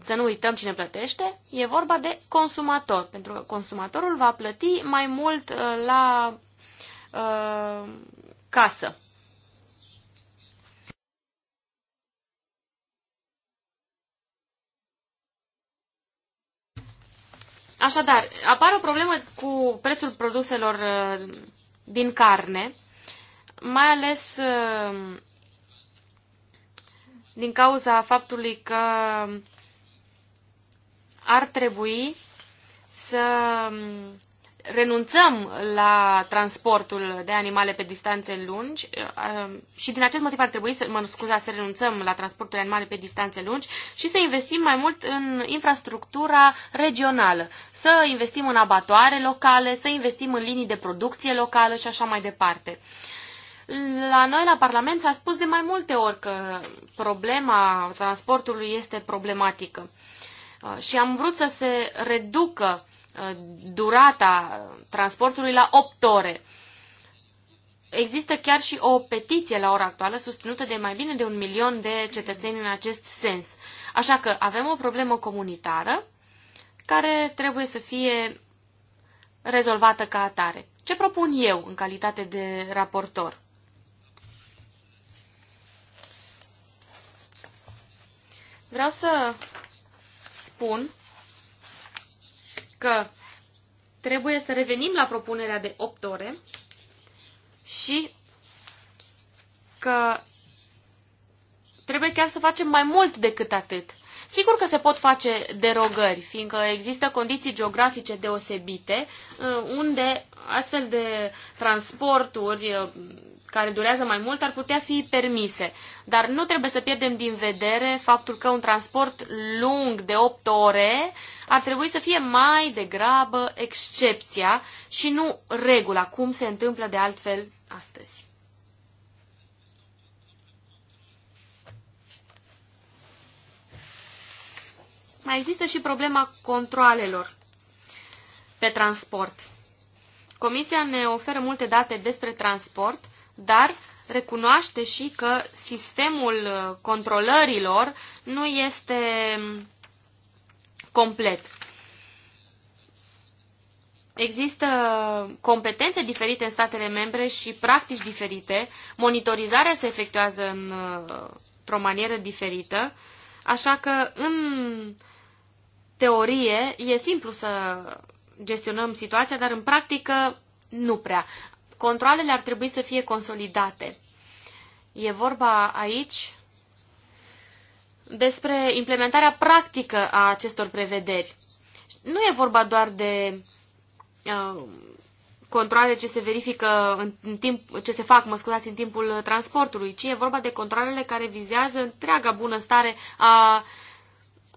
să nu uităm cine plătește, e vorba de consumator, pentru că consumatorul va plăti mai mult uh, la uh, casă. Așadar, apare o problemă cu prețul produselor uh, din carne, mai ales uh, din cauza faptului că ar trebui să mm, renunțăm la transportul de animale pe distanțe lungi uh, um, și din acest motiv ar trebui să, mă scuza, să renunțăm la transportul de animale pe distanțe lungi și să investim mai mult în infrastructura regională, să investim în abatoare locale, să investim în linii de producție locală și așa mai departe. La noi, la Parlament, s-a spus de mai multe ori că problema transportului este problematică. Uh, și am vrut să se reducă uh, durata transportului la 8 ore. Există chiar și o petiție la ora actuală susținută de mai bine de un milion de cetățeni în acest sens. Așa că avem o problemă comunitară care trebuie să fie rezolvată ca atare. Ce propun eu în calitate de raportor? Vreau să spun că trebuie să revenim la propunerea de 8 ore și că trebuie chiar să facem mai mult decât atât. Sigur că se pot face derogări, fiindcă există condiții geografice deosebite, uh, unde astfel de transporturi uh, care durează mai mult ar putea fi permise. Dar nu trebuie să pierdem din vedere faptul că un transport lung de 8 ore ar trebui să fie mai degrabă excepția și nu regula, cum se întâmplă de altfel astăzi. Mai există și problema controalelor pe transport. Comisia ne oferă multe date despre transport, dar recunoaște și că sistemul uh, controlărilor nu este um, complet. Există competențe diferite în statele membre și practici diferite. Monitorizarea se efectuează uh, într-o manieră diferită, așa că în teorie e simplu să gestionăm situația, dar în practică nu prea controlele ar trebui să fie consolidate. E vorba aici despre implementarea practică a acestor prevederi. Nu e vorba doar de uh, controle ce se verifică în, în timp, ce se fac, mă scuzați, în timpul transportului, ci e vorba de controlele care vizează întreaga bunăstare a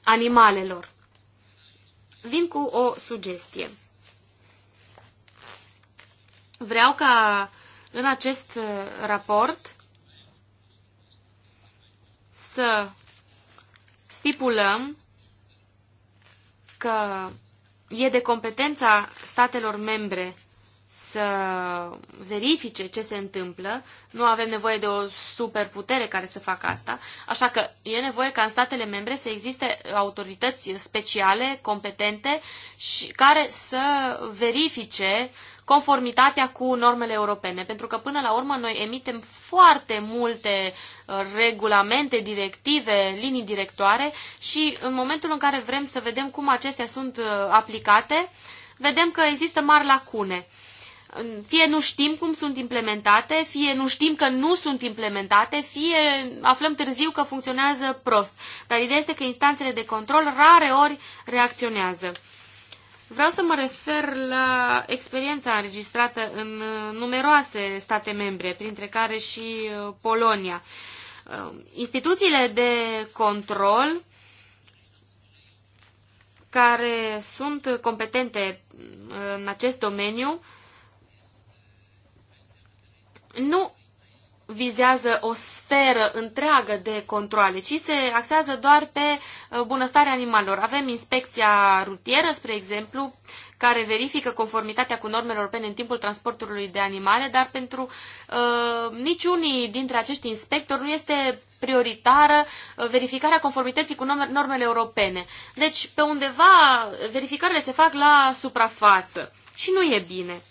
animalelor. Vin cu o sugestie. Vreau ca în acest uh, raport să stipulăm că e de competența statelor membre să verifice ce se întâmplă. Nu avem nevoie de o superputere care să facă asta, așa că e nevoie ca în statele membre să existe autorități speciale, competente și care să verifice conformitatea cu normele europene, pentru că până la urmă noi emitem foarte multe uh, regulamente, directive, linii directoare și în momentul în care vrem să vedem cum acestea sunt uh, aplicate, vedem că există mari lacune fie nu știm cum sunt implementate, fie nu știm că nu sunt implementate, fie aflăm târziu că funcționează prost. Dar ideea este că instanțele de control rare ori reacționează. Vreau să mă refer la experiența înregistrată în uh, numeroase state membre, printre care și uh, Polonia. Uh, instituțiile de control care sunt competente în acest domeniu nu vizează o sferă întreagă de controle, ci se axează doar pe uh, bunăstarea animalelor. Avem inspecția rutieră, spre exemplu, care verifică conformitatea cu normele europene în timpul transportului de animale, dar pentru uh, niciunii dintre acești inspectori nu este prioritară uh, verificarea conformității cu normele europene. Deci, pe undeva, verificările se fac la suprafață și nu e bine.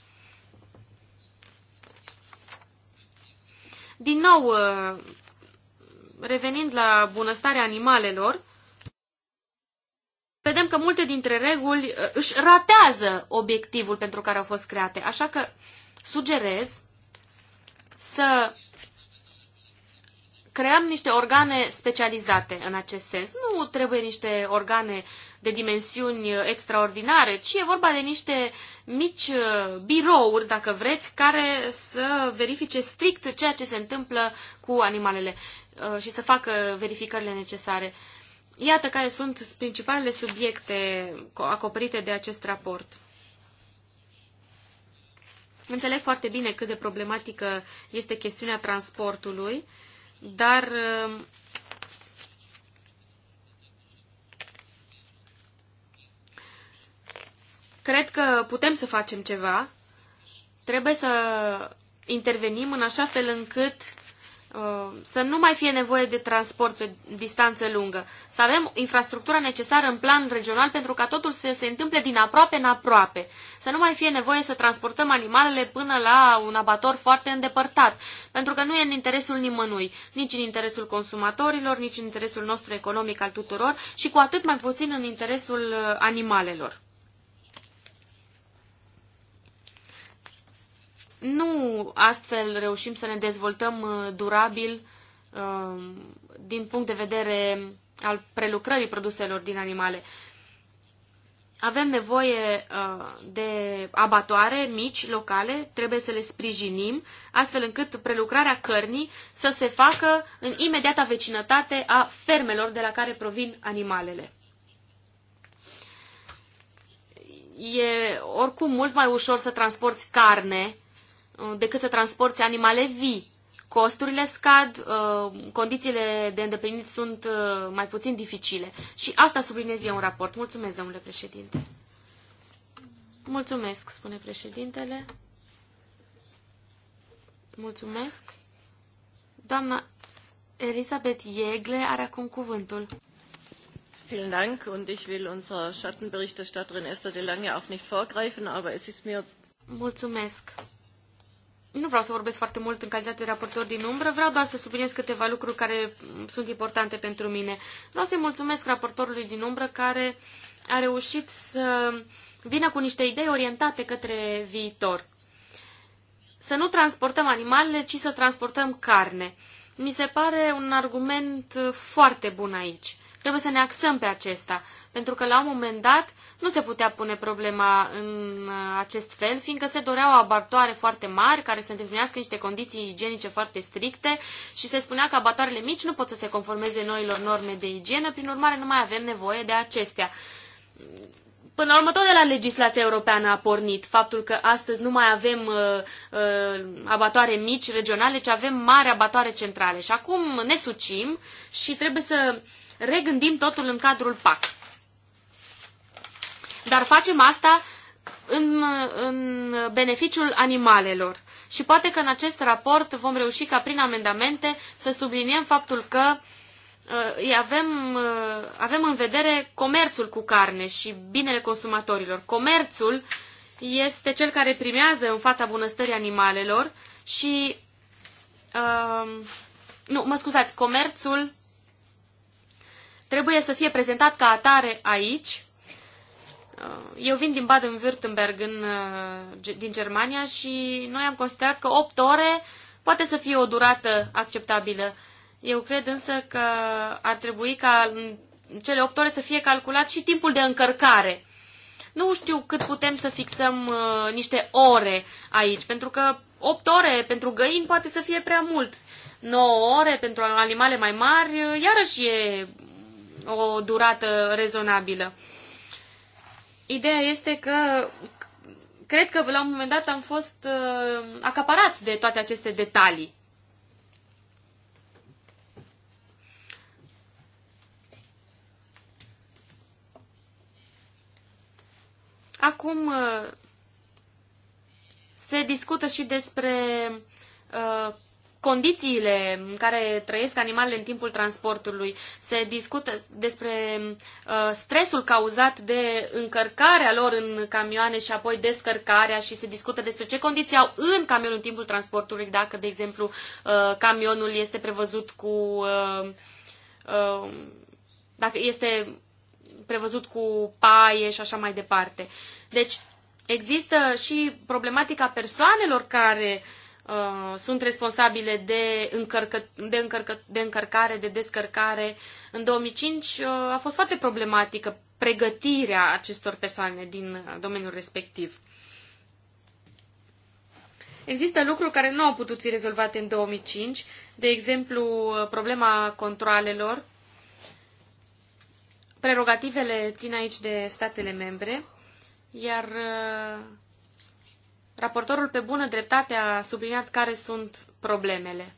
Din nou, uh, revenind la bunăstarea animalelor, vedem că multe dintre reguli uh, își ratează obiectivul pentru care au fost create. Așa că sugerez să creăm niște organe specializate în acest sens. Nu trebuie niște organe de dimensiuni uh, extraordinare, ci e vorba de niște mici uh, birouri, dacă vreți, care să verifice strict ceea ce se întâmplă cu animalele uh, și să facă verificările necesare. Iată care sunt principalele subiecte acoperite de acest raport. Înțeleg foarte bine cât de problematică este chestiunea transportului, dar uh, Cred că putem să facem ceva. Trebuie să intervenim în așa fel încât uh, să nu mai fie nevoie de transport pe distanță lungă. Să avem infrastructura necesară în plan regional pentru ca totul să se întâmple din aproape în aproape. Să nu mai fie nevoie să transportăm animalele până la un abator foarte îndepărtat, pentru că nu e în interesul nimănui, nici în interesul consumatorilor, nici în interesul nostru economic al tuturor și cu atât mai puțin în interesul uh, animalelor. Nu astfel reușim să ne dezvoltăm uh, durabil uh, din punct de vedere al prelucrării produselor din animale. Avem nevoie uh, de abatoare mici, locale, trebuie să le sprijinim, astfel încât prelucrarea cărnii să se facă în imediata vecinătate a fermelor de la care provin animalele. E oricum mult mai ușor să transporti carne Uh, decât să transporti animale vii. Costurile scad, uh, condițiile de îndeplinit sunt uh, mai puțin dificile. Și asta sublinez eu în raport. Mulțumesc, domnule președinte. Mulțumesc, spune președintele. Mulțumesc. Doamna Elisabeth Jegle are acum cuvântul. Vielen Dank und ich will unserer Schattenberichterstatterin Esther de Lange auch nicht vorgreifen, aber es ist mir... Mulțumesc. Nu vreau să vorbesc foarte mult în calitate de raportor din umbră, vreau doar să subliniez câteva lucruri care sunt importante pentru mine. Vreau să-i mulțumesc raportorului din umbră care a reușit să vină cu niște idei orientate către viitor. Să nu transportăm animalele, ci să transportăm carne. Mi se pare un argument foarte bun aici. Trebuie să ne axăm pe acesta, pentru că la un moment dat nu se putea pune problema în uh, acest fel, fiindcă se doreau abatoare foarte mari care să îndeplinească niște condiții igienice foarte stricte și se spunea că abatoarele mici nu pot să se conformeze noilor norme de igienă, prin urmare nu mai avem nevoie de acestea. Până la urmă, tot de la legislația europeană a pornit faptul că astăzi nu mai avem uh, uh, abatoare mici regionale, ci avem mari abatoare centrale. Și acum ne sucim și trebuie să uh, regândim totul în cadrul PAC. Dar facem asta în, în beneficiul animalelor. Și poate că în acest raport vom reuși ca prin amendamente să subliniem faptul că uh, avem, uh, avem în vedere comerțul cu carne și binele consumatorilor. Comerțul este cel care primează în fața bunăstării animalelor și... Uh, nu, mă scuzați, comerțul trebuie să fie prezentat ca atare aici. Uh, eu vin din Baden-Württemberg uh, din Germania și noi am considerat că 8 ore poate să fie o durată acceptabilă. Eu cred însă că ar trebui ca în cele 8 ore să fie calculat și timpul de încărcare. Nu știu cât putem să fixăm uh, niște ore aici, pentru că 8 ore pentru găini poate să fie prea mult. 9 ore pentru animale mai mari, uh, iarăși e o durată rezonabilă. Ideea este că cred că la un moment dat am fost uh, acaparați de toate aceste detalii. Acum uh, se discută și despre uh, condițiile în care trăiesc animalele în timpul transportului, se discută despre uh, stresul cauzat de încărcarea lor în camioane și apoi descărcarea și se discută despre ce condiții au în camion în timpul transportului, dacă, de exemplu, uh, camionul este prevăzut cu... Uh, uh, dacă este prevăzut cu paie și așa mai departe. Deci, există și problematica persoanelor care Uh, sunt responsabile de, încărcă, de, încărcă, de încărcare, de descărcare. În 2005 uh, a fost foarte problematică pregătirea acestor persoane din uh, domeniul respectiv. Există lucruri care nu au putut fi rezolvate în 2005, de exemplu uh, problema controalelor. Prerogativele țin aici de statele membre, iar Raportorul pe bună dreptate a subliniat care sunt problemele.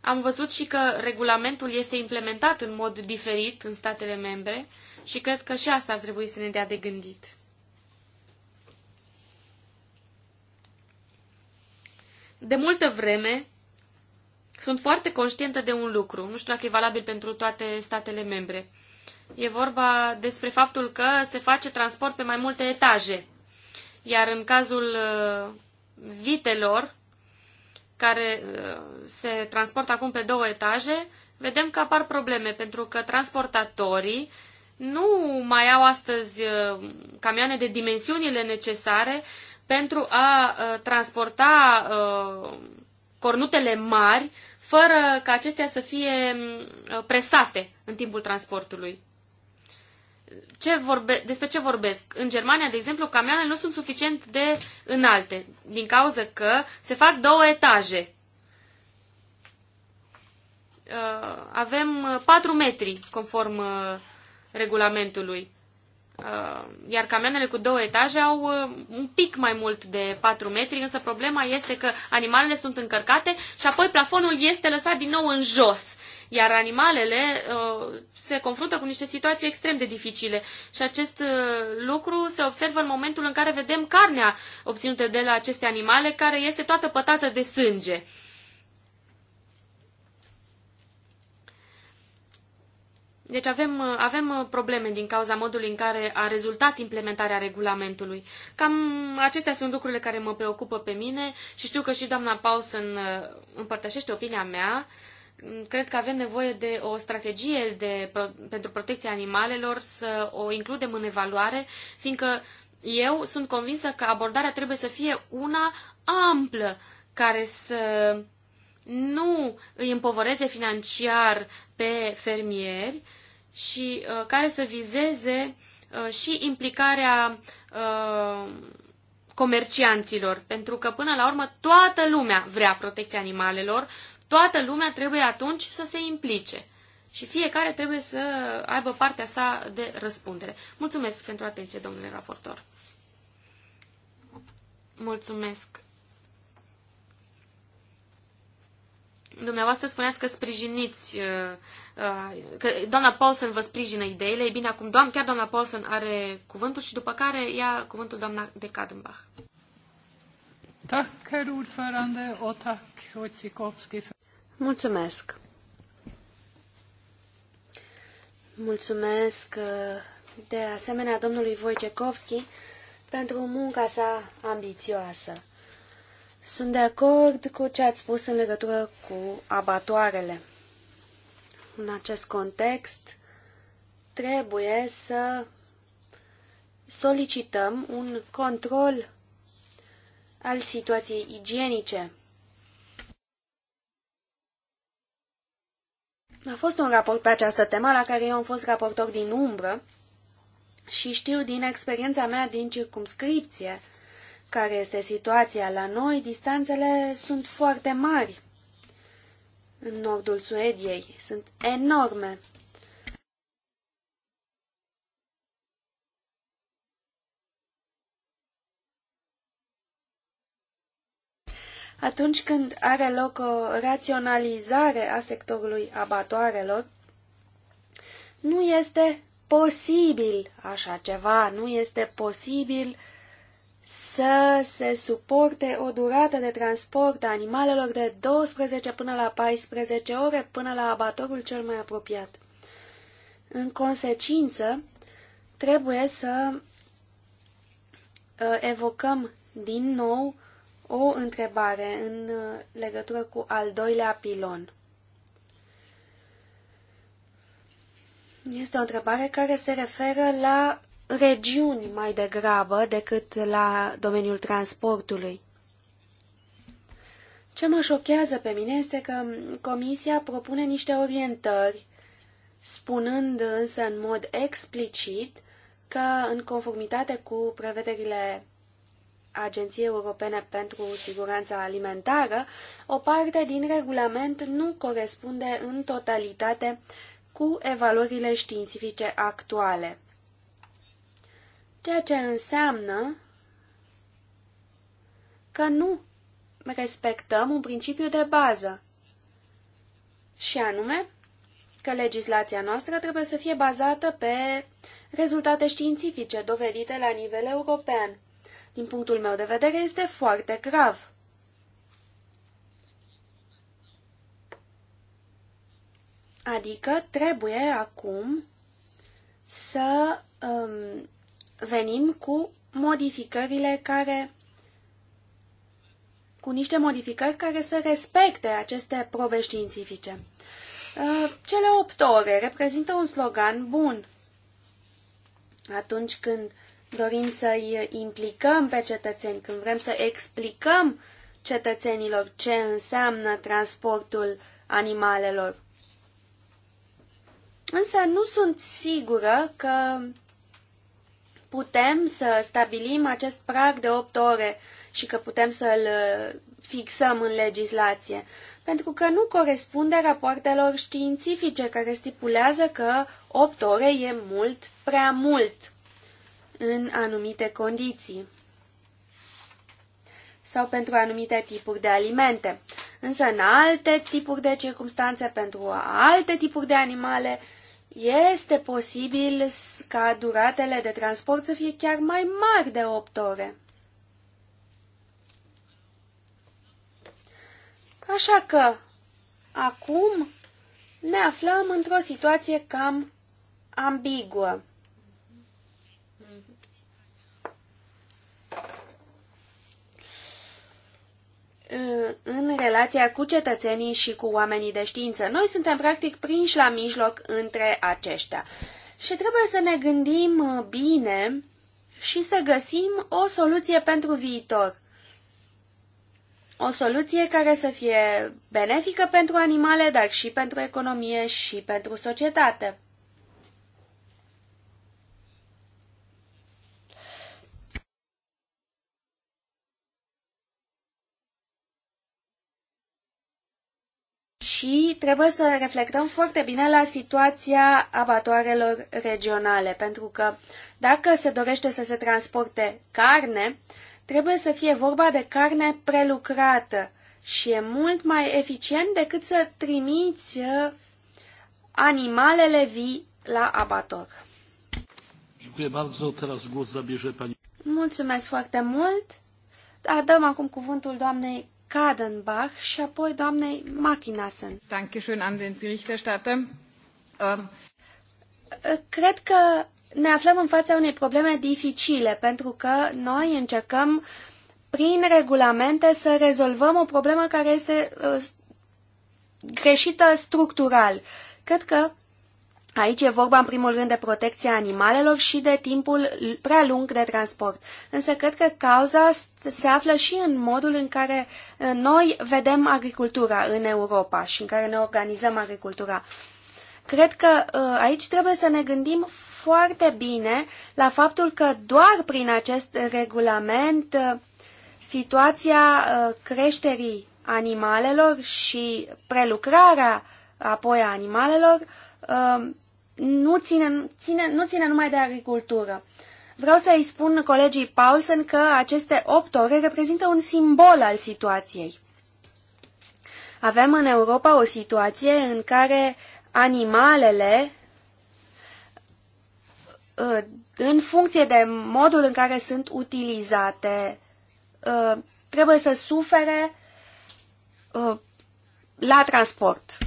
Am văzut și că regulamentul este implementat în mod diferit în statele membre și cred că și asta ar trebui să ne dea de gândit. De multă vreme sunt foarte conștientă de un lucru, nu știu dacă e valabil pentru toate statele membre. E vorba despre faptul că se face transport pe mai multe etaje. Iar în cazul uh, vitelor, care uh, se transportă acum pe două etaje, vedem că apar probleme, pentru că transportatorii nu mai au astăzi uh, camioane de dimensiunile necesare pentru a transporta cornutele mari, fără ca acestea să fie presate în timpul transportului ce vorbe, despre ce vorbesc. În Germania, de exemplu, camioanele nu sunt suficient de înalte, din cauza că se fac două etaje. Uh, avem 4 uh, metri, conform uh, regulamentului. Iar camioanele cu două etaje au un pic mai mult de 4 metri, însă problema este că animalele sunt încărcate și apoi plafonul este lăsat din nou în jos iar animalele uh, se confruntă cu niște situații extrem de dificile și acest uh, lucru se observă în momentul în care vedem carnea obținută de la aceste animale, care este toată pătată de sânge. Deci avem, uh, avem uh, probleme din cauza modului în care a rezultat implementarea regulamentului. Cam acestea sunt lucrurile care mă preocupă pe mine și știu că și doamna Paulsen uh, împărtășește opinia mea. Uh, cred că avem nevoie de o strategie de, pentru protecția animalelor, să o includem în evaluare, fiindcă eu sunt convinsă că abordarea trebuie să fie una amplă, care să nu îi împovăreze financiar pe fermieri și uh, care să vizeze uh, și implicarea uh, comercianților, pentru că până la urmă toată lumea vrea protecția animalelor, Toată lumea trebuie atunci să se implice și fiecare trebuie să aibă partea sa de răspundere. Mulțumesc pentru atenție, domnule raportor. Mulțumesc. Dumneavoastră spuneați că sprijiniți, uh, uh, că doamna Paulson vă sprijină ideile. Ei bine, acum doamna, chiar doamna Paulson are cuvântul și după care ia cuvântul doamna de Kadenbach. Tack, herr ordförande, och tack, Wojciechowski. Mulțumesc! Mulțumesc uh, de asemenea domnului Wojciechowski pentru munca sa ambițioasă. Sunt de acord cu ce ați spus în legătură cu abatoarele. În acest context, trebuie să solicităm un control al situației igienice A fost un raport pe această temă la care eu am fost raportor din umbră și știu din experiența mea din circumscripție care este situația la noi, distanțele sunt foarte mari. În nordul Suediei sunt enorme. atunci când are loc o raționalizare a sectorului abatoarelor, nu este posibil așa ceva, nu este posibil să se suporte o durată de transport a animalelor de 12 până la 14 ore până la abatorul cel mai apropiat. În consecință, trebuie să uh, evocăm din nou uh, o întrebare în uh, legătură cu al doilea pilon. Este o întrebare care se referă la regiuni mai degrabă decât la domeniul transportului. Ce mă șochează pe mine este că Comisia propune niște orientări, spunând însă în mod explicit că, în conformitate cu prevederile Agenției Europene pentru Siguranța Alimentară, o parte din regulament nu corespunde în totalitate cu evaluările științifice actuale. Ceea ce înseamnă că nu respectăm un principiu de bază, și anume că legislația noastră trebuie să fie bazată pe rezultate științifice dovedite la nivel european din punctul meu de vedere, este foarte grav. Adică trebuie acum să um, venim cu modificările care cu niște modificări care să respecte aceste probe științifice. Uh, cele opt ore reprezintă un slogan bun atunci când uh, dorim să-i implicăm pe cetățeni, când vrem să explicăm cetățenilor ce înseamnă transportul animalelor. Însă nu sunt sigură că putem să stabilim acest prag de 8 ore și că putem să-l uh, fixăm în legislație, pentru că nu corespunde rapoartelor științifice care stipulează că 8 ore e mult prea mult în anumite condiții sau pentru anumite tipuri de alimente. Însă în alte tipuri de circunstanțe, pentru alte tipuri de animale, este posibil ca duratele de transport să fie chiar mai mari de 8 ore. Așa că, acum, ne aflăm într-o situație cam ambiguă. Uh, în relația cu cetățenii și cu oamenii de știință. Noi suntem practic prinși la mijloc între aceștia. Și trebuie să ne gândim uh, bine și să găsim o soluție pentru viitor. O soluție care să fie benefică pentru animale, dar și pentru economie și pentru societate. și trebuie să reflectăm foarte bine la situația abatoarelor regionale, pentru că dacă se dorește să se transporte carne, trebuie să fie vorba de carne prelucrată și e mult mai eficient decât să trimiți uh, animalele vii la abator. Mulțumesc foarte mult! Da, dăm acum cuvântul doamnei Kadenbach și apoi doamnei Machinasen. Dankeschön an den Berichterstatter. Ähm, Cred că ne aflăm în fața unei probleme dificile, pentru că noi încercăm prin regulamente să rezolvăm o problemă care este uh, greșită structural. Cred că Aici e vorba în primul rând de protecția animalelor și de timpul prea lung de transport. Însă cred că cauza se află și în modul în care uh, noi vedem agricultura în Europa și în care ne organizăm agricultura. Cred că uh, aici trebuie să ne gândim foarte bine la faptul că doar prin acest regulament uh, situația creșterii animalelor și prelucrarea apoi a animalelor nu ține, ține, nu ține numai de agricultură. Vreau să îi spun colegii Paulsen că aceste opt ore reprezintă un simbol al situației. Avem în Europa o situație în care animalele, uh, în funcție de modul în care sunt utilizate, uh, trebuie să sufere uh, la transport.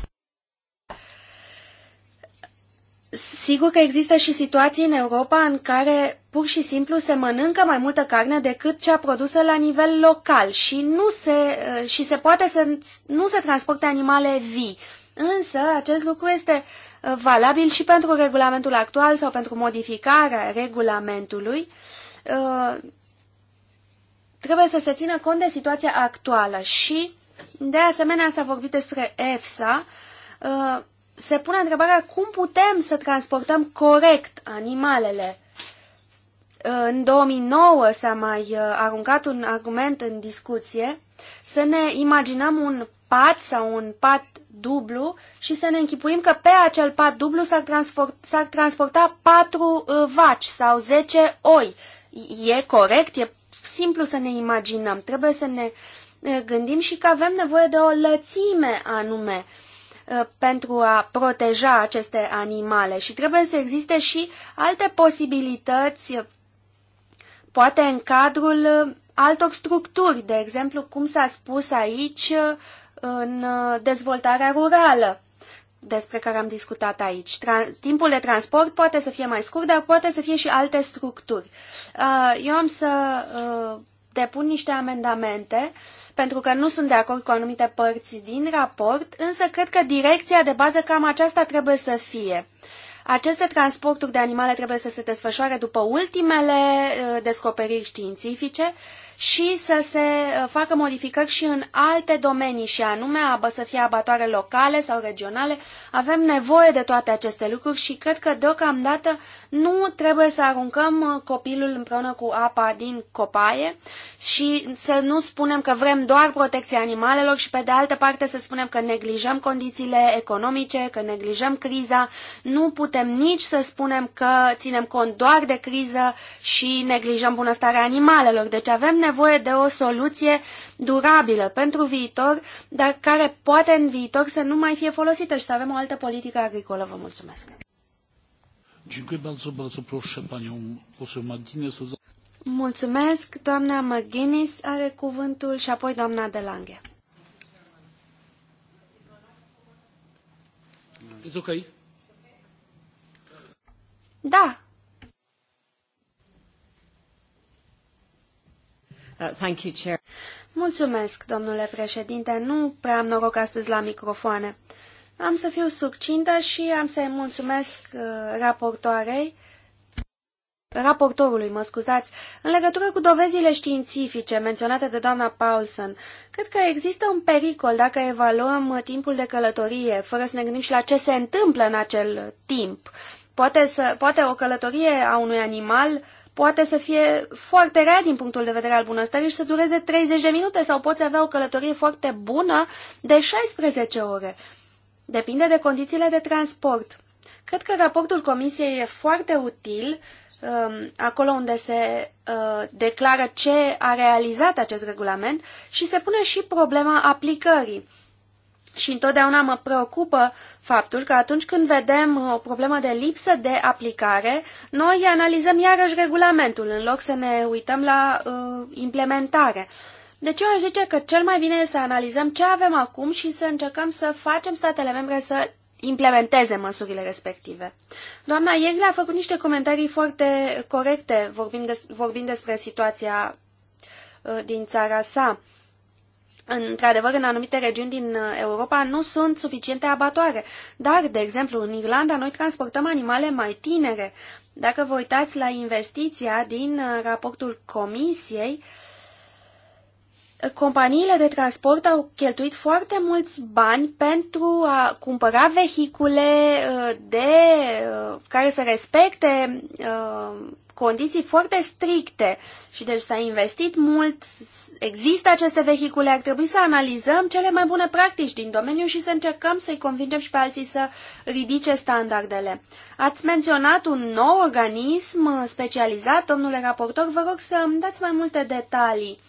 Sigur că există și situații în Europa în care pur și simplu se mănâncă mai multă carne decât cea produsă la nivel local și, nu se, uh, și se poate să nu se transporte animale vii. Însă acest lucru este uh, valabil și pentru regulamentul actual sau pentru modificarea regulamentului. Uh, trebuie să se țină cont de situația actuală și, de asemenea, s-a vorbit despre EFSA, se pune întrebarea cum putem să transportăm corect animalele. În 2009 s-a mai uh, aruncat un argument în discuție să ne imaginăm un pat sau un pat dublu și să ne închipuim că pe acel pat dublu s-ar, transport, transporta patru uh, vaci sau 10 oi. E corect? E simplu să ne imaginăm. Trebuie să ne uh, gândim și că avem nevoie de o lățime anume. Uh, Uh, pentru a proteja aceste animale și trebuie să existe și alte posibilități, poate în cadrul uh, altor structuri, de exemplu, cum s-a spus aici, uh, în dezvoltarea rurală despre care am discutat aici. Tra- timpul de transport poate să fie mai scurt, dar poate să fie și alte structuri. Eu am să depun niște amendamente uh, pentru că nu sunt de acord cu anumite părți din raport, însă cred că direcția de bază cam aceasta trebuie să fie. Aceste transporturi de animale trebuie să se desfășoare după ultimele uh, descoperiri științifice și să se uh, facă modificări și în alte domenii, și anume abă să fie abatoare locale sau regionale. Avem nevoie de toate aceste lucruri și cred că deocamdată nu trebuie să aruncăm uh, copilul împreună cu apa din copaie și să nu spunem că vrem doar protecția animalelor și pe de altă parte să spunem că neglijăm condițiile economice, că neglijăm criza. Nu putem nici să spunem că ținem cont doar de criză și neglijăm bunăstarea animalelor. Deci avem nevoie nevoie de o soluție durabilă pentru viitor, dar care poate în viitor să nu mai fie folosită și să avem o altă politică agricolă. Vă mulțumesc! Mulțumesc, doamna McGuinness are cuvântul și apoi doamna Delange. It's okay. Da, Uh, mulțumesc, domnule președinte. Nu prea am noroc astăzi la microfoane. Am să fiu succintă și am să-i mulțumesc uh, raportoarei raportorului, mă scuzați, în legătură cu dovezile științifice menționate de doamna Paulson. Cred că există un pericol dacă evaluăm uh, timpul de călătorie, fără să ne gândim și la ce se întâmplă în acel timp. Poate, să, poate o călătorie a unui animal poate să fie foarte rea din punctul de vedere al bunăstării și să dureze 30 de minute sau poți avea o călătorie foarte bună de 16 ore. Depinde de condițiile de transport. Cred că raportul comisiei e foarte util um, acolo unde se uh, declară ce a realizat acest regulament și se pune și problema aplicării. Și întotdeauna mă preocupă faptul că atunci când vedem o problemă de lipsă de aplicare, noi analizăm iarăși regulamentul în loc să ne uităm la uh, implementare. Deci eu aș zice că cel mai bine e să analizăm ce avem acum și să încercăm să facem statele membre să implementeze măsurile respective. Doamna Iegle a făcut niște comentarii foarte corecte vorbind, des, vorbind despre situația uh, din țara sa. Uh, Într-adevăr, în anumite regiuni din uh, Europa nu sunt suficiente abatoare, dar, de exemplu, în Irlanda noi transportăm animale mai tinere. Dacă vă uitați la investiția din uh, raportul comisiei, companiile de transport au cheltuit foarte mulți bani pentru a cumpăra vehicule uh, de, care să respecte condiții foarte stricte și deci s-a investit mult, există aceste vehicule, ar trebui să analizăm cele mai bune practici din domeniu și să încercăm să-i convingem și pe alții să ridice standardele. Ați menționat un nou organism specializat, domnule raportor, vă rog să îmi dați mai multe detalii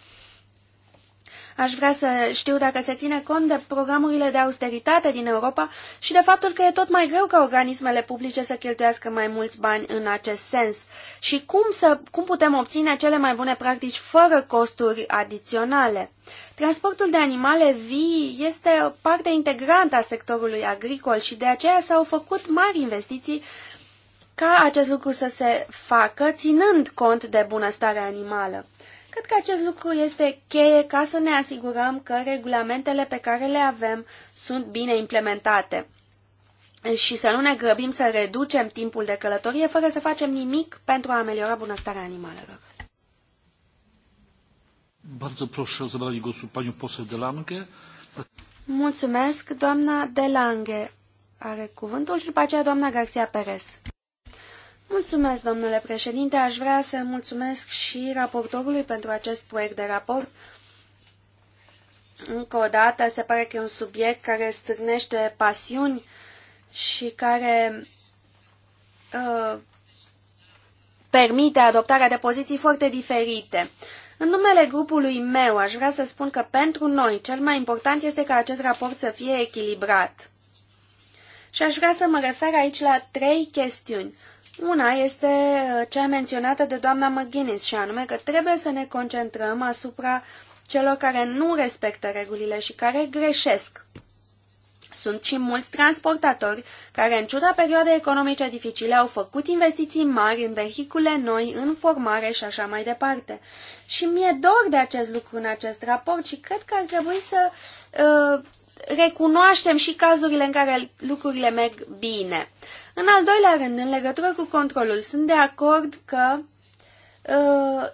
Aș vrea să știu dacă se ține cont de programurile de austeritate din Europa și de faptul că e tot mai greu ca organismele publice să cheltuiască mai mulți bani în acest sens și cum, să, cum putem obține cele mai bune practici fără costuri adiționale. Transportul de animale vii este o parte integrantă a sectorului agricol și de aceea s-au făcut mari investiții ca acest lucru să se facă ținând cont de bunăstarea animală. Cred că acest lucru este cheie ca să ne asigurăm că regulamentele pe care le avem sunt bine implementate și să nu ne grăbim să reducem timpul de călătorie fără să facem nimic pentru a ameliora bunăstarea animalelor. Mulțumesc, doamna Delange are cuvântul și după aceea doamna Garcia Perez. Mulțumesc, domnule președinte. Aș vrea să mulțumesc și raportorului pentru acest proiect de raport. Încă o dată, se pare că e un subiect care stârnește pasiuni și care uh, permite adoptarea de poziții foarte diferite. În numele grupului meu aș vrea să spun că pentru noi cel mai important este ca acest raport să fie echilibrat. Și aș vrea să mă refer aici la trei chestiuni. Una este uh, cea menționată de doamna McGuinness și anume că trebuie să ne concentrăm asupra celor care nu respectă regulile și care greșesc. Sunt și mulți transportatori care, în ciuda perioadei economice dificile, au făcut investiții mari în vehicule noi, în formare și așa mai departe. Și mi-e dor de acest lucru în acest raport și cred că ar trebui să uh, recunoaștem și cazurile în care lucrurile merg bine. Uh, în al doilea rând, în legătură cu controlul, sunt de acord că uh,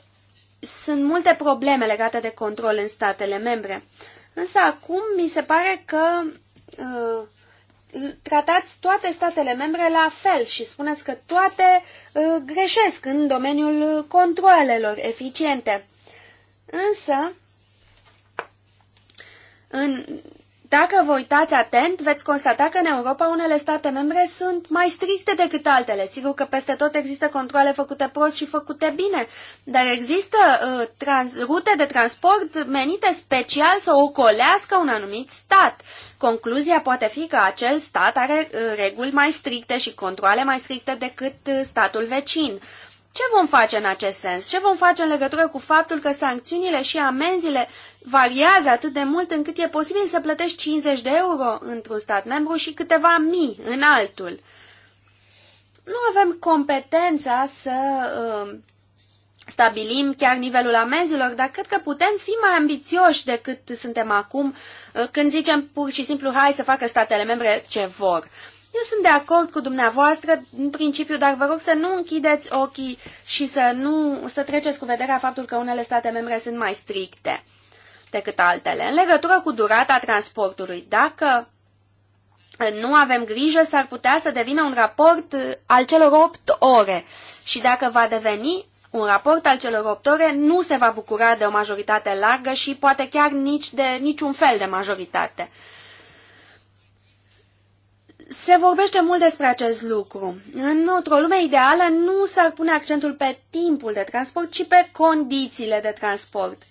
sunt multe probleme legate de control în statele membre. Însă acum mi se pare că uh, tratați toate statele membre la fel și spuneți că toate uh, greșesc în domeniul controlelor eficiente. Însă, în dacă vă uitați atent, veți constata că în Europa unele state membre sunt mai stricte decât altele. Sigur că peste tot există controle făcute prost și făcute bine, dar există uh, trans, rute de transport menite special să ocolească un anumit stat. Concluzia poate fi că acel stat are uh, reguli mai stricte și controle mai stricte decât uh, statul vecin. Uh, ce vom face în acest sens? Ce vom face în legătură cu faptul că sancțiunile și amenziile variază atât de mult încât e posibil să plătești 50 de euro într-un stat membru și câteva mii în altul? Nu avem competența să uh, stabilim chiar nivelul amenzilor, dar cred că putem fi mai ambițioși decât suntem acum uh, când zicem pur și simplu hai să facă statele membre ce vor. Eu sunt de acord cu dumneavoastră în principiu, dar vă rog să nu închideți ochii și să nu să treceți cu vederea faptul că unele state membre sunt mai stricte decât altele. În legătură cu durata transportului, dacă nu avem grijă, s-ar putea să devină un raport al celor 8 ore. Și dacă va deveni un raport al celor 8 ore, nu se va bucura de o majoritate largă și poate chiar nici de niciun fel de majoritate. Se vorbește mult despre acest lucru. Într-o lume ideală nu s-ar pune accentul pe timpul de transport, ci pe condițiile de transport.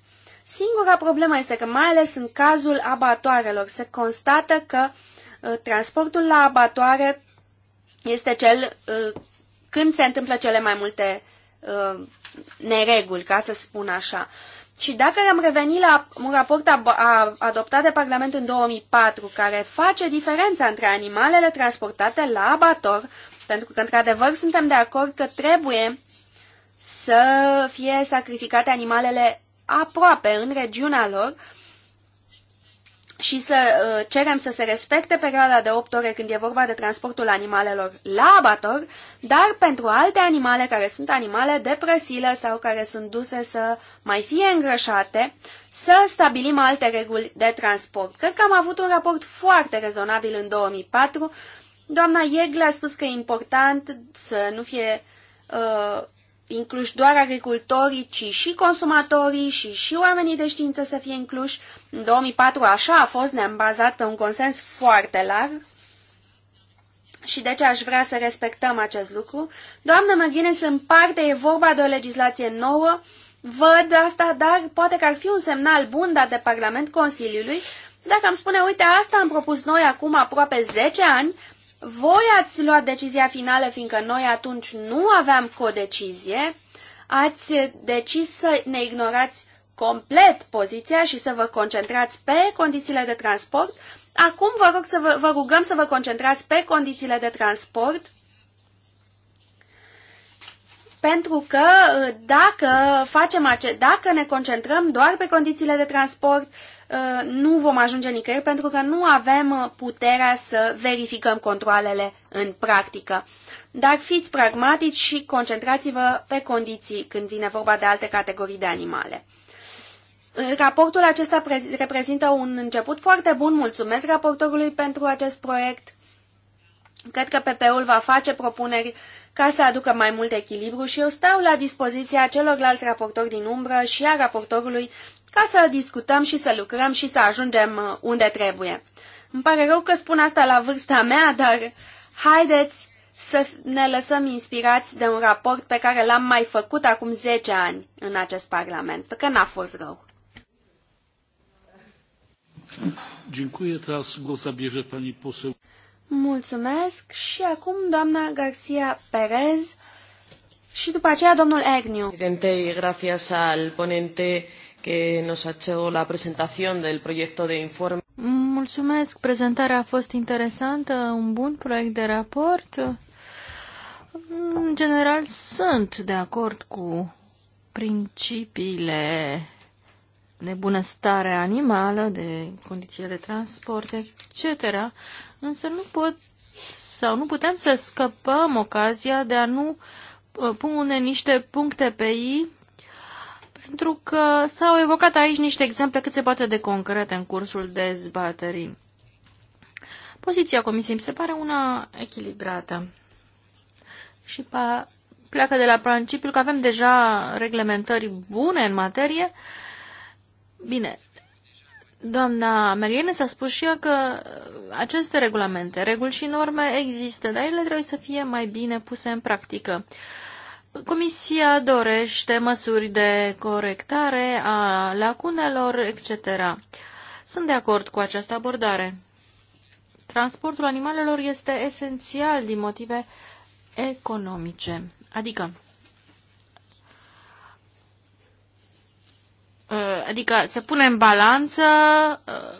Singura problemă este că, mai ales în cazul abatoarelor, se constată că uh, transportul la abatoare este cel uh, când se întâmplă cele mai multe uh, nereguli, ca să spun așa. Uh, și dacă am revenit la un raport adoptat de Parlament în 2004, care face diferența între animalele transportate la abator, pentru că, într-adevăr, suntem de acord că trebuie să fie sacrificate animalele aproape în regiunea lor, uh, și să uh, cerem să se respecte perioada de 8 ore când e vorba de transportul animalelor la abator, dar pentru alte animale care sunt animale de prăsilă sau care sunt duse să mai fie îngrășate, să stabilim alte reguli de transport. Cred că am avut un raport foarte rezonabil în 2004. Doamna Iegle a spus că e important să nu fie uh, incluși doar agricultorii, ci și consumatorii și și oamenii de știință să fie incluși. În 2004 așa a fost, ne-am bazat pe un consens foarte larg și de ce aș vrea să respectăm acest lucru. Doamnă McGuinness, în parte e vorba de o legislație nouă, văd asta, dar poate că ar fi un semnal bun dat de Parlament Consiliului dacă am spune, uite, asta am propus noi acum aproape 10 ani, voi ați luat decizia finală, fiindcă noi atunci nu aveam codecizie, ați decis să ne ignorați complet poziția și să vă concentrați pe condițiile de transport. Acum vă rog să vă, vă rugăm să vă concentrați pe condițiile de transport pentru că uh, dacă, facem ace- dacă ne concentrăm doar pe condițiile de transport, uh, nu vom ajunge nicăieri pentru că nu avem uh, puterea să verificăm controlele în practică. Dar fiți pragmatici și concentrați-vă pe condiții când vine vorba de alte categorii de animale. Raportul acesta reprezintă un început foarte bun. Mulțumesc raportorului pentru acest proiect. Cred că PP-ul va face propuneri ca să aducă mai mult echilibru și eu stau la dispoziția celorlalți raportori din umbră și a raportorului ca să discutăm și să lucrăm și să ajungem uh, unde trebuie. Îmi pare rău că spun asta la vârsta mea, dar haideți să ne lăsăm inspirați de un raport pe care l-am mai făcut acum 10 ani în acest Parlament, că n-a fost rău. Dziękuję. Teraz głos zabierze pani poseł. Mulțumesc și acum doamna Garcia Perez și după aceea domnul Agnew. Presidente, gracias al ponente que nos ha hecho la presentación del proyecto de informe. Mulțumesc, prezentarea a fost interesantă, un bun proiect de raport. În general, sunt de acord cu principiile de bunăstare animală, de condițiile de transport, etc. Însă nu pot sau nu putem să scăpăm ocazia de a nu uh, pune niște puncte pe i pentru că s-au evocat aici niște exemple cât se poate de concrete în cursul dezbaterii. Poziția Comisiei mi se pare una echilibrată și pleacă de la principiul că avem deja reglementări bune în materie, uh, Bine, doamna Meliene s-a spus și ea că uh, aceste regulamente, reguli și norme există, dar ele trebuie să fie mai bine puse în practică. Comisia dorește măsuri de corectare a lacunelor, etc. Sunt de acord cu această abordare. Transportul animalelor este esențial din motive economice, adică Uh, adică se pune în balanță uh,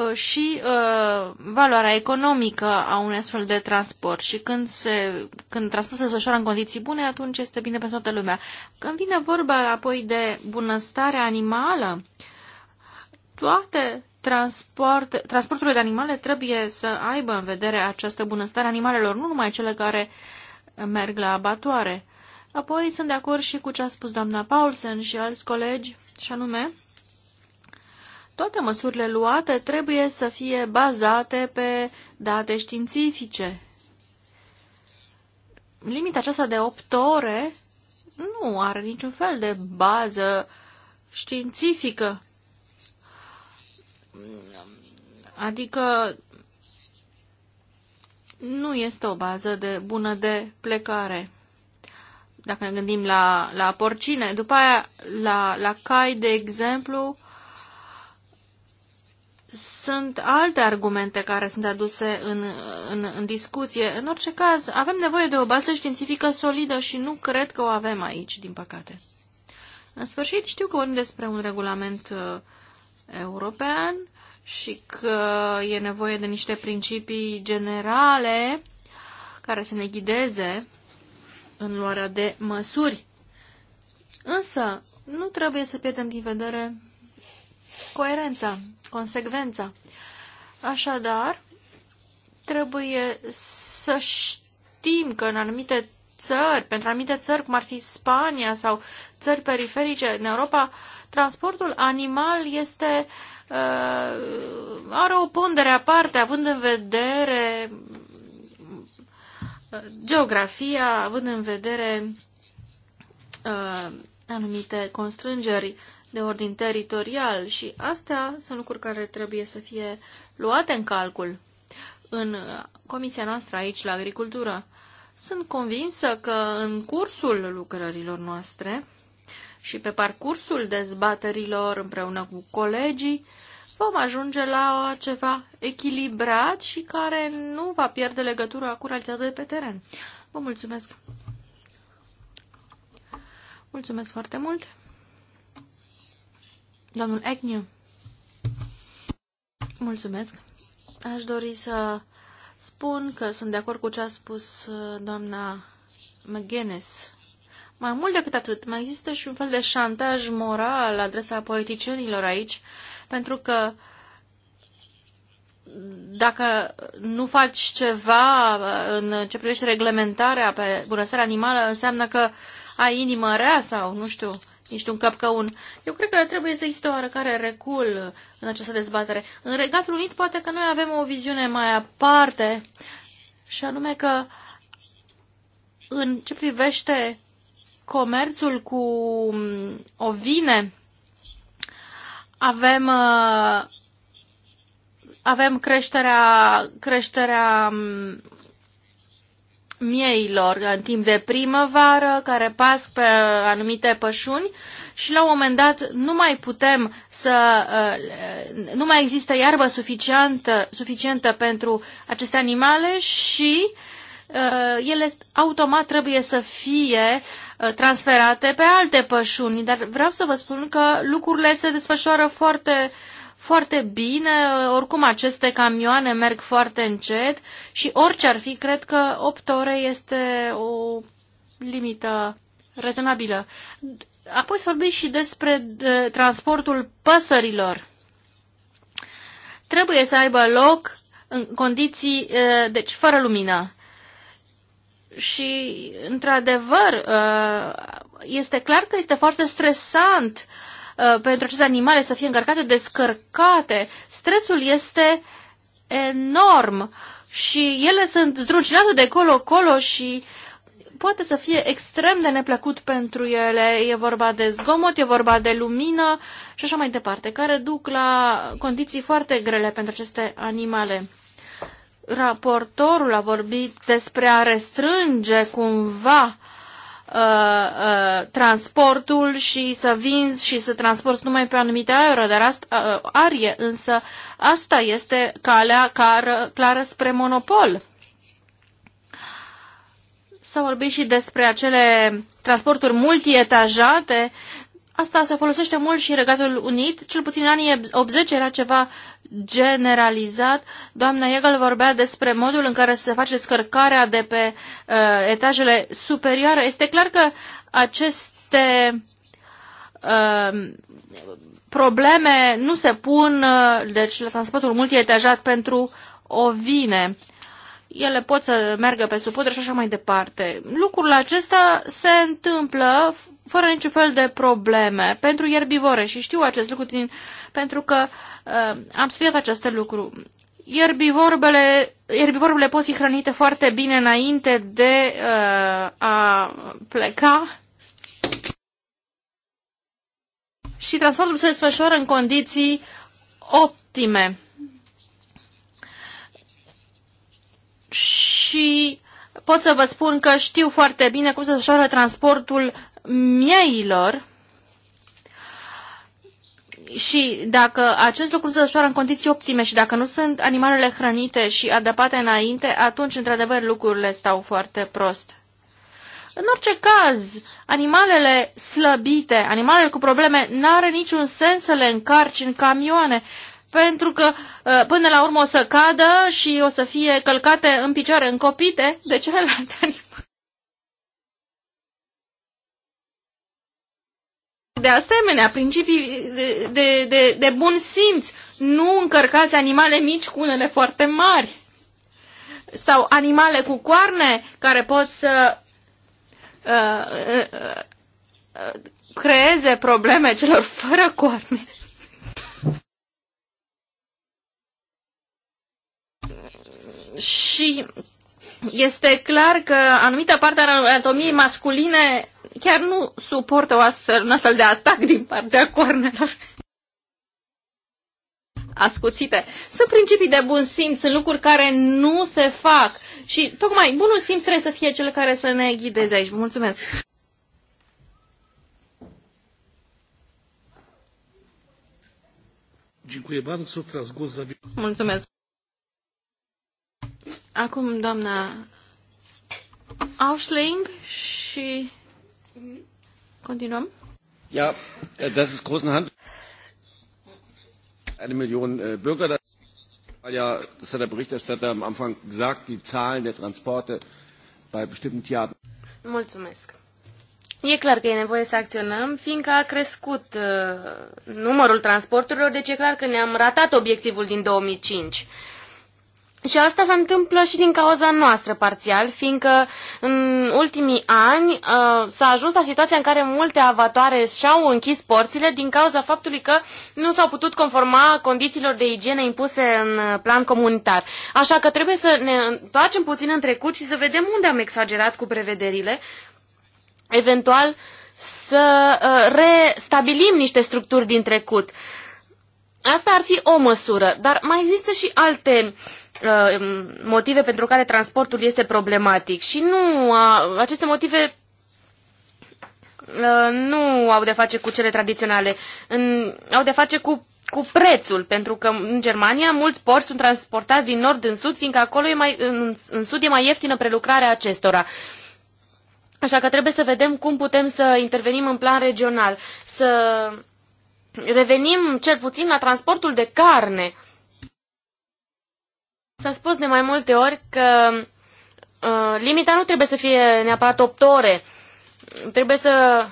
uh, și valoarea economică a unui astfel de transport și când, se, când transportul se desfășoară în condiții bune, atunci este bine pentru toată lumea. Când vine vorba apoi de bunăstarea animală, toate transport, transporturile de animale trebuie să aibă în vedere această bunăstare animalelor, nu numai cele care merg la abatoare. Apoi sunt de acord și cu ce a spus doamna Paulsen și alți colegi, și anume, toate măsurile luate trebuie să fie bazate pe date științifice. Limita aceasta de 8 ore nu are niciun fel de bază științifică. Adică nu este o bază de bună de plecare dacă ne gândim la, la porcine, după aia la, la cai, de exemplu, sunt alte argumente care sunt aduse în, în, în discuție. În orice caz, avem nevoie de o bază științifică solidă și nu cred că o avem aici, din păcate. În sfârșit, știu că vorbim despre un regulament uh, european și că e nevoie de niște principii generale care să ne ghideze în luarea de măsuri. Însă, nu trebuie să pierdem din vedere coerența, consecvența. Așadar, trebuie să știm că în anumite țări, pentru anumite țări, cum ar fi Spania sau țări periferice în Europa, transportul animal este, uh, are o pondere aparte, având în vedere geografia, având în vedere uh, anumite constrângeri de ordin teritorial și astea sunt lucruri care trebuie să fie luate în calcul în comisia noastră aici la agricultură. Sunt convinsă că în cursul lucrărilor noastre și pe parcursul dezbaterilor împreună cu colegii, vom ajunge la ceva echilibrat și care nu va pierde legătura cu realitatea de pe teren. Vă mulțumesc! Mulțumesc foarte mult! Domnul Agnew, mulțumesc! Aș dori să spun că sunt de acord cu ce a spus uh, doamna McGuinness mai mult decât atât, mai există și un fel de șantaj moral la adresa politicienilor aici, pentru că dacă nu faci ceva uh, în ce privește reglementarea pe bunăstarea animală, înseamnă că ai inimă rea sau, nu știu, ești un căpcăun. Eu cred că trebuie să existe o oarecare recul în această dezbatere. În Regatul Unit poate că noi avem o viziune mai aparte și anume că în ce privește comerțul cu mm, ovine, avem, uh, avem creșterea, creșterea mm, mieilor în timp de primăvară, care pasc pe anumite pășuni și la un moment dat nu mai putem să, uh, nu mai există iarbă suficientă, suficientă pentru aceste animale și uh, ele automat trebuie să fie uh, Uh, transferate pe alte pășuni, dar vreau să vă spun că lucrurile se desfășoară foarte, foarte bine, uh, oricum aceste camioane merg foarte încet și orice ar fi, cred că 8 ore este o limită rezonabilă. Apoi să vorbim și despre uh, transportul păsărilor. Trebuie să aibă loc în condiții, deci fără lumină și, într-adevăr, uh, este clar că este foarte stresant uh, pentru aceste animale să fie încărcate, descărcate. Stresul este enorm și ele sunt zdruncinate de colo-colo și poate să fie extrem de neplăcut pentru ele. E vorba de zgomot, e vorba de lumină și așa mai departe, care duc la condiții foarte grele pentru aceste animale raportorul a vorbit despre a restrânge cumva uh, uh, transportul și să vinzi și să transporti numai pe anumite aeră, dar asta, uh, uh, arie, însă asta este calea care clară spre monopol. S-a vorbit și despre acele transporturi multietajate. Asta se folosește mult și în Regatul Unit. Cel puțin în anii 80 era ceva generalizat. Doamna Egal vorbea despre modul în care se face scărcarea de pe uh, etajele superioare. Este clar că aceste uh, probleme nu se pun uh, deci la transportul multietajat pentru o vine. Ele pot să meargă pe supodere și așa mai departe. Lucrul acesta se întâmplă fără niciun fel de probleme pentru ierbivore și știu acest lucru din, pentru că uh, am studiat acest lucru. Ierbivorbele, ierbivorbele pot fi hrănite foarte bine înainte de uh, a pleca și transportul se desfășoară în condiții optime. Și pot să vă spun că știu foarte bine cum se desfășoară transportul mieilor și dacă acest lucru se desfășoară în condiții optime și dacă nu sunt animalele hrănite și adăpate înainte, atunci, într-adevăr, lucrurile stau foarte prost. În orice caz, animalele slăbite, animalele cu probleme, n-are niciun sens să le încarci în camioane, pentru că ă, până la urmă o să cadă și o să fie călcate în picioare, încopite de celelalte animale. De asemenea, principii de, de, de, de bun simț. Nu încărcați animale mici cu unele foarte mari. Sau animale cu coarne care pot să uh, uh, uh, creeze probleme celor fără coarne. Și este clar că anumită parte a anatomiei masculine chiar nu suportă o astfel, un astfel de atac din partea cornelor ascuțite. Sunt principii de bun simț, sunt lucruri care nu se fac și tocmai bunul simț trebuie să fie cel care să ne ghideze aici. Vă mulțumesc! Mulțumesc! Acum doamna Auschling și Continuăm? Ja, äh, das ist großen Eine Million äh, Bürger. Ja, das hat der Berichterstatter am Anfang gesagt, die Zahlen der Transporte bei bestimmten Mulțumesc. E clar că e nevoie să acționăm, fiindcă a crescut uh, numărul transporturilor, deci e clar că ne-am ratat obiectivul din 2005. Și asta se întâmplă și din cauza noastră parțial, fiindcă în ultimii ani uh, s-a ajuns la situația în care multe avatoare și-au închis porțile din cauza faptului că nu s-au putut conforma condițiilor de igienă impuse în uh, plan comunitar. Așa că trebuie să ne întoarcem puțin în trecut și să vedem unde am exagerat cu prevederile, eventual să uh, restabilim niște structuri din trecut. Asta ar fi o măsură, dar mai există și alte uh, Uh, motive pentru care transportul este problematic și nu, aceste motive uh, nu au de face cu cele tradiționale, în, au de face cu, cu prețul, pentru că în Germania mulți porci sunt transportați din nord în sud, fiindcă acolo e mai, în, în sud e mai ieftină prelucrarea acestora. Așa că trebuie să vedem cum putem să intervenim în plan regional, să revenim cel puțin la transportul de carne, S-a spus de mai multe ori că uh, limita nu trebuie să fie neapărat 8 ore. Trebuie să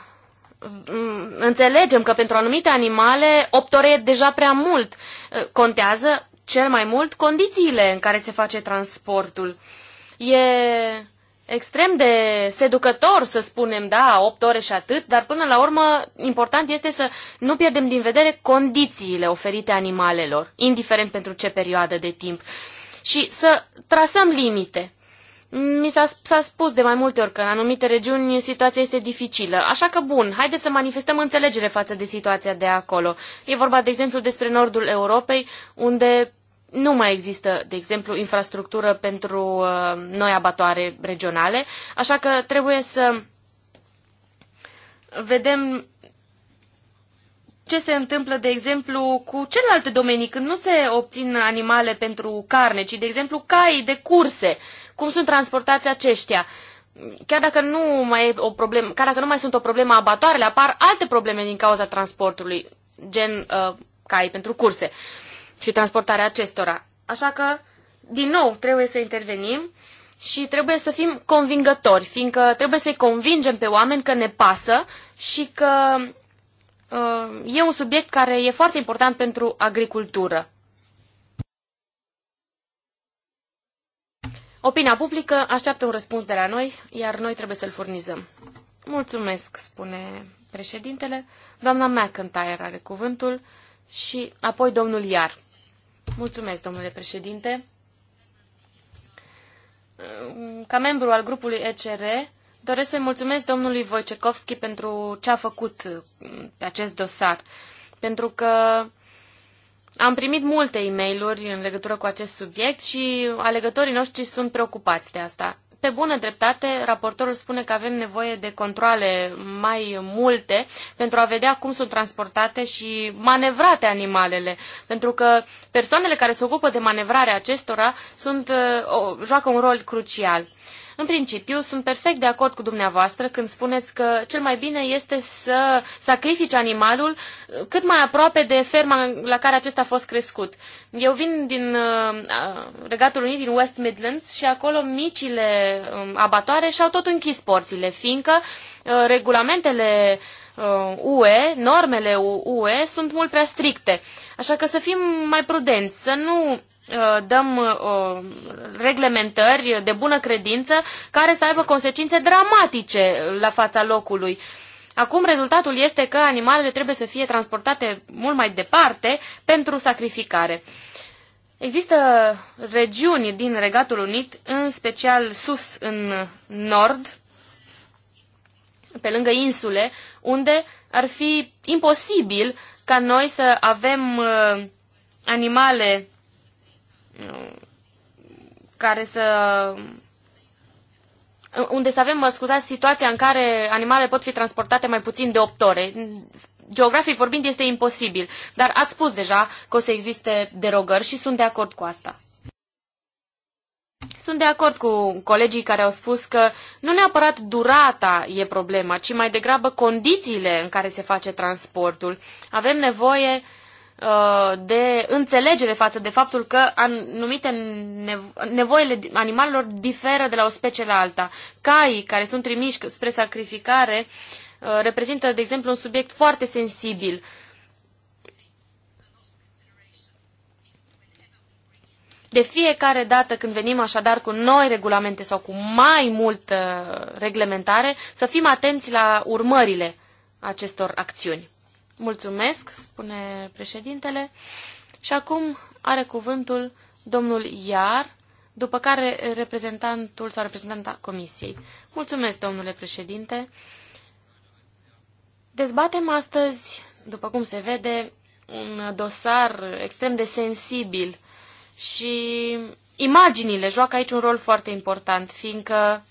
uh, înțelegem că pentru anumite animale 8 ore e deja prea mult. Uh, contează cel mai mult condițiile în care se face transportul. E extrem de seducător să spunem, da, 8 ore și atât, dar până la urmă important este să nu pierdem din vedere condițiile oferite animalelor, indiferent pentru ce perioadă de timp. Uh, și să trasăm limite. Mi s-a, spus de mai multe ori că în anumite regiuni situația este dificilă. Așa că, bun, haideți să manifestăm înțelegere față de situația de acolo. E vorba, de exemplu, despre nordul Europei, unde nu mai există, de exemplu, infrastructură pentru uh, noi abatoare regionale, așa că trebuie să vedem ce se întâmplă, de exemplu, cu celelalte domenii, când nu se obțin animale pentru carne, ci, de exemplu, cai de curse, cum sunt transportați aceștia. Chiar dacă nu mai, e o problemă, chiar dacă nu mai sunt o problemă abatoarele, apar alte probleme din cauza transportului, gen uh, cai pentru curse și transportarea acestora. Așa că, din nou, trebuie să intervenim și trebuie să fim convingători, fiindcă trebuie să-i convingem pe oameni că ne pasă și că Uh, e un subiect care e foarte important pentru agricultură. Opinia publică așteaptă un răspuns de la noi, iar noi trebuie să-l furnizăm. Mulțumesc, spune președintele. Doamna McIntyre are cuvântul și apoi domnul Iar. Mulțumesc, domnule președinte. Ca membru al grupului ECR, Doresc să-i mulțumesc domnului Wojciechowski pentru ce a făcut mm, pe acest dosar, pentru că am primit multe e mail în legătură cu acest subiect și alegătorii noștri sunt preocupați de asta. Pe bună dreptate, raportorul spune că avem nevoie de controle mai multe pentru a vedea cum sunt transportate și manevrate animalele, pentru că persoanele care se ocupă de manevrarea acestora sunt, uh, o, joacă un rol crucial. Uh, în principiu, sunt perfect de acord cu dumneavoastră când spuneți că cel mai bine este să sacrifici animalul uh, cât mai aproape de ferma la care acesta a fost crescut. Eu vin din uh, Regatul Unit, din West Midlands și acolo micile uh, abatoare și-au tot închis porțile, fiindcă uh, regulamentele UE, uh, normele UE sunt mult prea stricte. Așa că să fim mai prudenți, să nu Uh, dăm uh, reglementări de bună credință care să aibă consecințe dramatice la fața locului. Acum rezultatul este că animalele trebuie să fie transportate mult mai departe pentru sacrificare. Există regiuni din Regatul Unit, în special sus în nord, pe lângă insule, unde ar fi imposibil ca noi să avem uh, animale care să unde să avem, mă scuzați, situația în care animalele pot fi transportate mai puțin de 8 ore. Geografic vorbind este imposibil, dar ați spus deja că o să existe derogări și sunt de acord cu asta. Sunt de acord cu colegii care au spus că nu neapărat durata e problema, ci mai degrabă condițiile în care se face transportul. Avem nevoie Uh, de înțelegere față de faptul că anumite nevo- nevoile animalelor diferă de la o specie la alta. Caii care sunt trimiși spre sacrificare uh, reprezintă, de exemplu, un subiect foarte sensibil. De fiecare dată când venim așadar cu noi regulamente sau cu mai multă reglementare, să fim atenți la urmările acestor acțiuni. Mulțumesc, spune președintele. Și acum are cuvântul domnul Iar, după care reprezentantul sau reprezentanta comisiei. Mulțumesc, domnule președinte. Dezbatem astăzi, după cum se vede, un dosar extrem de sensibil și imaginile joacă aici un rol foarte important, fiindcă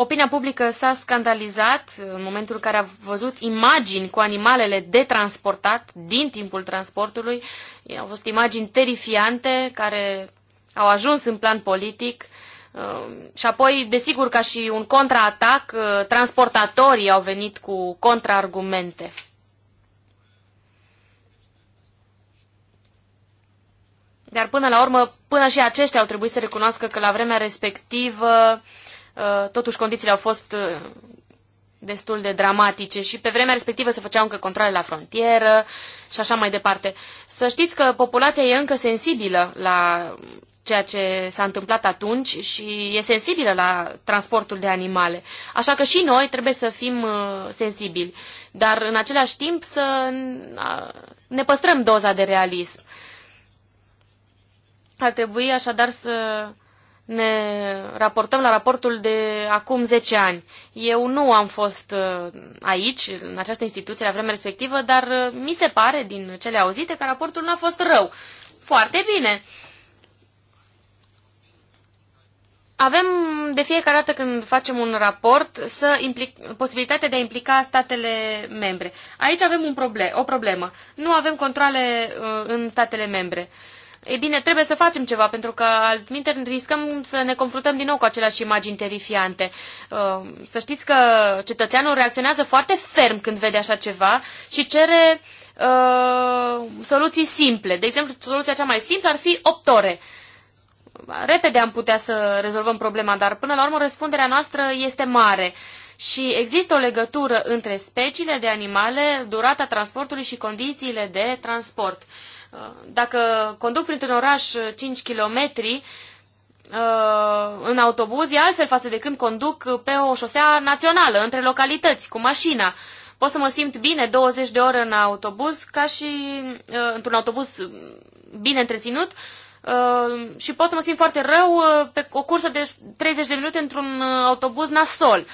Opinia publică s-a scandalizat în momentul în care a văzut imagini cu animalele de transportat din timpul transportului. Au fost imagini terifiante care au ajuns în plan politic um, și apoi, desigur, ca și un contraatac, uh, transportatorii au venit cu contraargumente. Dar până la urmă, până și aceștia au trebuit să recunoască că la vremea respectivă uh, Uh, totuși condițiile au fost uh, destul de dramatice și pe vremea respectivă se făceau încă controle la frontieră și așa mai departe. Să știți că populația e încă sensibilă la ceea ce s-a întâmplat atunci și e sensibilă la transportul de animale. Așa că și noi trebuie să fim uh, sensibili, dar în același timp să ne păstrăm doza de realism. Ar trebui așadar să ne raportăm la raportul de acum 10 ani. Eu nu am fost uh, aici, în această instituție, la vremea respectivă, dar uh, mi se pare, din cele auzite, că raportul nu a fost rău. Foarte bine! Avem de fiecare dată când facem un raport să implic, posibilitatea de a implica statele membre. Aici avem un problem, o problemă. Nu avem controle uh, în statele membre. Uh, E bine, trebuie să facem ceva, pentru că altminte riscăm să ne confruntăm din nou cu aceleași imagini terifiante. Uh, să știți că cetățeanul reacționează foarte ferm când vede așa ceva și cere uh, soluții simple. De exemplu, soluția cea mai simplă ar fi 8 ore. Repede am putea să rezolvăm problema, dar până la urmă răspunderea noastră este mare. Și există o legătură între speciile de animale, durata transportului și condițiile de transport. Uh, dacă conduc printr-un oraș 5 km uh, în autobuz, e altfel față de când conduc pe o șosea națională, între localități, cu mașina. Pot să mă simt bine 20 de ore în autobuz, ca și uh, într-un autobuz bine întreținut, uh, și pot să mă simt foarte rău pe o cursă de 30 de minute într-un autobuz nasol.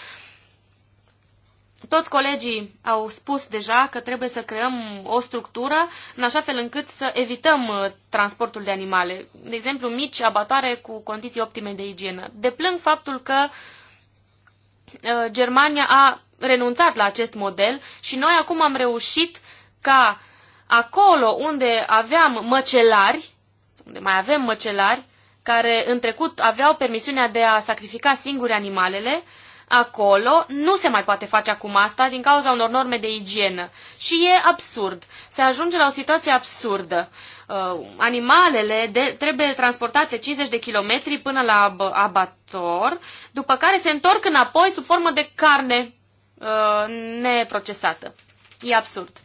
Toți colegii au spus deja că trebuie să creăm o structură în așa fel încât să evităm uh, transportul de animale. De exemplu, mici abatoare cu condiții optime de igienă. Deplâng faptul că uh, Germania a renunțat la acest model și noi acum am reușit ca acolo unde aveam măcelari, unde mai avem măcelari, care în trecut aveau permisiunea de a sacrifica singuri animalele, acolo, nu se mai poate face acum asta din cauza unor norme de igienă. Și e absurd. Se ajunge la o situație absurdă. Uh, animalele de, trebuie transportate 50 de kilometri până la ab- abator, după care se întorc înapoi sub formă de carne uh, neprocesată. E absurd.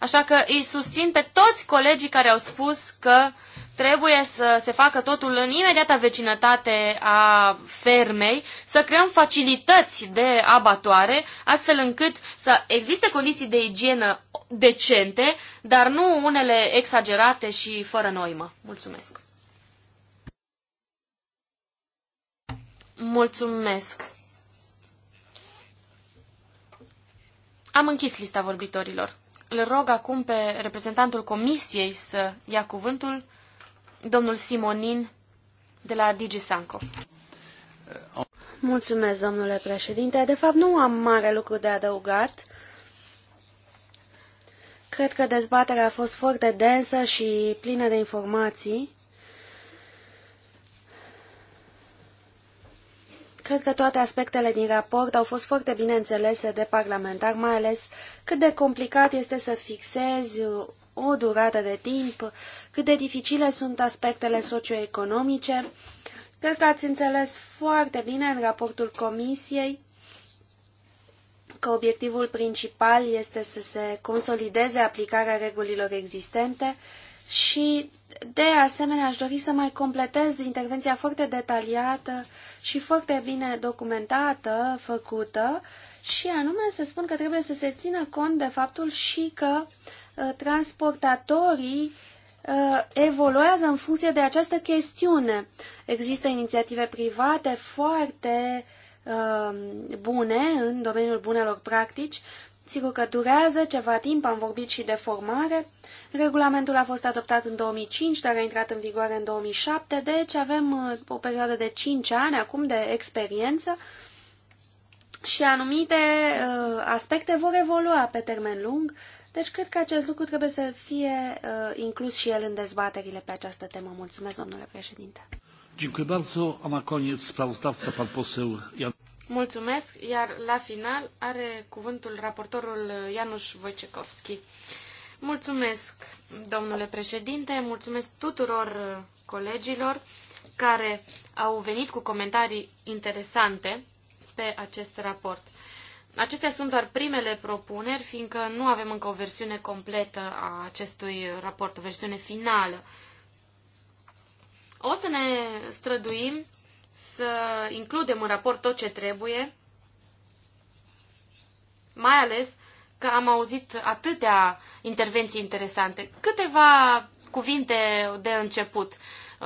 Așa că îi susțin pe toți colegii care au spus că uh, trebuie să se facă totul în imediata vecinătate a fermei, să creăm facilități de abatoare, astfel încât să existe condiții de igienă decente, dar nu unele exagerate și fără noimă. Mulțumesc! Mulțumesc! Am închis lista vorbitorilor. Îl rog acum pe reprezentantul comisiei să ia cuvântul domnul Simonin de la DigiSanco. Mulțumesc, domnule președinte. De fapt, nu am mare lucru de adăugat. Cred că dezbaterea a fost foarte densă și plină de informații. Cred că toate aspectele din raport au fost foarte bine înțelese de parlamentar, mai ales cât de complicat este să fixezi o durată de timp, cât de dificile sunt aspectele socioeconomice. Cred că ați înțeles foarte bine în raportul comisiei că obiectivul principal este să se consolideze aplicarea regulilor existente și, de asemenea, aș dori să mai completez intervenția foarte detaliată și foarte bine documentată, făcută, și anume să spun că trebuie să se țină cont de faptul și că Uh, transportatorii uh, evoluează în funcție de această chestiune. Există inițiative private foarte uh, bune în domeniul bunelor practici. Sigur că durează ceva timp, am vorbit și de formare. Regulamentul a fost adoptat în 2005, dar a intrat în vigoare în 2007, deci avem o perioadă de 5 ani acum de experiență și anumite aspecte vor evolua pe termen lung deci cred că acest lucru trebuie să fie uh, inclus și el în dezbaterile pe această temă. Mulțumesc, domnule președinte. Mulțumesc, iar la final are cuvântul raportorul Ianuș Wojciechowski. Mulțumesc, domnule președinte, mulțumesc tuturor uh, colegilor care au venit cu comentarii interesante pe acest raport. Acestea sunt doar primele propuneri, fiindcă nu avem încă o versiune completă a acestui raport, o versiune finală. O să ne străduim să includem în raport tot ce trebuie, mai ales că am auzit atâtea intervenții interesante. Câteva cuvinte de început.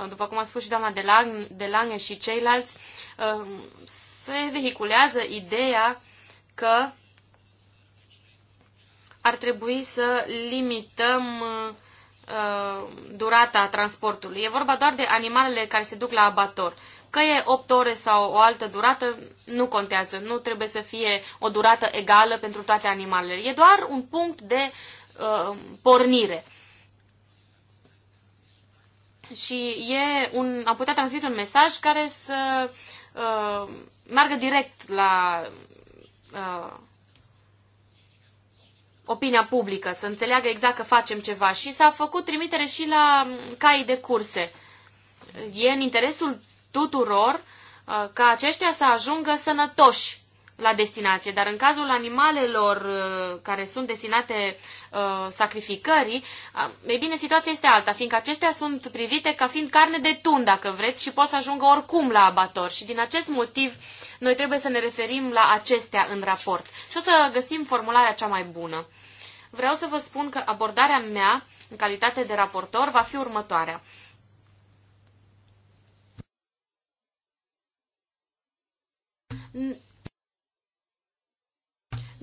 După cum a spus și doamna de Lange, de și ceilalți, se vehiculează ideea că ar trebui să limităm uh, durata transportului. E vorba doar de animalele care se duc la abator. Că e 8 ore sau o altă durată, nu contează. Nu trebuie să fie o durată egală pentru toate animalele. E doar un punct de uh, pornire. Și e un, am putea transmite un mesaj care să uh, meargă direct la uh, opinia publică, să înțeleagă exact că facem ceva. Și s-a făcut trimitere și la mm, caii de curse. E în interesul tuturor uh, ca aceștia să ajungă sănătoși la destinație, dar în cazul animalelor uh, care sunt destinate uh, sacrificării, uh, e bine, situația este alta, fiindcă acestea sunt privite ca fiind carne de tun, dacă vreți, și pot să ajungă oricum la abator. Și din acest motiv, noi trebuie să ne referim la acestea în raport. Și o să găsim formularea cea mai bună. Vreau să vă spun că abordarea mea, în calitate de raportor, va fi următoarea. N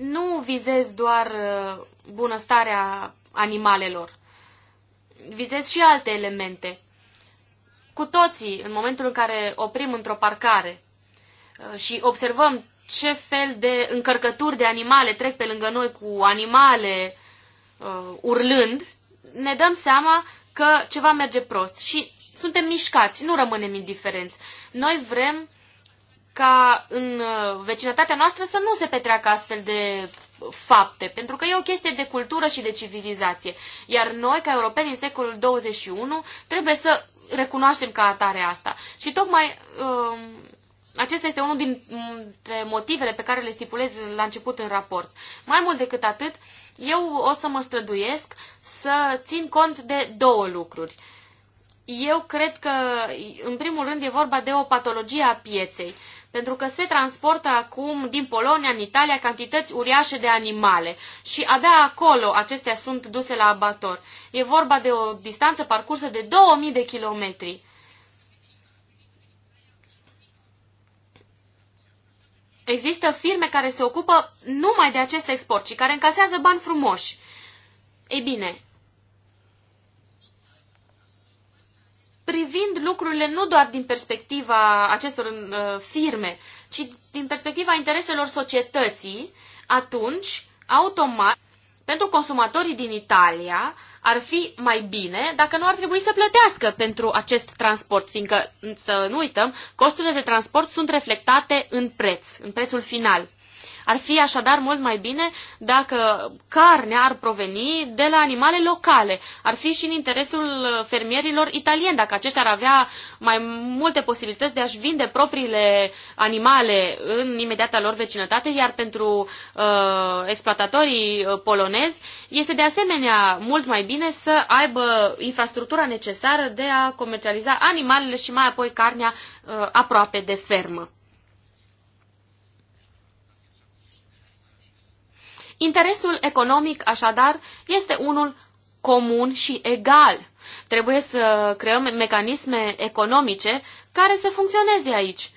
nu vizez doar uh, bunăstarea animalelor. Vizez și alte elemente. Cu toții, în momentul în care oprim într-o parcare uh, și observăm ce fel de încărcături de animale trec pe lângă noi cu animale uh, urlând, ne dăm seama că ceva merge prost și suntem mișcați, nu rămânem indiferenți. Noi vrem ca în uh, vecinătatea noastră să nu se petreacă astfel de fapte, pentru că e o chestie de cultură și de civilizație. Iar noi, ca europeni în secolul 21, trebuie să recunoaștem ca atare asta. Și tocmai um, acesta este unul dintre motivele pe care le stipulez la început în raport. Mai mult decât atât, eu o să mă străduiesc să țin cont de două lucruri. Eu cred că, în primul rând, e vorba de o patologie a pieței pentru că se transportă acum din Polonia în Italia cantități uriașe de animale și abia acolo acestea sunt duse la abator. E vorba de o distanță parcursă de 2000 de kilometri. Există firme care se ocupă numai de acest export și care încasează bani frumoși. Ei bine, privind lucrurile nu doar din perspectiva acestor uh, firme, ci din perspectiva intereselor societății, atunci, automat, pentru consumatorii din Italia ar fi mai bine dacă nu ar trebui să plătească pentru acest transport, fiindcă, să nu uităm, costurile de transport sunt reflectate în preț, în prețul final. Ar fi așadar mult mai bine dacă carnea ar proveni de la animale locale. Ar fi și în interesul fermierilor italieni, dacă aceștia ar avea mai multe posibilități de a-și vinde propriile animale în imediata lor vecinătate, iar pentru uh, exploatatorii uh, polonezi este de asemenea mult mai bine să aibă infrastructura necesară de a comercializa animalele și mai apoi carnea uh, aproape de fermă. Interesul economic, așadar, este unul comun și egal. Trebuie să creăm mecanisme economice care să funcționeze aici.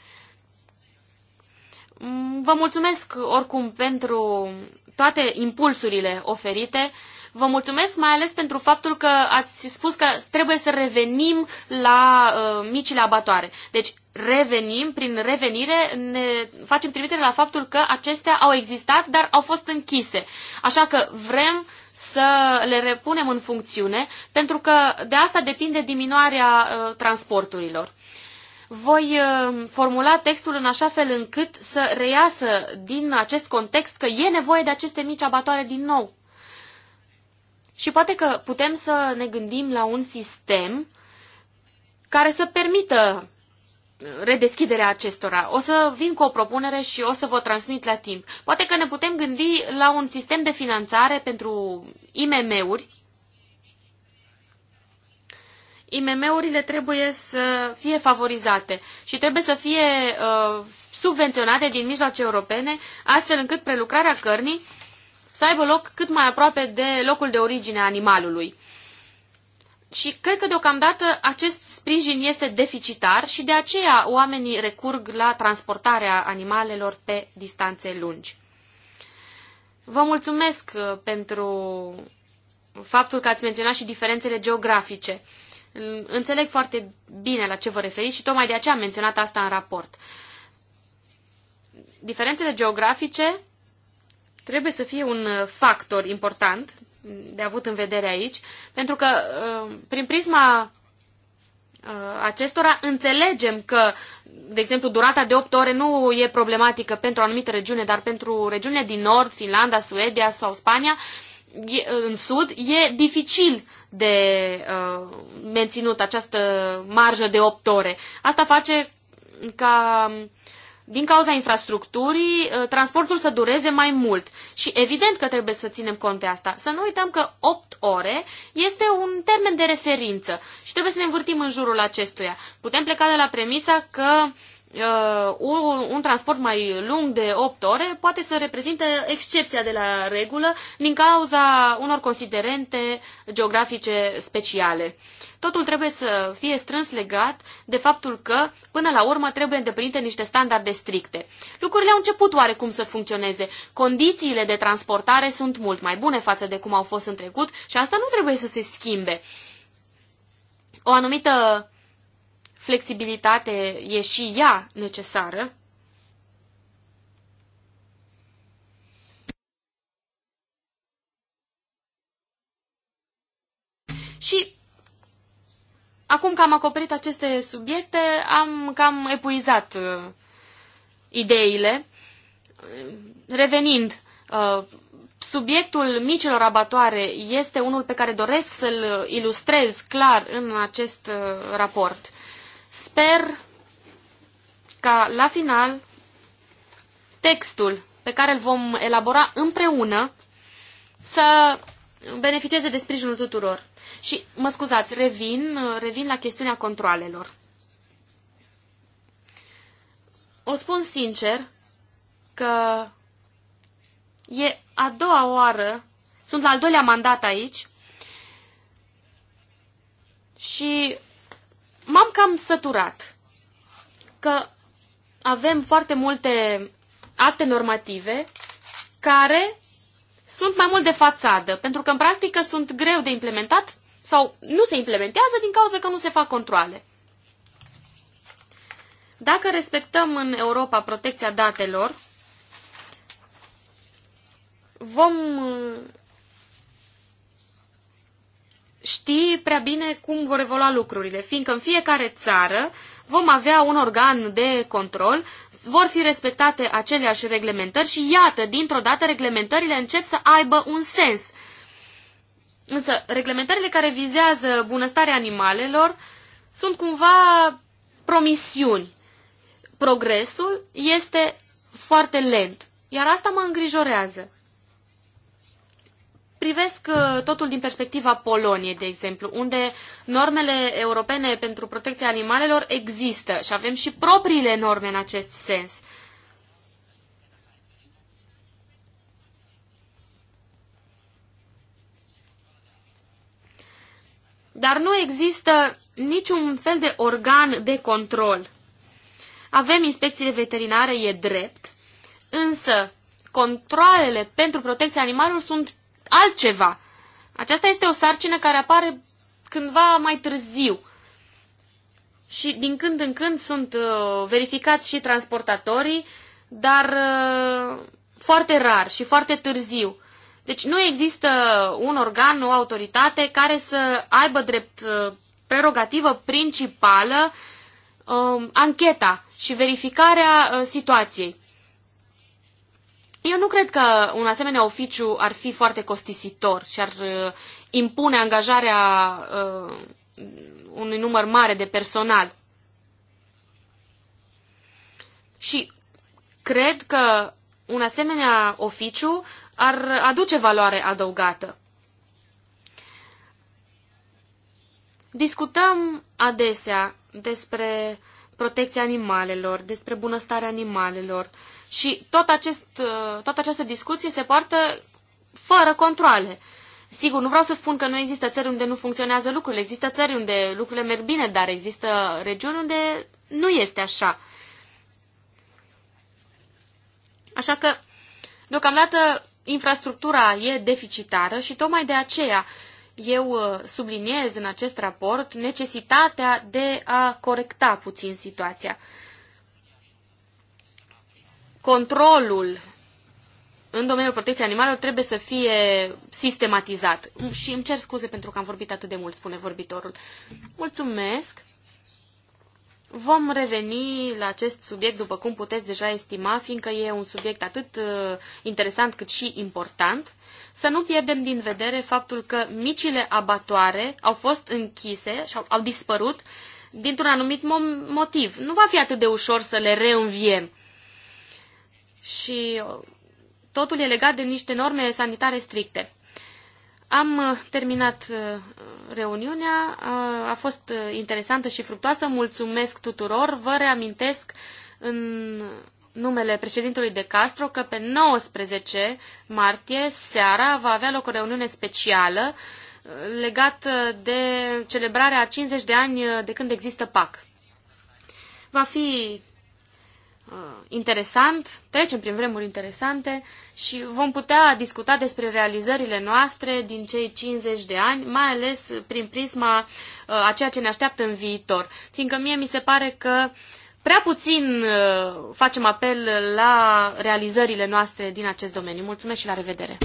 Mm, vă mulțumesc oricum pentru toate impulsurile oferite. Vă mulțumesc mai ales pentru faptul că ați spus că trebuie să revenim la uh, micile abatoare. Deci revenim, prin revenire ne facem trimitere la faptul că acestea au existat, dar au fost închise. Așa că vrem să le repunem în funcțiune, pentru că de asta depinde diminuarea uh, transporturilor voi uh, formula textul în așa fel încât să reiasă din acest context că e nevoie de aceste mici abatoare din nou. Și poate că putem să ne gândim la un sistem care să permită redeschiderea acestora. O să vin cu o propunere și o să vă transmit la timp. Poate că ne putem gândi la un sistem de finanțare pentru IMM-uri. IMM-urile trebuie să fie favorizate și trebuie să fie uh, subvenționate din mijloace europene, astfel încât prelucrarea cărnii să aibă loc cât mai aproape de locul de origine a animalului. Și cred că deocamdată acest sprijin este deficitar și de aceea oamenii recurg la transportarea animalelor pe distanțe lungi. Vă mulțumesc uh, pentru faptul că ați menționat și diferențele geografice. Înțeleg foarte bine la ce vă referiți și tocmai de aceea am menționat asta în raport. Diferențele geografice trebuie să fie un uh, factor important de avut în vedere aici, pentru că uh, prin prisma uh, acestora înțelegem că, de exemplu, durata de 8 ore nu e problematică pentru o anumită regiune, dar pentru regiunea din nord, Finlanda, Suedia sau Spania, în sud, e dificil de menținut această marjă de 8 ore. Asta face ca uh, din cauza infrastructurii, ă, transportul să dureze mai mult. Și evident că trebuie să ținem cont de asta. Să nu uităm că 8 ore este un termen de referință și trebuie să ne învârtim în jurul acestuia. Putem pleca de la premisa că uh, uh, un, un transport mai lung de 8 ore poate să reprezinte excepția de la regulă din cauza unor considerente geografice speciale. Totul trebuie să fie strâns legat de faptul că, până la urmă, trebuie îndeplinite niște standarde stricte. Lucrurile au început oarecum să funcționeze. Condițiile de transportare sunt mult mai bune față de cum au fost în trecut și asta nu trebuie să se schimbe. O anumită flexibilitate e și ea necesară. Și acum că am acoperit aceste subiecte, am cam epuizat uh, ideile. Revenind, uh, subiectul micilor abatoare este unul pe care doresc să-l ilustrez clar în acest uh, raport. Sper ca la final textul pe care îl vom elabora împreună să beneficieze de sprijinul tuturor. Și, mă scuzați, revin, revin la chestiunea controalelor. O spun sincer că e a doua oară, sunt la al doilea mandat aici și m-am cam săturat că avem foarte multe acte normative care sunt mai mult de fațadă, pentru că în practică sunt greu de implementat sau nu se implementează din cauza că nu se fac controle. Dacă respectăm în Europa protecția datelor, vom știi prea bine cum vor evolua lucrurile, fiindcă în fiecare țară vom avea un organ de control, vor fi respectate aceleași reglementări și iată, dintr-o dată, reglementările încep să aibă un sens. Însă, reglementările care vizează bunăstarea animalelor sunt cumva promisiuni. Progresul este foarte lent, iar asta mă îngrijorează privesc uh, totul din perspectiva Poloniei, de exemplu, unde normele europene pentru protecția animalelor există și avem și propriile norme în acest sens. Dar nu există niciun fel de organ de control. Avem inspecțiile veterinare, e drept, însă controlele pentru protecția animalelor sunt altceva. Aceasta este o sarcină care apare cândva mai târziu. Și din când în când sunt uh, verificați și transportatorii, dar uh, foarte rar și foarte târziu. Deci nu există un organ, o autoritate care să aibă drept uh, prerogativă principală uh, ancheta și verificarea uh, situației. Eu nu cred că un asemenea oficiu ar fi foarte costisitor și ar uh, impune angajarea uh, unui număr mare de personal. Și cred că un asemenea oficiu ar aduce valoare adăugată. Discutăm adesea despre protecția animalelor, despre bunăstarea animalelor, uh, și tot acest, uh, toată această discuție se poartă fără controle. Sigur, nu vreau să spun că nu există țări unde nu funcționează lucrurile, există țări unde lucrurile merg bine, dar există regiuni unde nu este așa. Așa că, deocamdată, infrastructura e deficitară și tocmai de aceea eu uh, subliniez în acest raport necesitatea de a corecta puțin situația controlul în domeniul protecției animalelor trebuie să fie sistematizat. Și îmi cer scuze pentru că am vorbit atât de mult, spune vorbitorul. Mulțumesc! Vom reveni la acest subiect, după cum puteți deja estima, fiindcă e un subiect atât uh, interesant cât și important. Să nu pierdem din vedere faptul că micile abatoare au fost închise și au, au dispărut dintr-un anumit motiv. Nu va fi atât de ușor să le reînviem și totul e legat de niște norme sanitare stricte. Am uh, terminat uh, reuniunea, uh, a fost interesantă și fructoasă, mulțumesc tuturor, vă reamintesc în numele președintelui de Castro că pe 19 martie, seara, va avea loc o reuniune specială legată de celebrarea 50 de ani de când există PAC. Va fi Uh, interesant, trecem prin vremuri interesante și vom putea discuta despre realizările noastre din cei 50 de ani, mai ales prin prisma uh, a ceea ce ne așteaptă în viitor. Fiindcă mie mi se pare că prea puțin uh, facem apel la realizările noastre din acest domeniu. Mulțumesc și la revedere!